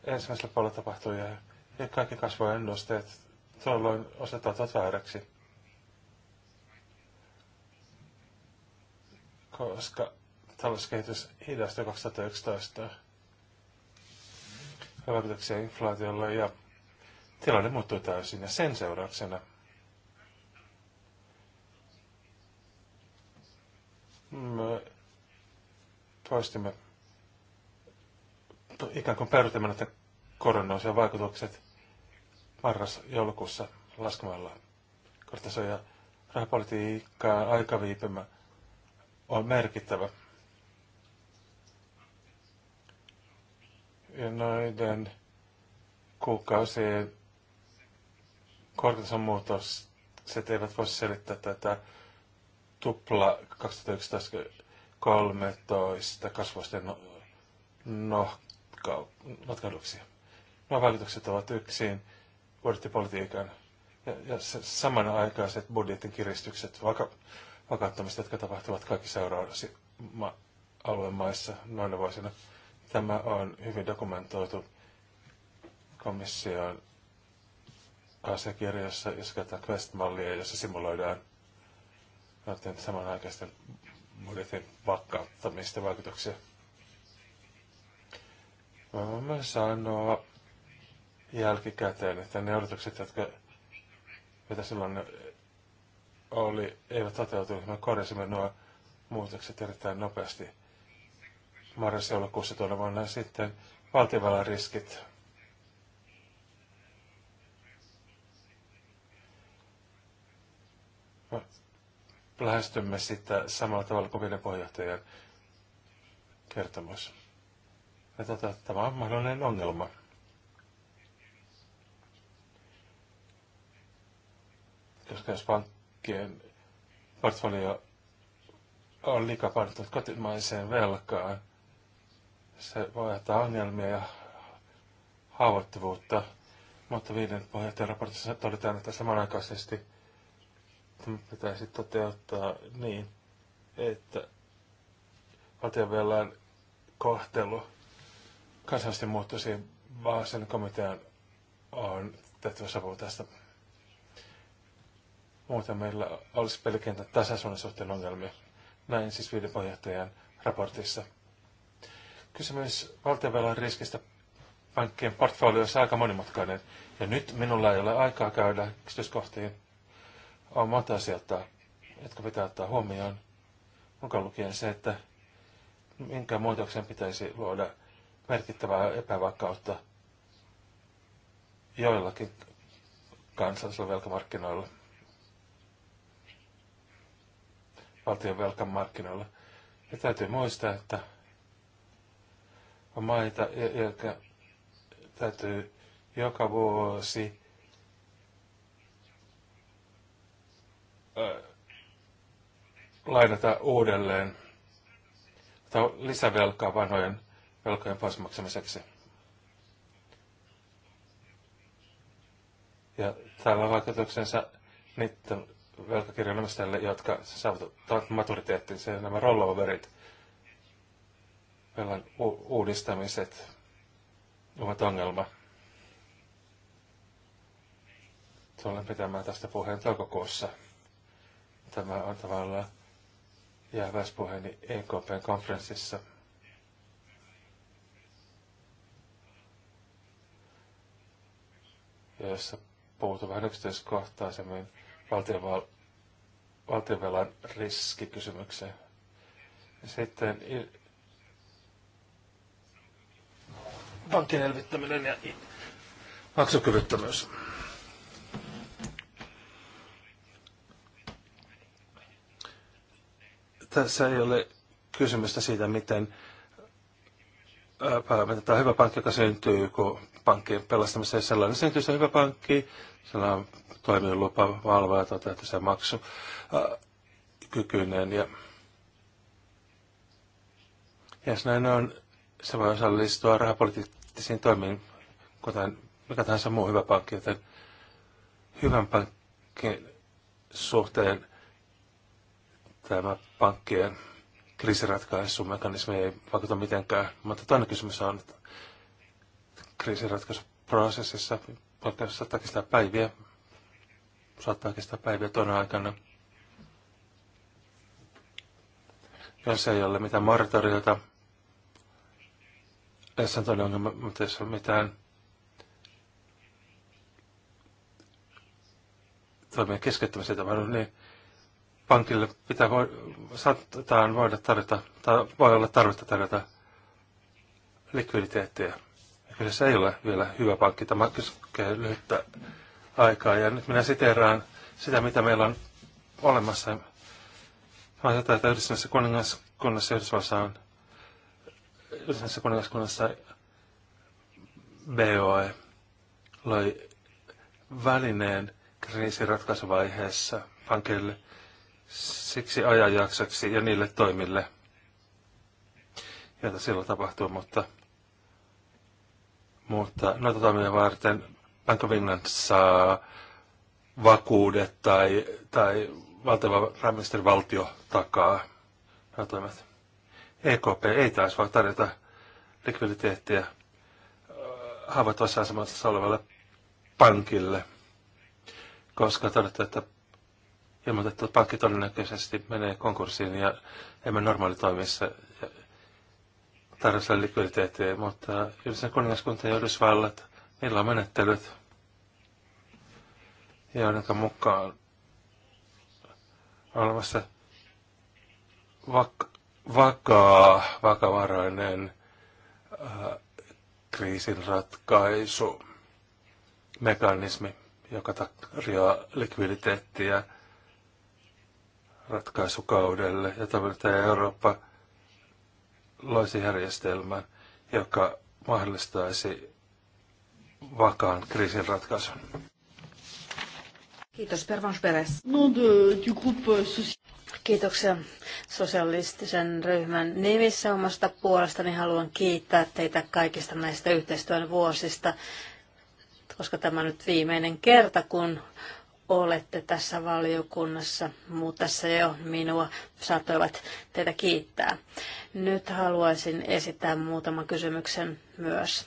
ensimmäisellä puolella tapahtui. Ja, ja kaikki ennusteet tuolloin osoittautuvat vääräksi. Koska talouskehitys hidastui 2011 vaikutuksia inflaatiolle ja tilanne muuttui täysin. Ja sen seurauksena – Me toistimme ikään kuin päädytämme näiden koronaisia vaikutukset marras-joulukuussa laskemalla kortasoja ja rahapolitiikkaa aikaviipymä on merkittävä. Ja noiden kuukausien korkotason se eivät voi selittää tätä tupla 2013 kasvusten no-, nohka, notkahduksi. Nuo vaikutukset ovat yksin budjettipolitiikan ja, ja samanaikaiset budjetin kiristykset, vaka, vakauttamista, jotka tapahtuvat kaikissa alueen maissa noina vuosina. Tämä on hyvin dokumentoitu komission asiakirjassa, jos käytetään Quest-mallia, jossa simuloidaan noiden samanaikaisten muiden vakkauttamista vaikutuksia. myös sanoa jälkikäteen, että ne odotukset, jotka mitä silloin oli, eivät toteutuneet. Me korjasimme nuo muutokset erittäin nopeasti. Marras- joulukuussa tuolla vuonna sitten valtiovallan riskit lähestymme sitä samalla tavalla kuin viiden puheenjohtajan kertomus. Ja tota, tämä on mahdollinen ongelma. Koska jos pankkien portfolio on liikaa kotimaiseen velkaan, se voi aiheuttaa ongelmia ja haavoittuvuutta. Mutta viiden puheenjohtajan raportissa todetaan, että samanaikaisesti – pitäisi toteuttaa niin, että valtionvelan kohtelu kansallisesti muuttuisi Vaasan komitean on tehtävä savu tästä. Muuten meillä olisi pelikentän tasaisuuden suhteen ongelmia. Näin siis viiden pohjohtajan raportissa. Kysymys valtionvelan riskistä pankkien portfolioissa aika monimutkainen. Ja nyt minulla ei ole aikaa käydä yksityiskohtiin on monta asiaa, jotka pitää ottaa huomioon, mukaan lukien se, että minkä muutoksen pitäisi luoda merkittävää epävakautta joillakin kansallisilla velkamarkkinoilla, valtion velkamarkkinoilla. Ja täytyy muistaa, että on maita, jotka täytyy joka vuosi lainata uudelleen tai lisävelkaa vanhojen velkojen pois maksamiseksi. Ja täällä on vaikutuksensa niiden velkakirjan omistajille, jotka saavat maturiteettiin, se nämä rolloverit, velan uudistamiset ovat ongelma. Tulen pitämään tästä puheen toukokuussa. Tämä on tavallaan jääväispuheeni EKPn konferenssissa. jossa puhutaan vähän yksityiskohtaisemmin valtionval- valtionvelan riskikysymykseen. Sitten il- pankin elvyttäminen ja maksukyvyttömyys. tässä ei ole kysymystä siitä, miten parametetaan hyvä pankki, joka syntyy, kun pankkien pelastamiseen sellainen syntyy se hyvä pankki, sellainen on lupa, valvoja, toteutus se maksu, kykyinen ja ja jos näin on, se voi osallistua rahapoliittisiin toimiin, kuten mikä tahansa muu hyvä pankki, joten hyvän pankin suhteen tämä pankkien kriisiratkaisumekanismi ei vaikuta mitenkään. Mutta toinen kysymys on, että kriisiratkaisuprosessissa oikeus saattaa kestää päiviä, saattaa kestää päiviä tuona aikana. Jos ei ole mitään moratoriota, tässä on toinen ongelma, mutta jos on mitään toimien keskittymisiä tavalla, niin pankille pitää voi, saataan voida tarjota, tai voi olla tarvetta tarjota likviditeettiä. Kyseessä ei ole vielä hyvä pankki, tämä kyskee lyhyttä aikaa. Ja nyt minä siteeraan sitä, mitä meillä on olemassa. Mä ajattelen, että yhdessä kuningaskunnassa Yhdysvallassa on yhdessä kuningaskunnassa BOE loi välineen kriisiratkaisuvaiheessa pankille – siksi ajanjaksoksi ja niille toimille, joita silloin tapahtuu, mutta, mutta noita toimia varten Bank of England saa vakuudet tai, tai valtava pääministeri valtio takaa nämä toimet. EKP ei taas voi tarjota likviditeettiä äh, haavoittuvassa asemassa olevalle pankille, koska todettu, että ilmoitettu, että pankki todennäköisesti menee konkurssiin ja emme normaalitoimissa tarjolla likviditeettiä, mutta yhdessä kuningaskunta ja Yhdysvallat, niillä on menettelyt, joiden mukaan on olemassa vak- vakaa, vakavarainen äh, kriisinratkaisu, mekanismi, joka tarjoaa likviditeettiä ratkaisukaudelle ja toivon, Eurooppa loisi järjestelmän, joka mahdollistaisi vakaan kriisin ratkaisun. Kiitos, Pervans Peres. Kiitoksia sosialistisen ryhmän nimissä omasta puolestani. Haluan kiittää teitä kaikista näistä yhteistyön vuosista, koska tämä on nyt viimeinen kerta, kun olette tässä valiokunnassa. Muut tässä jo minua saattoivat teitä kiittää. Nyt haluaisin esittää muutaman kysymyksen myös.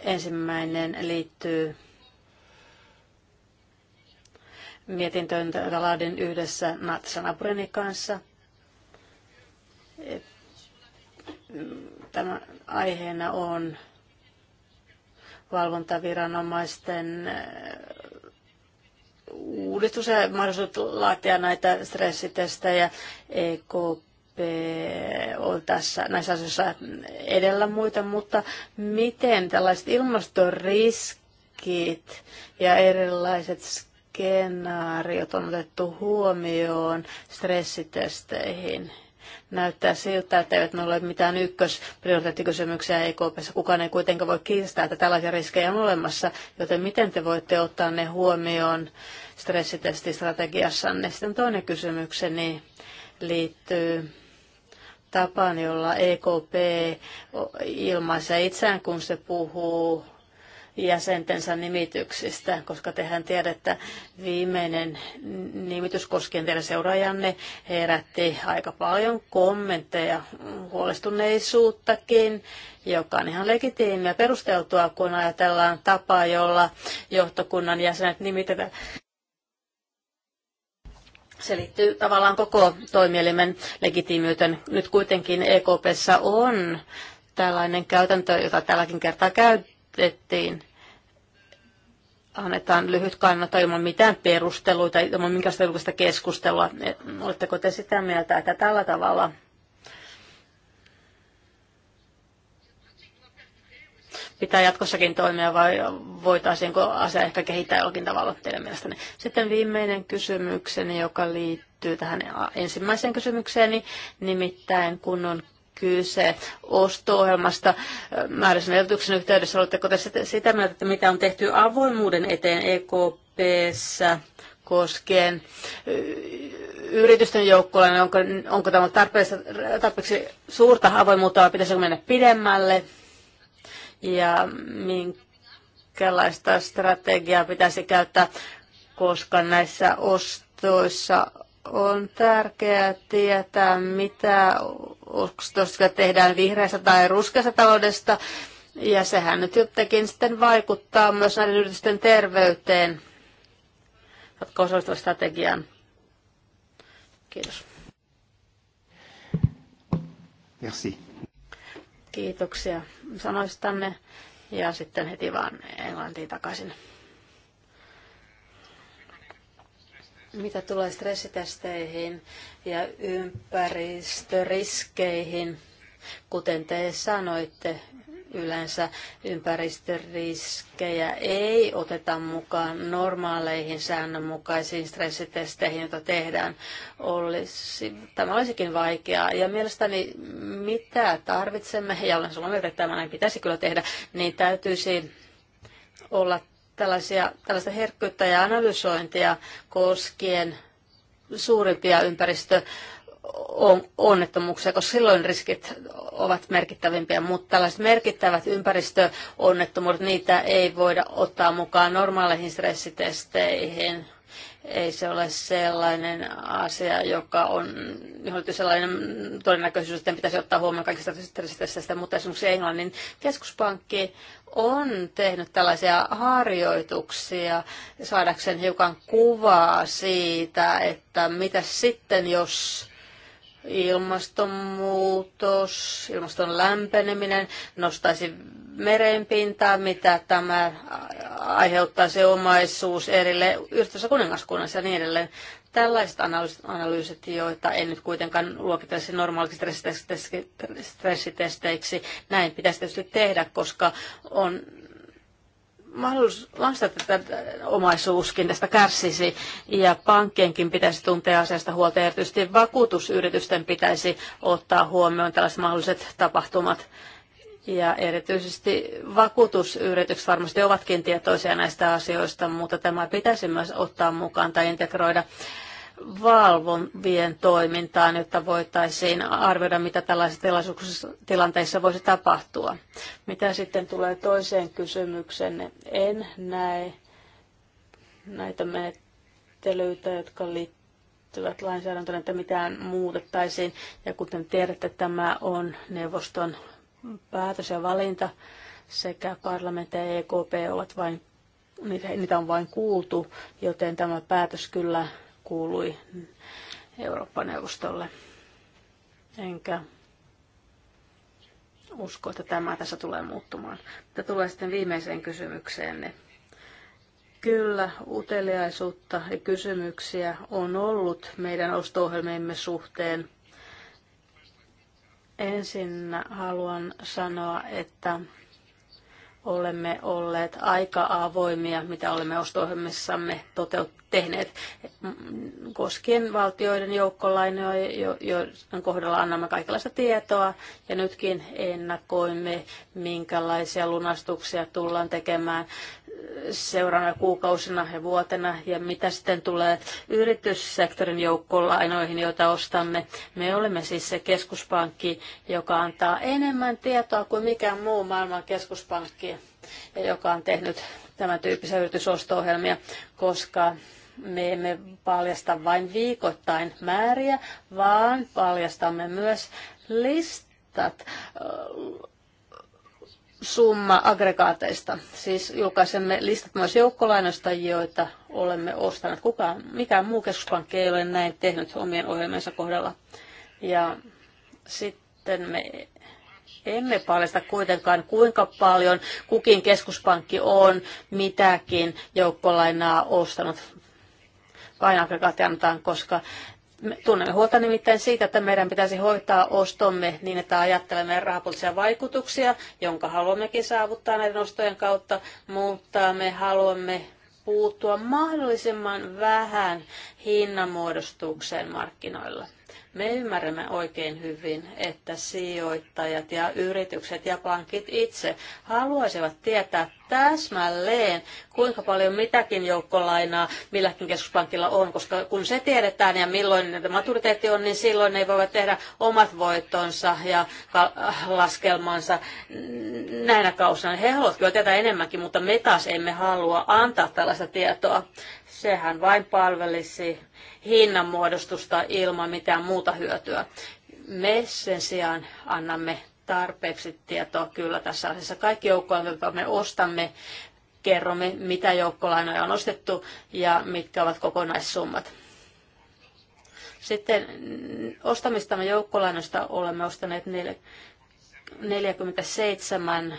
Ensimmäinen liittyy mietintöön, jota laadin yhdessä Natsa kanssa. Tämän aiheena on valvontaviranomaisten uudistus ja mahdollisuus laatia näitä stressitestejä. EKP on tässä näissä asioissa edellä muita, mutta miten tällaiset ilmastoriskit ja erilaiset skenaariot on otettu huomioon stressitesteihin? Näyttää siltä, että eivät ne ole mitään ykkösprioriteettikysymyksiä EKPssä. Kukaan ei kuitenkaan voi kiistää, että tällaisia riskejä on olemassa, joten miten te voitte ottaa ne huomioon stressitestistrategiassanne? Sitten toinen kysymykseni liittyy tapaan, jolla EKP ilmaisee itseään, kun se puhuu jäsentensä nimityksistä, koska tehän että viimeinen nimitys koskien teidän seuraajanne herätti aika paljon kommentteja, huolestuneisuuttakin, joka on ihan legitiimiä perusteltua, kun ajatellaan tapaa, jolla johtokunnan jäsenet nimitetään se liittyy tavallaan koko toimielimen legitiimiyteen. Nyt kuitenkin EKPssä on tällainen käytäntö, jota tälläkin kertaa käytetään ehdotettiin annetaan lyhyt kannata ilman mitään perusteluita, ilman minkästä julkista keskustelua. Oletteko te sitä mieltä, että tällä tavalla pitää jatkossakin toimia vai voitaisiinko asia ehkä kehittää jollakin tavalla teidän mielestänne? Sitten viimeinen kysymykseni, joka liittyy tähän ensimmäiseen kysymykseen, nimittäin kun on kyse osto-ohjelmasta määräisen elvytyksen yhteydessä. Oletteko te sitä mieltä, että mitä on tehty avoimuuden eteen EKPssä koskien yritysten joukkoilla, niin onko, onko tämä tarpeeksi, tarpeeksi suurta avoimuutta vai pitäisikö mennä pidemmälle? Ja minkälaista strategiaa pitäisi käyttää, koska näissä ostoissa on tärkeää tietää, mitä ostosta tehdään vihreässä tai ruskeassa taloudesta, ja sehän nyt jotenkin sitten vaikuttaa myös näiden yritysten terveyteen, jotka osallistuvat strategiaan. Kiitos. Merci. Kiitoksia sanoistanne ja sitten heti vaan Englantiin takaisin. Mitä tulee stressitesteihin ja ympäristöriskeihin, kuten te sanoitte, yleensä ympäristöriskejä ei oteta mukaan normaaleihin säännönmukaisiin stressitesteihin, joita tehdään. Olisi, tämä olisikin vaikeaa. Ja mielestäni mitä tarvitsemme, ja olen samaa mieltä, että tämä näin pitäisi kyllä tehdä, niin täytyisi olla tällaisia, tällaista herkkyyttä ja analysointia koskien suurimpia ympäristö onnettomuuksia, koska silloin riskit ovat merkittävimpiä, mutta tällaiset merkittävät ympäristöonnettomuudet, niitä ei voida ottaa mukaan normaaleihin stressitesteihin, ei se ole sellainen asia, joka on, johon sellainen todennäköisyys, että pitäisi ottaa huomioon kaikista tästä, mutta esimerkiksi Englannin keskuspankki on tehnyt tällaisia harjoituksia saadakseen hiukan kuvaa siitä, että mitä sitten, jos ilmastonmuutos, ilmaston lämpeneminen nostaisi merenpintaa, mitä tämä aiheuttaisi omaisuus erille yhdessä kuningaskunnassa ja niin edelleen. Tällaiset analyysit, joita en nyt kuitenkaan luokitelisi normaaliksi stressitesteiksi, näin pitäisi tietysti tehdä, koska on mahdollista, että omaisuuskin tästä kärsisi ja pankkienkin pitäisi tuntea asiasta huolta. Erityisesti vakuutusyritysten pitäisi ottaa huomioon tällaiset mahdolliset tapahtumat. Ja erityisesti vakuutusyritykset varmasti ovatkin tietoisia näistä asioista, mutta tämä pitäisi myös ottaa mukaan tai integroida valvovien toimintaan, jotta voitaisiin arvioida, mitä tällaisissa tilaisuuksissa, tilanteissa voisi tapahtua. Mitä sitten tulee toiseen kysymykseen, en näe näitä menettelyitä, jotka liittyvät lainsäädäntöön, että mitään muutettaisiin. Ja kuten tiedätte, tämä on neuvoston päätös ja valinta sekä parlamentti ja EKP ovat vain, niitä on vain kuultu, joten tämä päätös kyllä kuului Eurooppa-neuvostolle. Enkä usko, että tämä tässä tulee muuttumaan. Mutta tulee sitten viimeiseen kysymykseen, niin kyllä uteliaisuutta ja kysymyksiä on ollut meidän osto suhteen. Ensin haluan sanoa, että olemme olleet aika avoimia, mitä olemme ostohjelmissamme tehneet mm, koskien valtioiden joukkolainoja, joiden kohdalla annamme kaikenlaista tietoa. Ja nytkin ennakoimme, minkälaisia lunastuksia tullaan tekemään seuraavana kuukausina ja vuotena ja mitä sitten tulee yrityssektorin joukkolainoihin, joita ostamme. Me olemme siis se keskuspankki, joka antaa enemmän tietoa kuin mikään muu maailman keskuspankki, joka on tehnyt tämän tyyppisiä yritysosto-ohjelmia, koska me emme paljasta vain viikoittain määriä, vaan paljastamme myös listat summa aggregaateista. Siis julkaisemme listat myös joukkolainoista, joita olemme ostaneet. Kukaan, mikään muu keskuspankki ei ole näin tehnyt omien ohjelmiensa kohdalla. Ja sitten me emme paljasta kuitenkaan, kuinka paljon kukin keskuspankki on mitäkin joukkolainaa ostanut. Vain aggregaatti annetaan, koska me tunnemme huolta nimittäin siitä, että meidän pitäisi hoitaa ostomme niin, että ajattelemme rahapoliittisia vaikutuksia, jonka haluammekin saavuttaa näiden ostojen kautta, mutta me haluamme puuttua mahdollisimman vähän hinnanmuodostukseen markkinoilla. Me ymmärrämme oikein hyvin, että sijoittajat ja yritykset ja pankit itse haluaisivat tietää täsmälleen, kuinka paljon mitäkin joukkolainaa milläkin keskuspankilla on, koska kun se tiedetään ja milloin näitä maturiteetti on, niin silloin ne voivat tehdä omat voittonsa ja laskelmansa näinä kausina. He haluavat kyllä tätä enemmänkin, mutta me taas emme halua antaa tällaista tietoa. Sehän vain palvelisi hinnanmuodostusta ilman mitään muuta muuta hyötyä. Me sen sijaan annamme tarpeeksi tietoa kyllä tässä asiassa. Kaikki joukkoja, joita me ostamme, kerromme, mitä joukkolainoja on ostettu ja mitkä ovat kokonaissummat. Sitten ostamistamme joukkolainoista olemme ostaneet 47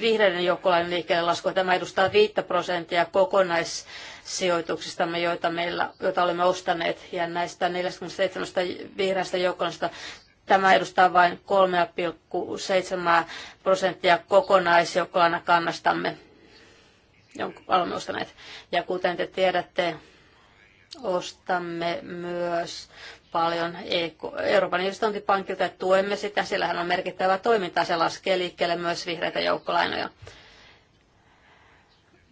vihreiden joukkolainen liikkeelle lasku. Tämä edustaa 5 prosenttia kokonais sijoituksistamme, joita, meillä, joita olemme ostaneet, ja näistä 47 vihreästä joukkoista. Tämä edustaa vain 3,7 prosenttia kokonaisjoukkoana kannastamme, jonka olemme ostaneet. Ja kuten te tiedätte, ostamme myös paljon e Euroopan investointipankilta ja tuemme sitä. Sillähän on merkittävää toimintaa. Se laskee liikkeelle myös vihreitä joukkolainoja.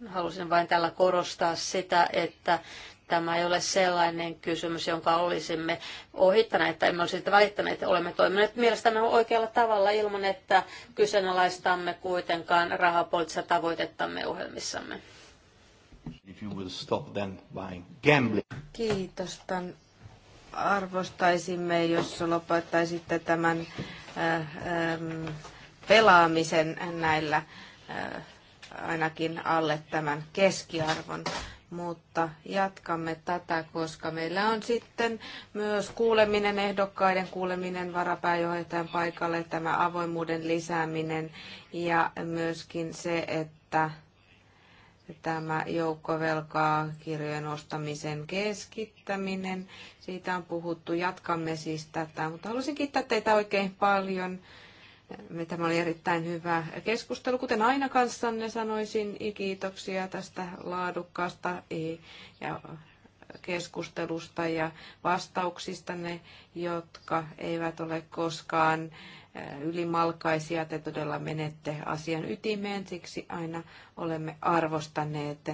Halusin vain tällä korostaa sitä, että tämä ei ole sellainen kysymys, jonka olisimme ohittaneet tai emme olisi sitä välittäneet. Olemme toimineet mielestäni oikealla tavalla ilman, että kyseenalaistamme kuitenkaan rahapoliittista tavoitettamme ohjelmissamme. If you will stop then gambling. Kiitos. Tämän arvostaisimme, jos lopettaisitte tämän äh, ähm, pelaamisen näillä äh, ainakin alle tämän keskiarvon mutta jatkamme tätä, koska meillä on sitten myös kuuleminen, ehdokkaiden kuuleminen varapääjohtajan paikalle, tämä avoimuuden lisääminen ja myöskin se, että tämä joukkovelkaa kirjojen ostamisen keskittäminen. Siitä on puhuttu, jatkamme siis tätä, mutta haluaisin kiittää teitä oikein paljon Tämä oli erittäin hyvä keskustelu, kuten aina kanssanne sanoisin. Kiitoksia tästä laadukkaasta e- ja keskustelusta ja vastauksistanne, jotka eivät ole koskaan äh, ylimalkaisia. Te todella menette asian ytimeen, siksi aina olemme arvostaneet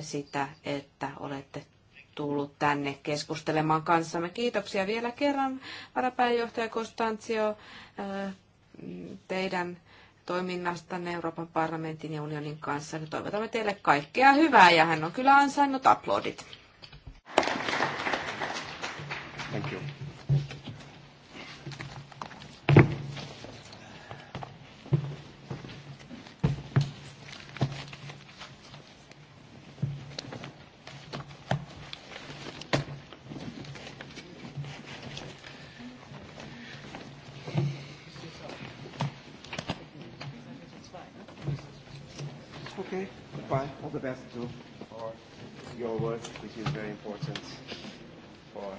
sitä, että olette tullut tänne keskustelemaan kanssamme. Kiitoksia vielä kerran, varapääjohtaja Konstantio äh, teidän toiminnastanne Euroopan parlamentin ja unionin kanssa. Me toivotamme teille kaikkea hyvää ja hän on kyllä ansainnut aplodit. Thank you. which is very important for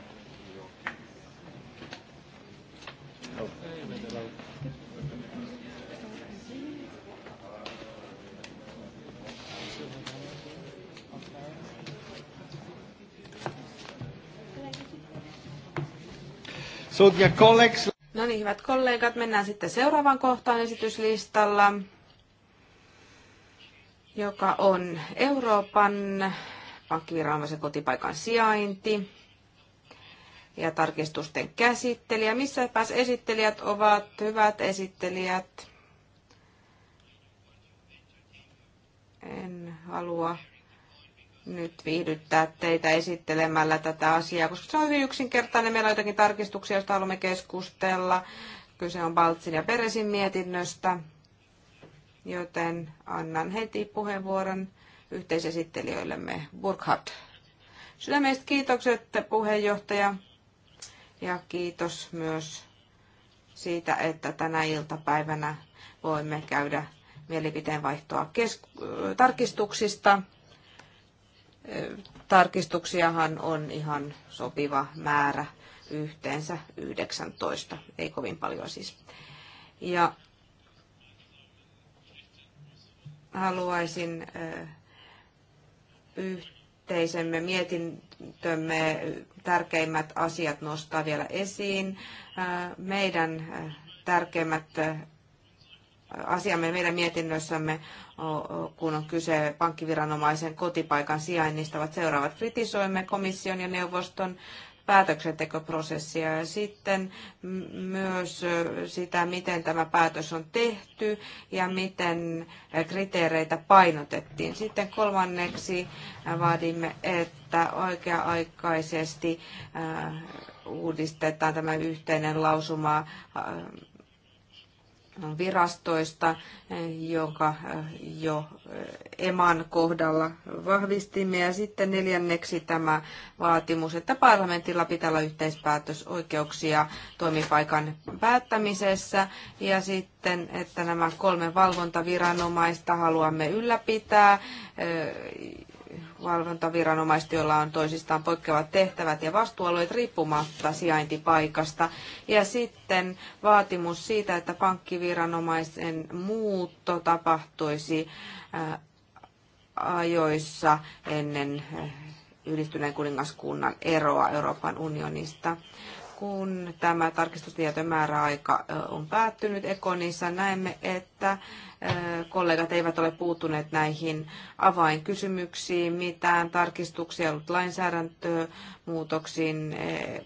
So, dear colleagues, No niin, hyvät kollegat, mennään sitten seuraavaan kohtaan esityslistalla, joka on Euroopan pankkiviranomaisen kotipaikan sijainti ja tarkistusten käsittelijä. pääs esittelijät ovat? Hyvät esittelijät. En halua nyt viihdyttää teitä esittelemällä tätä asiaa, koska se on hyvin yksinkertainen. Meillä on jotakin tarkistuksia, joista haluamme keskustella. Kyse on Baltsin ja Peresin mietinnöstä, joten annan heti puheenvuoron yhteisesittelijöillemme Burkhardt. Sydämestä kiitokset puheenjohtaja ja kiitos myös siitä, että tänä iltapäivänä voimme käydä mielipiteen vaihtoa tarkistuksista. Tarkistuksiahan on ihan sopiva määrä yhteensä 19, ei kovin paljon siis. Ja haluaisin äh, yhteisemme mietintömme tärkeimmät asiat nostaa vielä esiin. Meidän tärkeimmät asiamme meidän mietinnössämme, kun on kyse pankkiviranomaisen kotipaikan sijainnista, ovat seuraavat. Kritisoimme komission ja neuvoston päätöksentekoprosessia ja sitten myös sitä, miten tämä päätös on tehty ja miten kriteereitä painotettiin. Sitten kolmanneksi vaadimme, että oikea-aikaisesti uudistetaan tämä yhteinen lausuma virastoista, jonka äh, jo äh, eman kohdalla vahvistimme. Ja sitten neljänneksi tämä vaatimus, että parlamentilla pitää olla yhteispäätösoikeuksia toimipaikan päättämisessä. Ja sitten, että nämä kolme valvontaviranomaista haluamme ylläpitää äh, valvontaviranomaiset, joilla on toisistaan poikkeavat tehtävät ja vastuualueet riippumatta sijaintipaikasta. Ja sitten vaatimus siitä, että pankkiviranomaisen muutto tapahtuisi äh, ajoissa ennen äh, yhdistyneen kuningaskunnan eroa Euroopan unionista. Kun tämä tarkistustietojen määräaika äh, on päättynyt Ekonissa, näemme, että kollegat eivät ole puuttuneet näihin avainkysymyksiin. Mitään tarkistuksia ollut lainsäädäntömuutoksiin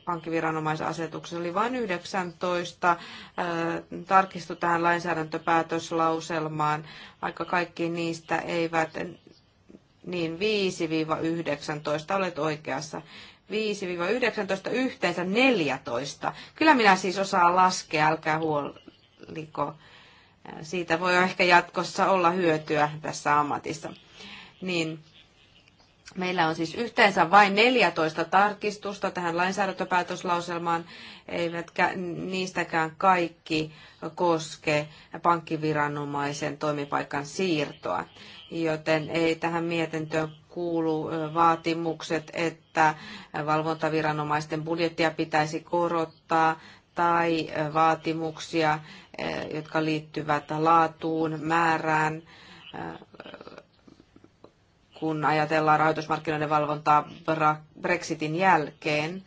pankkiviranomaisasetuksessa. Oli vain 19 tarkistu tähän lainsäädäntöpäätöslauselmaan, vaikka kaikki niistä eivät niin 5-19 olet oikeassa. 5-19 yhteensä 14. Kyllä minä siis osaan laskea, älkää huoliko siitä voi ehkä jatkossa olla hyötyä tässä ammatissa. Niin Meillä on siis yhteensä vain 14 tarkistusta tähän lainsäädäntöpäätöslauselmaan, eivätkä niistäkään kaikki koske pankkiviranomaisen toimipaikan siirtoa. Joten ei tähän mietintöön kuulu vaatimukset, että valvontaviranomaisten budjettia pitäisi korottaa tai vaatimuksia, jotka liittyvät laatuun, määrään, kun ajatellaan rahoitusmarkkinoiden valvontaa Brexitin jälkeen.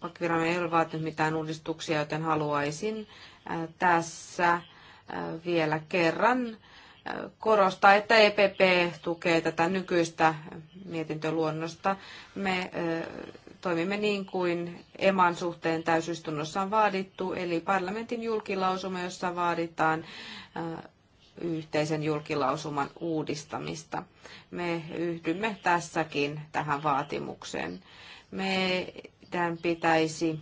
Pankkiviranomainen ei ole vaatinut mitään uudistuksia, joten haluaisin tässä vielä kerran korostaa, että EPP tukee tätä nykyistä mietintöluonnosta. Me toimimme niin kuin EMAN suhteen täysistunnossa on vaadittu, eli parlamentin julkilausuma, jossa vaaditaan äh, yhteisen julkilausuman uudistamista. Me yhdymme tässäkin tähän vaatimukseen. Meidän pitäisi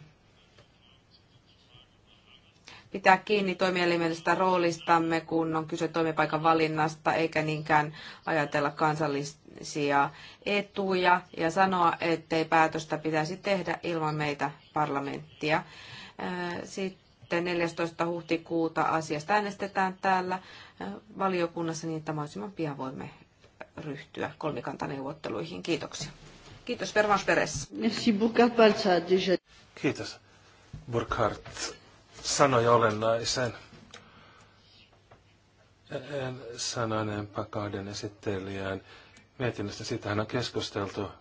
pitää kiinni toimielimellisestä roolistamme, kun on kyse toimipaikan valinnasta, eikä niinkään ajatella kansallista poliittisia etuja ja sanoa, ettei päätöstä pitäisi tehdä ilman meitä parlamenttia. Äh, sitten 14. huhtikuuta asiasta äänestetään täällä valiokunnassa niin, että mahdollisimman pian voimme ryhtyä kolmikantaneuvotteluihin. Kiitoksia. Kiitos Pervans Peres. Merci beaucoup, Kiitos. Burkhardt sanoi olennaisen. En sananen pakauden esittelijään mietinnöstä. Siitähän on keskusteltu.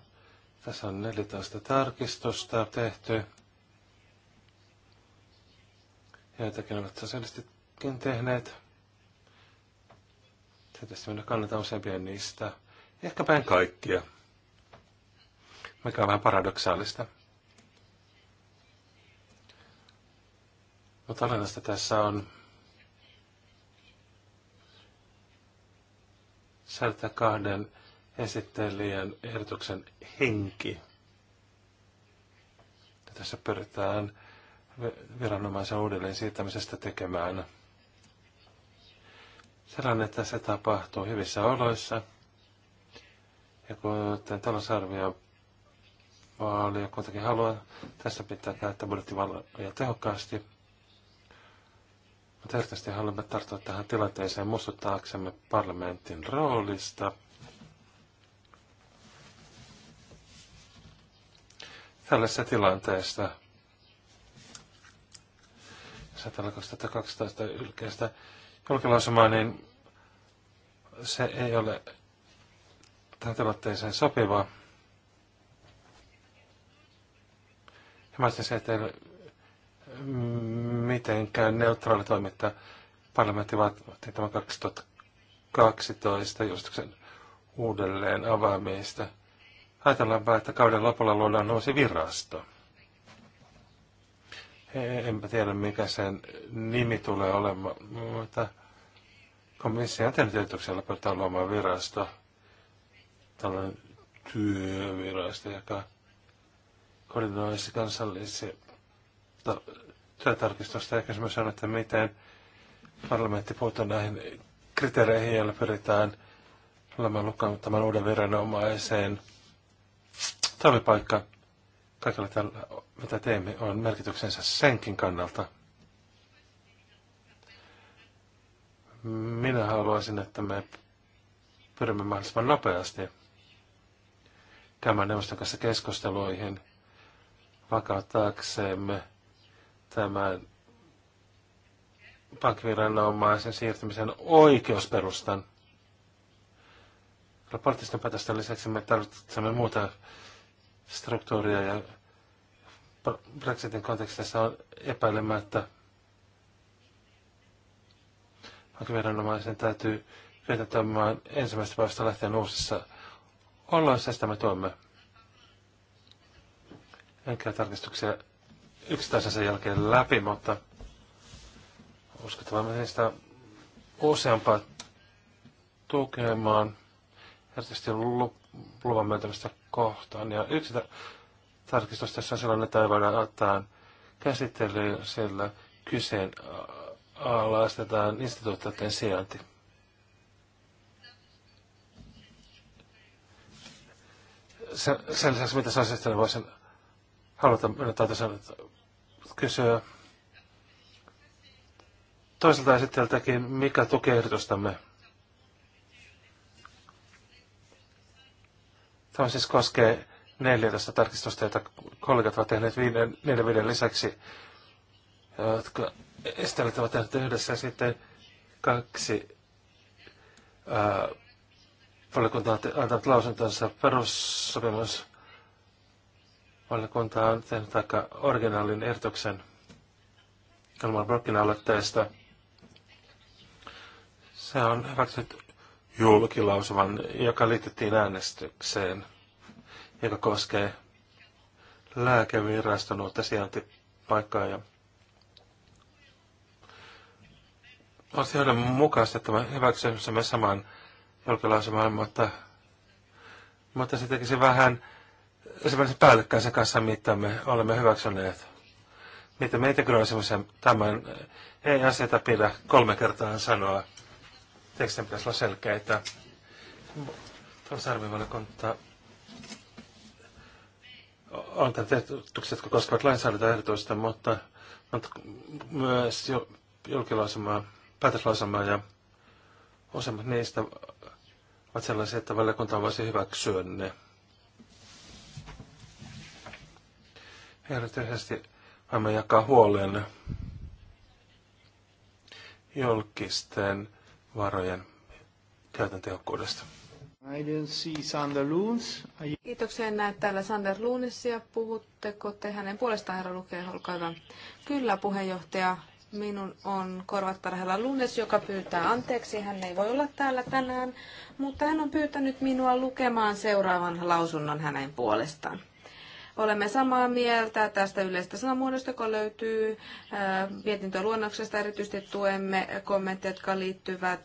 Tässä on 14 tarkistusta tehty. Joitakin ovat sosialistitkin tehneet. Tietysti minä kannatan useampia niistä. ehkä päin kaikkia. Mikä on vähän paradoksaalista. Mutta olennaista tässä on säilyttää kahden esittelijän ehdotuksen henki. Ja tässä pyritään viranomaisen uudelleen siirtämisestä tekemään sellainen, että se tapahtuu hyvissä oloissa. Ja kuten talousarvio kuitenkin haluaa, tässä pitää käyttää budjettivaloja tehokkaasti. Mutta erityisesti haluamme tarttua tähän tilanteeseen muistuttaaksemme parlamentin roolista – tällaisessa tilanteessa. Satalla 2012 ylkeästä julkilausumaa, niin se ei ole tähän tilanteeseen sopivaa. mä se, että ei ole mitenkään neutraali toimittaja. Parlamentti vaatii tämän 2012 julistuksen uudelleen avaamista. Ajatellaanpa, että kauden lopulla luodaan uusi virasto. Enpä tiedä, mikä sen nimi tulee olemaan, mutta komissio on tehnyt yrityksellä pyritään luomaan virasto, tällainen työvirasto, joka koordinoisi kansallisia työtarkistusta. Ehkä mä on, että miten parlamentti puuttuu näihin kriteereihin, joilla pyritään olemaan lukkaan tämän uuden viranomaiseen – talvipaikka kaikella tällä, mitä teemme, on merkityksensä senkin kannalta. Minä haluaisin, että me pyrimme mahdollisimman nopeasti käymään neuvoston kanssa keskusteluihin vakauttaaksemme tämän pankkiviranomaisen siirtymisen oikeusperustan. Raportista päätösten lisäksi me tarvitsemme muuta struktuuria ja Brexitin kontekstissa on epäilemättä hankiviranomaisen täytyy kyetä toimimaan ensimmäistä päivästä lähtien uusissa oloissa, sitä me tuomme. En käy tarkistuksia yksittäisen sen jälkeen läpi, mutta uskottavaa niistä useampaa tukemaan, erityisesti lup luvan myöntämistä kohtaan. Ja yksi tarkistus tässä on sellainen, että ei voida ottaa käsittelyyn, sillä kyseenalaistetaan instituutioiden sijainti. Sen, lisäksi, mitä sosiaalisesti niin voisin haluta, mennä kysyä toiselta esittäjältäkin, mikä tukee ehdotustamme. Tämä siis koskee 14 tarkistusta, joita kollegat ovat tehneet viiden, neljän viiden lisäksi, jotka Estelit ovat tehneet yhdessä ja sitten kaksi ää, valiokunta on antanut lausuntonsa perussopimus. Valiokunta on tehnyt aika originaalin ehdotuksen Elmar Brockin aloitteesta. Se on hyväksytty julkilausuman, joka liitettiin äänestykseen, joka koskee lääkeviraston uutta sijaintipaikkaa. Ja olisi mukaista, että hyväksymme saman julkilausuman, mutta, mutta se tekisi vähän esimerkiksi päällekkäisen kanssa, mitä me olemme hyväksyneet. Mitä meitä integroisimme tämän, ei aseta pidä kolme kertaa sanoa tekstin pitäisi olla selkeitä. Talousarviovaliokunta on tehtyksiä, jotka koskevat lainsäädäntöehdotusta, mutta on myös jo julkilausumaa, päätöslausumaa ja useimmat niistä ovat sellaisia, että valiokunta voisi hyväksyä ne. Erityisesti voimme jakaa huolen julkisten varojen käytön tehokkuudesta. I don't see Sander Loons. I... Kiitoksia, en näe täällä Sander Loonisia. Puhutteko te hänen puolestaan, herra lukee, olkaa hyvä. Kyllä, puheenjohtaja. Minun on korvattarhella Lunes, joka pyytää anteeksi. Hän ei voi olla täällä tänään, mutta hän on pyytänyt minua lukemaan seuraavan lausunnon hänen puolestaan. Olemme samaa mieltä tästä yleisestä sanamuodosta, joka löytyy mietintöluonnoksesta. Erityisesti tuemme kommentteja, jotka liittyvät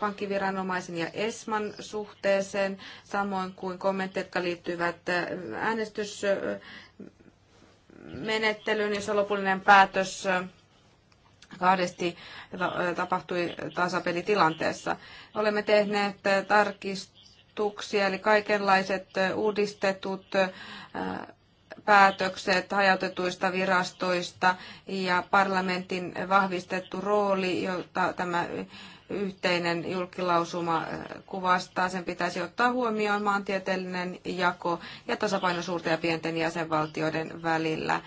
pankkiviranomaisen ja ESMAN suhteeseen, samoin kuin kommentteja, jotka liittyvät äänestysmenettelyyn, menettelyyn, jossa lopullinen päätös kahdesti tapahtui tasapelitilanteessa. Olemme tehneet tarkistuksia ehdotuksia, eli kaikenlaiset uudistetut päätökset hajautetuista virastoista ja parlamentin vahvistettu rooli, jota tämä yhteinen julkilausuma kuvastaa. Sen pitäisi ottaa huomioon maantieteellinen jako ja tasapaino suurten ja pienten jäsenvaltioiden välillä.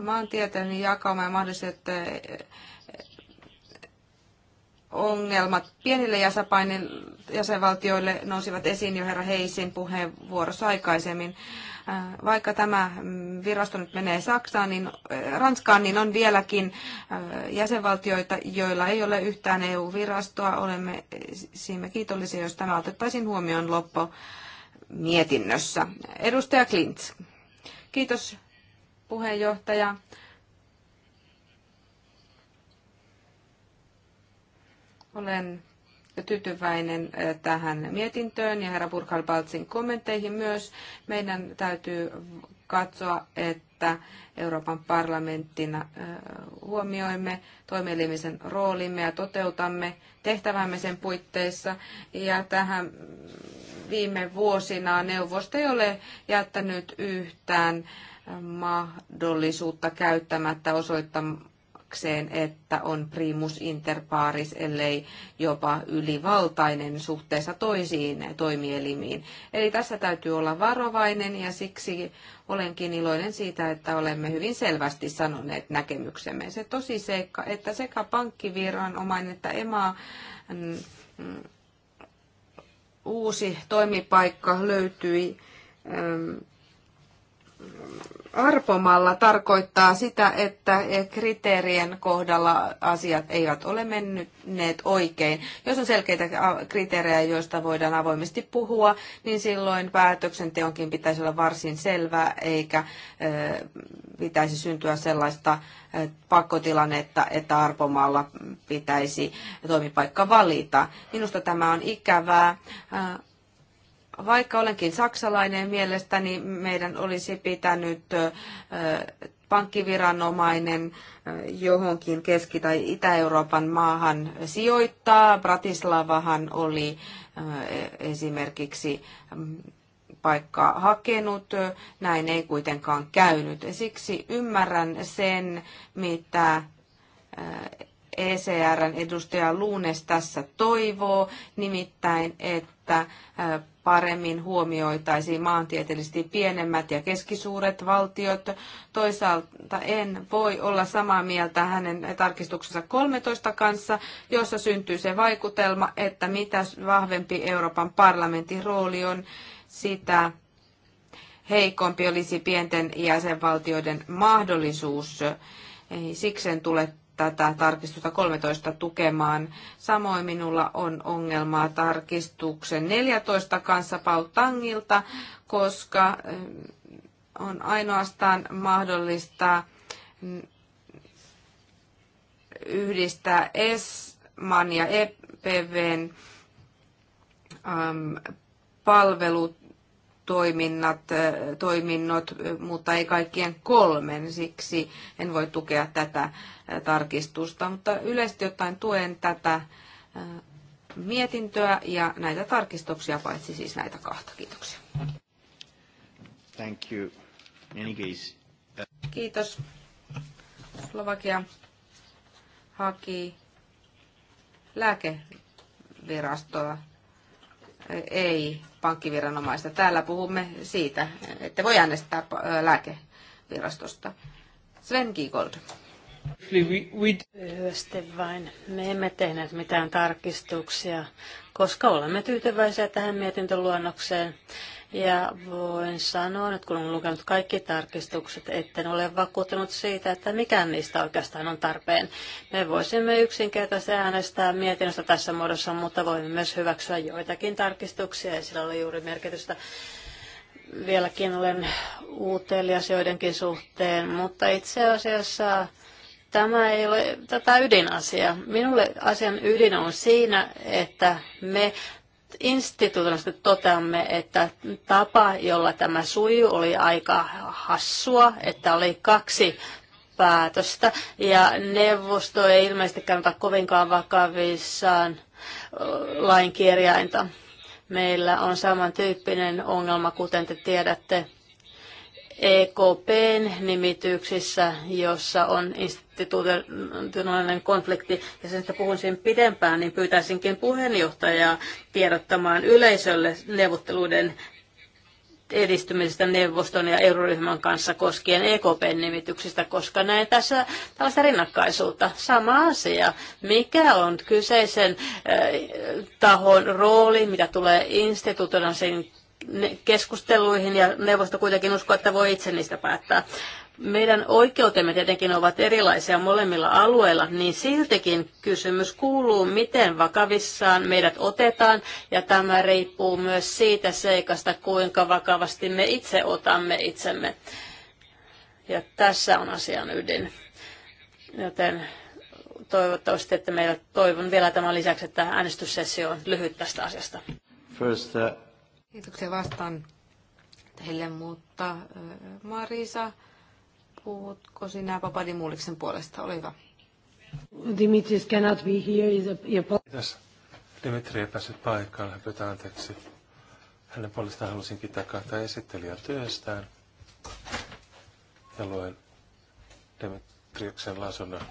Maantieteellinen jakauma ja mahdolliset ongelmat pienille jäsenvaltioille nousivat esiin jo herra Heisin puheenvuorossa aikaisemmin. Äh, vaikka tämä mm, virasto nyt menee Saksaan, niin, äh, Ranskaan, niin on vieläkin äh, jäsenvaltioita, joilla ei ole yhtään EU-virastoa. Olemme siinä kiitollisia, jos tämä otettaisiin huomioon loppu mietinnössä. Edustaja Klint. Kiitos puheenjohtaja. Olen tyytyväinen eh, tähän mietintöön ja herra Burkhard Baltsin kommentteihin myös. Meidän täytyy katsoa, että Euroopan parlamenttina eh, huomioimme toimielimisen roolimme ja toteutamme tehtävämme sen puitteissa. Ja tähän viime vuosina neuvosto ei ole jättänyt yhtään eh, mahdollisuutta käyttämättä osoittamaan taatakseen, että on primus inter pares, ellei jopa ylivaltainen suhteessa toisiin toimielimiin. Eli tässä täytyy olla varovainen ja siksi olenkin iloinen siitä, että olemme hyvin selvästi sanoneet näkemyksemme. Se tosi seikka, että sekä pankkiviranomainen että EMA mm, mm, uusi toimipaikka löytyi mm, arpomalla tarkoittaa sitä, että eh, kriteerien kohdalla asiat eivät ole menneet oikein. Jos on selkeitä kriteerejä, joista voidaan avoimesti puhua, niin silloin päätöksenteonkin pitäisi olla varsin selvää, eikä eh, pitäisi syntyä sellaista eh, pakkotilannetta, että arpomalla pitäisi toimipaikka valita. Minusta tämä on ikävää. Vaikka olenkin saksalainen, mielestäni meidän olisi pitänyt pankkiviranomainen johonkin Keski- tai Itä-Euroopan maahan sijoittaa. Bratislavahan oli esimerkiksi paikkaa hakenut. Näin ei kuitenkaan käynyt. Siksi ymmärrän sen, mitä ECRn edustaja Luunes tässä toivoo, nimittäin, että että paremmin huomioitaisiin maantieteellisesti pienemmät ja keskisuuret valtiot. Toisaalta en voi olla samaa mieltä hänen tarkistuksensa 13 kanssa, jossa syntyy se vaikutelma, että mitä vahvempi Euroopan parlamentin rooli on, sitä heikompi olisi pienten jäsenvaltioiden mahdollisuus. siksi en tule tätä tarkistusta 13 tukemaan. Samoin minulla on ongelmaa tarkistuksen 14 kanssa Paul Tangilta, koska eh, on ainoastaan mahdollista mm, yhdistää ESMAN ja EPVn palvelut toiminnat, toiminnot, mutta ei kaikkien kolmen, siksi en voi tukea tätä tarkistusta, mutta yleisesti ottaen tuen tätä mietintöä ja näitä tarkistuksia, paitsi siis näitä kahta. Kiitoksia. Thank you. any case, uh, Kiitos. Slovakia haki lääkevirastoa ei pankkiviranomaista. Täällä puhumme siitä, että voi äänestää lääkevirastosta. Sven Giegold. Lyhyesti vain. Me emme tehneet mitään tarkistuksia, koska olemme tyytyväisiä tähän mietintöluonnokseen. Ja voin sanoa että kun olen lukenut kaikki tarkistukset, etten ole vakuuttunut siitä, että mikään niistä oikeastaan on tarpeen. Me voisimme yksinkertaisesti äänestää mietinnöstä tässä muodossa, mutta voimme myös hyväksyä joitakin tarkistuksia, ja sillä oli juuri merkitystä vieläkin olen uutelias joidenkin suhteen, mutta itse asiassa tämä ei ole tätä ydinasia. Minulle asian ydin on siinä, että me instituutiollisesti toteamme, että tapa, jolla tämä suju, oli aika hassua, että oli kaksi päätöstä. Ja neuvosto ei ilmeisesti kannata kovinkaan vakavissaan lainkirjainta. Meillä on samantyyppinen ongelma, kuten te tiedätte, EKPn nimityksissä, jossa on institutionaalinen konflikti, ja sen, että puhun siihen pidempään, niin pyytäisinkin puheenjohtajaa tiedottamaan yleisölle neuvotteluiden edistymisestä neuvoston ja euroryhmän kanssa koskien EKPn nimityksistä, koska näin tässä tällaista rinnakkaisuutta. Sama asia, mikä on kyseisen äh, tahon rooli, mitä tulee instituutioiden keskusteluihin ja neuvosto kuitenkin uskoo, että voi itse niistä päättää. Meidän oikeutemme tietenkin ovat erilaisia molemmilla alueilla, niin siltikin kysymys kuuluu, miten vakavissaan meidät otetaan, ja tämä riippuu myös siitä seikasta, kuinka vakavasti me itse otamme itsemme. Ja tässä on asian ydin. Joten toivottavasti, että meillä toivon vielä tämän lisäksi, että äänestyssessio on lyhyt tästä asiasta. First, uh... Kiitoksia vastaan teille, mutta Marisa, puhutko sinä Papadi Muuliksen puolesta? Ole hyvä. Dimitris cannot be here. Is a... Kiitos. Dimitri ei päässyt paikalle. Pyytää anteeksi. Hänen puolestaan halusin kiittää kahta esittelijää työstään. Ja luen Dimitrioksen lausunnon.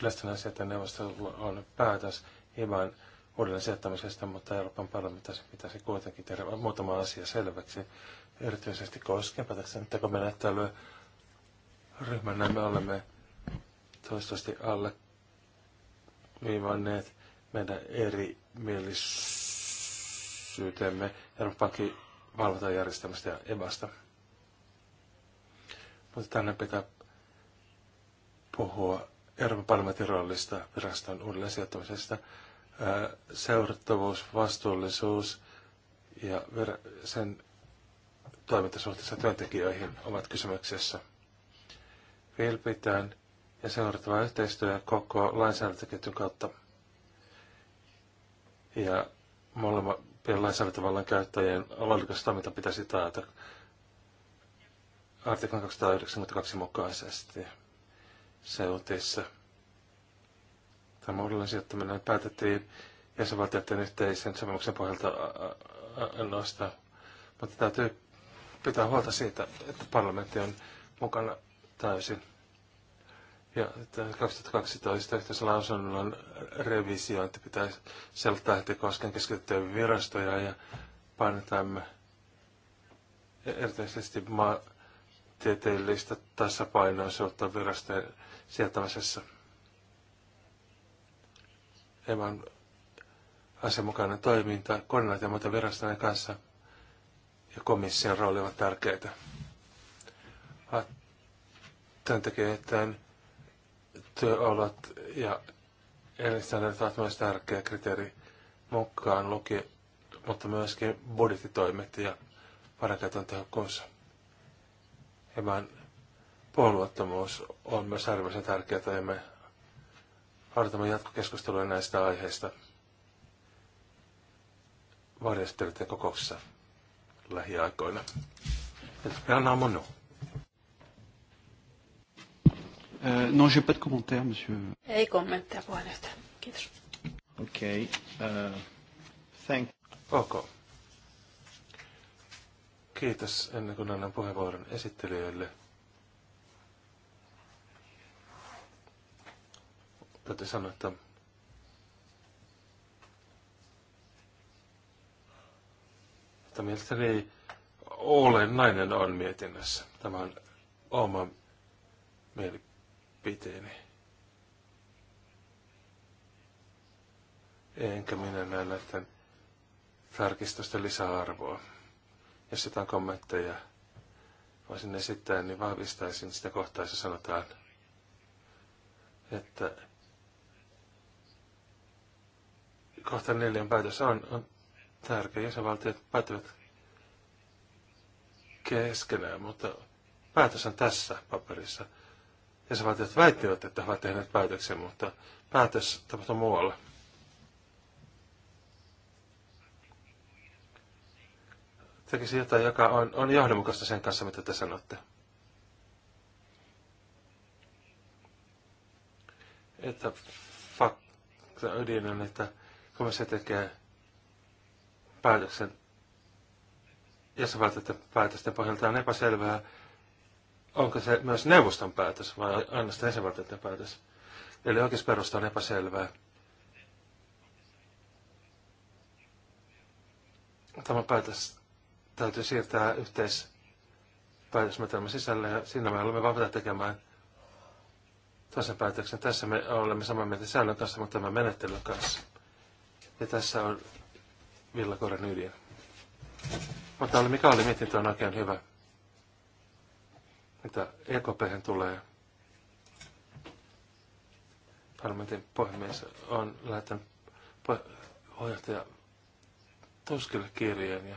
Yleisten asioiden neuvostolla on päätös Ivan uudelleen sijoittamisesta, mutta Euroopan parlamentaisen pitäisi kuitenkin tehdä muutama asia selväksi, erityisesti koskien tekomenettelyä. Ryhmänä me olemme toistuvasti alle viivanneet meidän eri mielisyytemme Euroopan valvontajärjestelmästä ja EBAsta. Mutta tänne pitää puhua Euroopan parlamentin roolista viraston uudelleen sijoittamisesta – seurattavuus, vastuullisuus ja sen toimintasuhteessa työntekijöihin ovat kysymyksessä. Vilpitään ja seurattava yhteistyö koko lainsäädäntöketjun kautta ja molemmat lainsäädäntövallan käyttäjien laadukas toiminta pitäisi taata artiklan 292 mukaisesti seutissa. Tämä mahdollinen sijoittaminen päätettiin jäsenvaltioiden yhteisen sopimuksen pohjalta ainoastaan, mutta täytyy pitää huolta siitä, että parlamentti on mukana täysin. Ja 2012 yhteisen lausunnon revisiointi pitäisi selittää heti kosken keskittyä virastoja ja painotamme erityisesti maantieteellistä tasapainoisuutta virastojen sijoittamisessa. EMAn asianmukainen toiminta ja muiden virastojen kanssa ja komission rooli ovat tärkeitä. Tämän takia, että työolot ja elinstandardit ovat myös tärkeä kriteeri mukaan luki, mutta myöskin budjettitoimet ja varakäytön tehokkuus. Eman puolueettomuus on myös äärimmäisen tärkeää, ja aloitamme jatkokeskustelua näistä aiheista varjastelijoiden kokouksessa lähiaikoina. anna mono. No, euh, non, j'ai pas de commentaire, monsieur. Ei kommentteja, puheenjohtaja. Kiitos. Okei. Okay. Uh, thank. Okay. Kiitos ennen kuin annan puheenvuoron esittelijöille. Täytyy sanoa, että että mielestäni olennainen on mietinnässä. Tämä on oma mielipiteeni. Enkä minä näe näiden tarkistusten lisäarvoa. Jos jotain kommentteja voisin esittää, niin vahvistaisin sitä kohtaa, jossa sanotaan, että kohta neljän päätös on, on tärkeä. Jäsenvaltiot päättävät keskenään, mutta päätös on tässä paperissa. Jäsenvaltiot väittivät, että he ovat tehneet päätöksen, mutta päätös tapahtuu muualla. tekisi jotain, joka on, on johdonmukaista sen kanssa, mitä te sanotte. Että fakta ydin on, että se tekee päätöksen, jos välttämättä päätösten pohjalta on epäselvää, onko se myös neuvoston päätös vai ainoastaan jäsenvaltioiden päätös. Eli oikeusperusta on epäselvää. Tämä päätös täytyy siirtää yhteispäätösmetelmän sisälle ja siinä me olemme valmiita tekemään toisen päätöksen. Tässä me olemme samaa mieltä säännön kanssa, mutta tämän menettelyn kanssa. Ja tässä on villakoiran ydin. Mutta oli mikä oli mietintö on oikein hyvä. Mitä EKP tulee. Parlamentin puhemies on lähettänyt puheenjohtaja Tuskille kirjeen ja,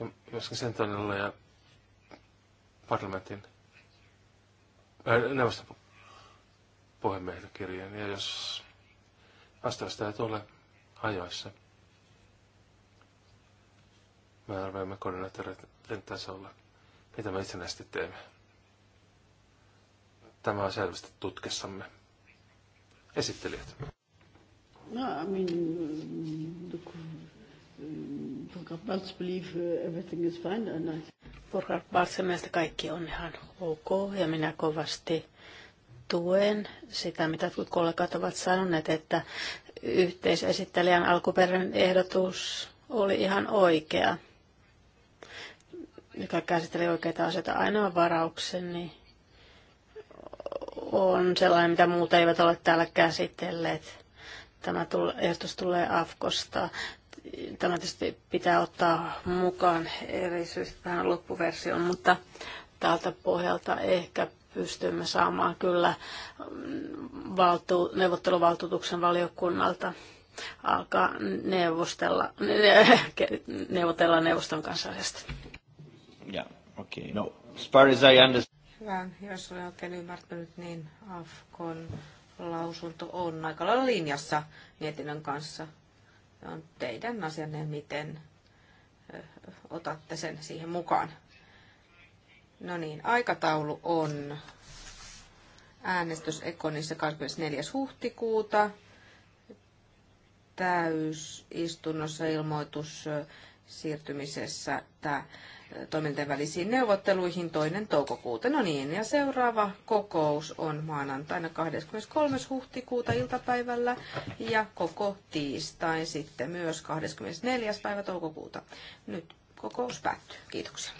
ja myöskin tonnella ja parlamentin neuvoston puhemiehen kirjeen. Ja jos Vastausta ei tule ajoissa. Me arvioimme koordinaattoreiden tasolla, mitä me itsenäisesti teemme. Tämä on selvästi tutkessamme. Esittelijät. No, I mean, mm, look, mm, believe uh, everything is fine and I... mielestä kaikki on ihan ok ja minä kovasti tuen sitä, mitä kollegat ovat sanoneet, että yhteisesittelijän alkuperäinen ehdotus oli ihan oikea, joka käsitteli oikeita asioita. Ainoa niin on sellainen, mitä muuta eivät ole täällä käsitelleet. Tämä ehdotus tulee Afkosta. Tämä tietysti pitää ottaa mukaan eri syystä tähän loppuversioon, mutta tältä pohjalta ehkä pystymme saamaan kyllä valtu, neuvotteluvaltuutuksen valiokunnalta alkaa neuvostella, neuvotella neuvoston kanssa asiasta. Yeah, okay. no, as far as I Hyvä, jos olen oikein ymmärtänyt, niin Afkon lausunto on aika lailla linjassa mietinnön kanssa. On teidän asianne, miten otatte sen siihen mukaan. No niin, aikataulu on äänestys Ekonissa 24. huhtikuuta. Täysistunnossa ilmoitus siirtymisessä toimintojen välisiin neuvotteluihin toinen toukokuuta. No niin, ja seuraava kokous on maanantaina 23. huhtikuuta iltapäivällä ja koko tiistain sitten myös 24. päivä toukokuuta. Nyt kokous päättyy. Kiitoksia.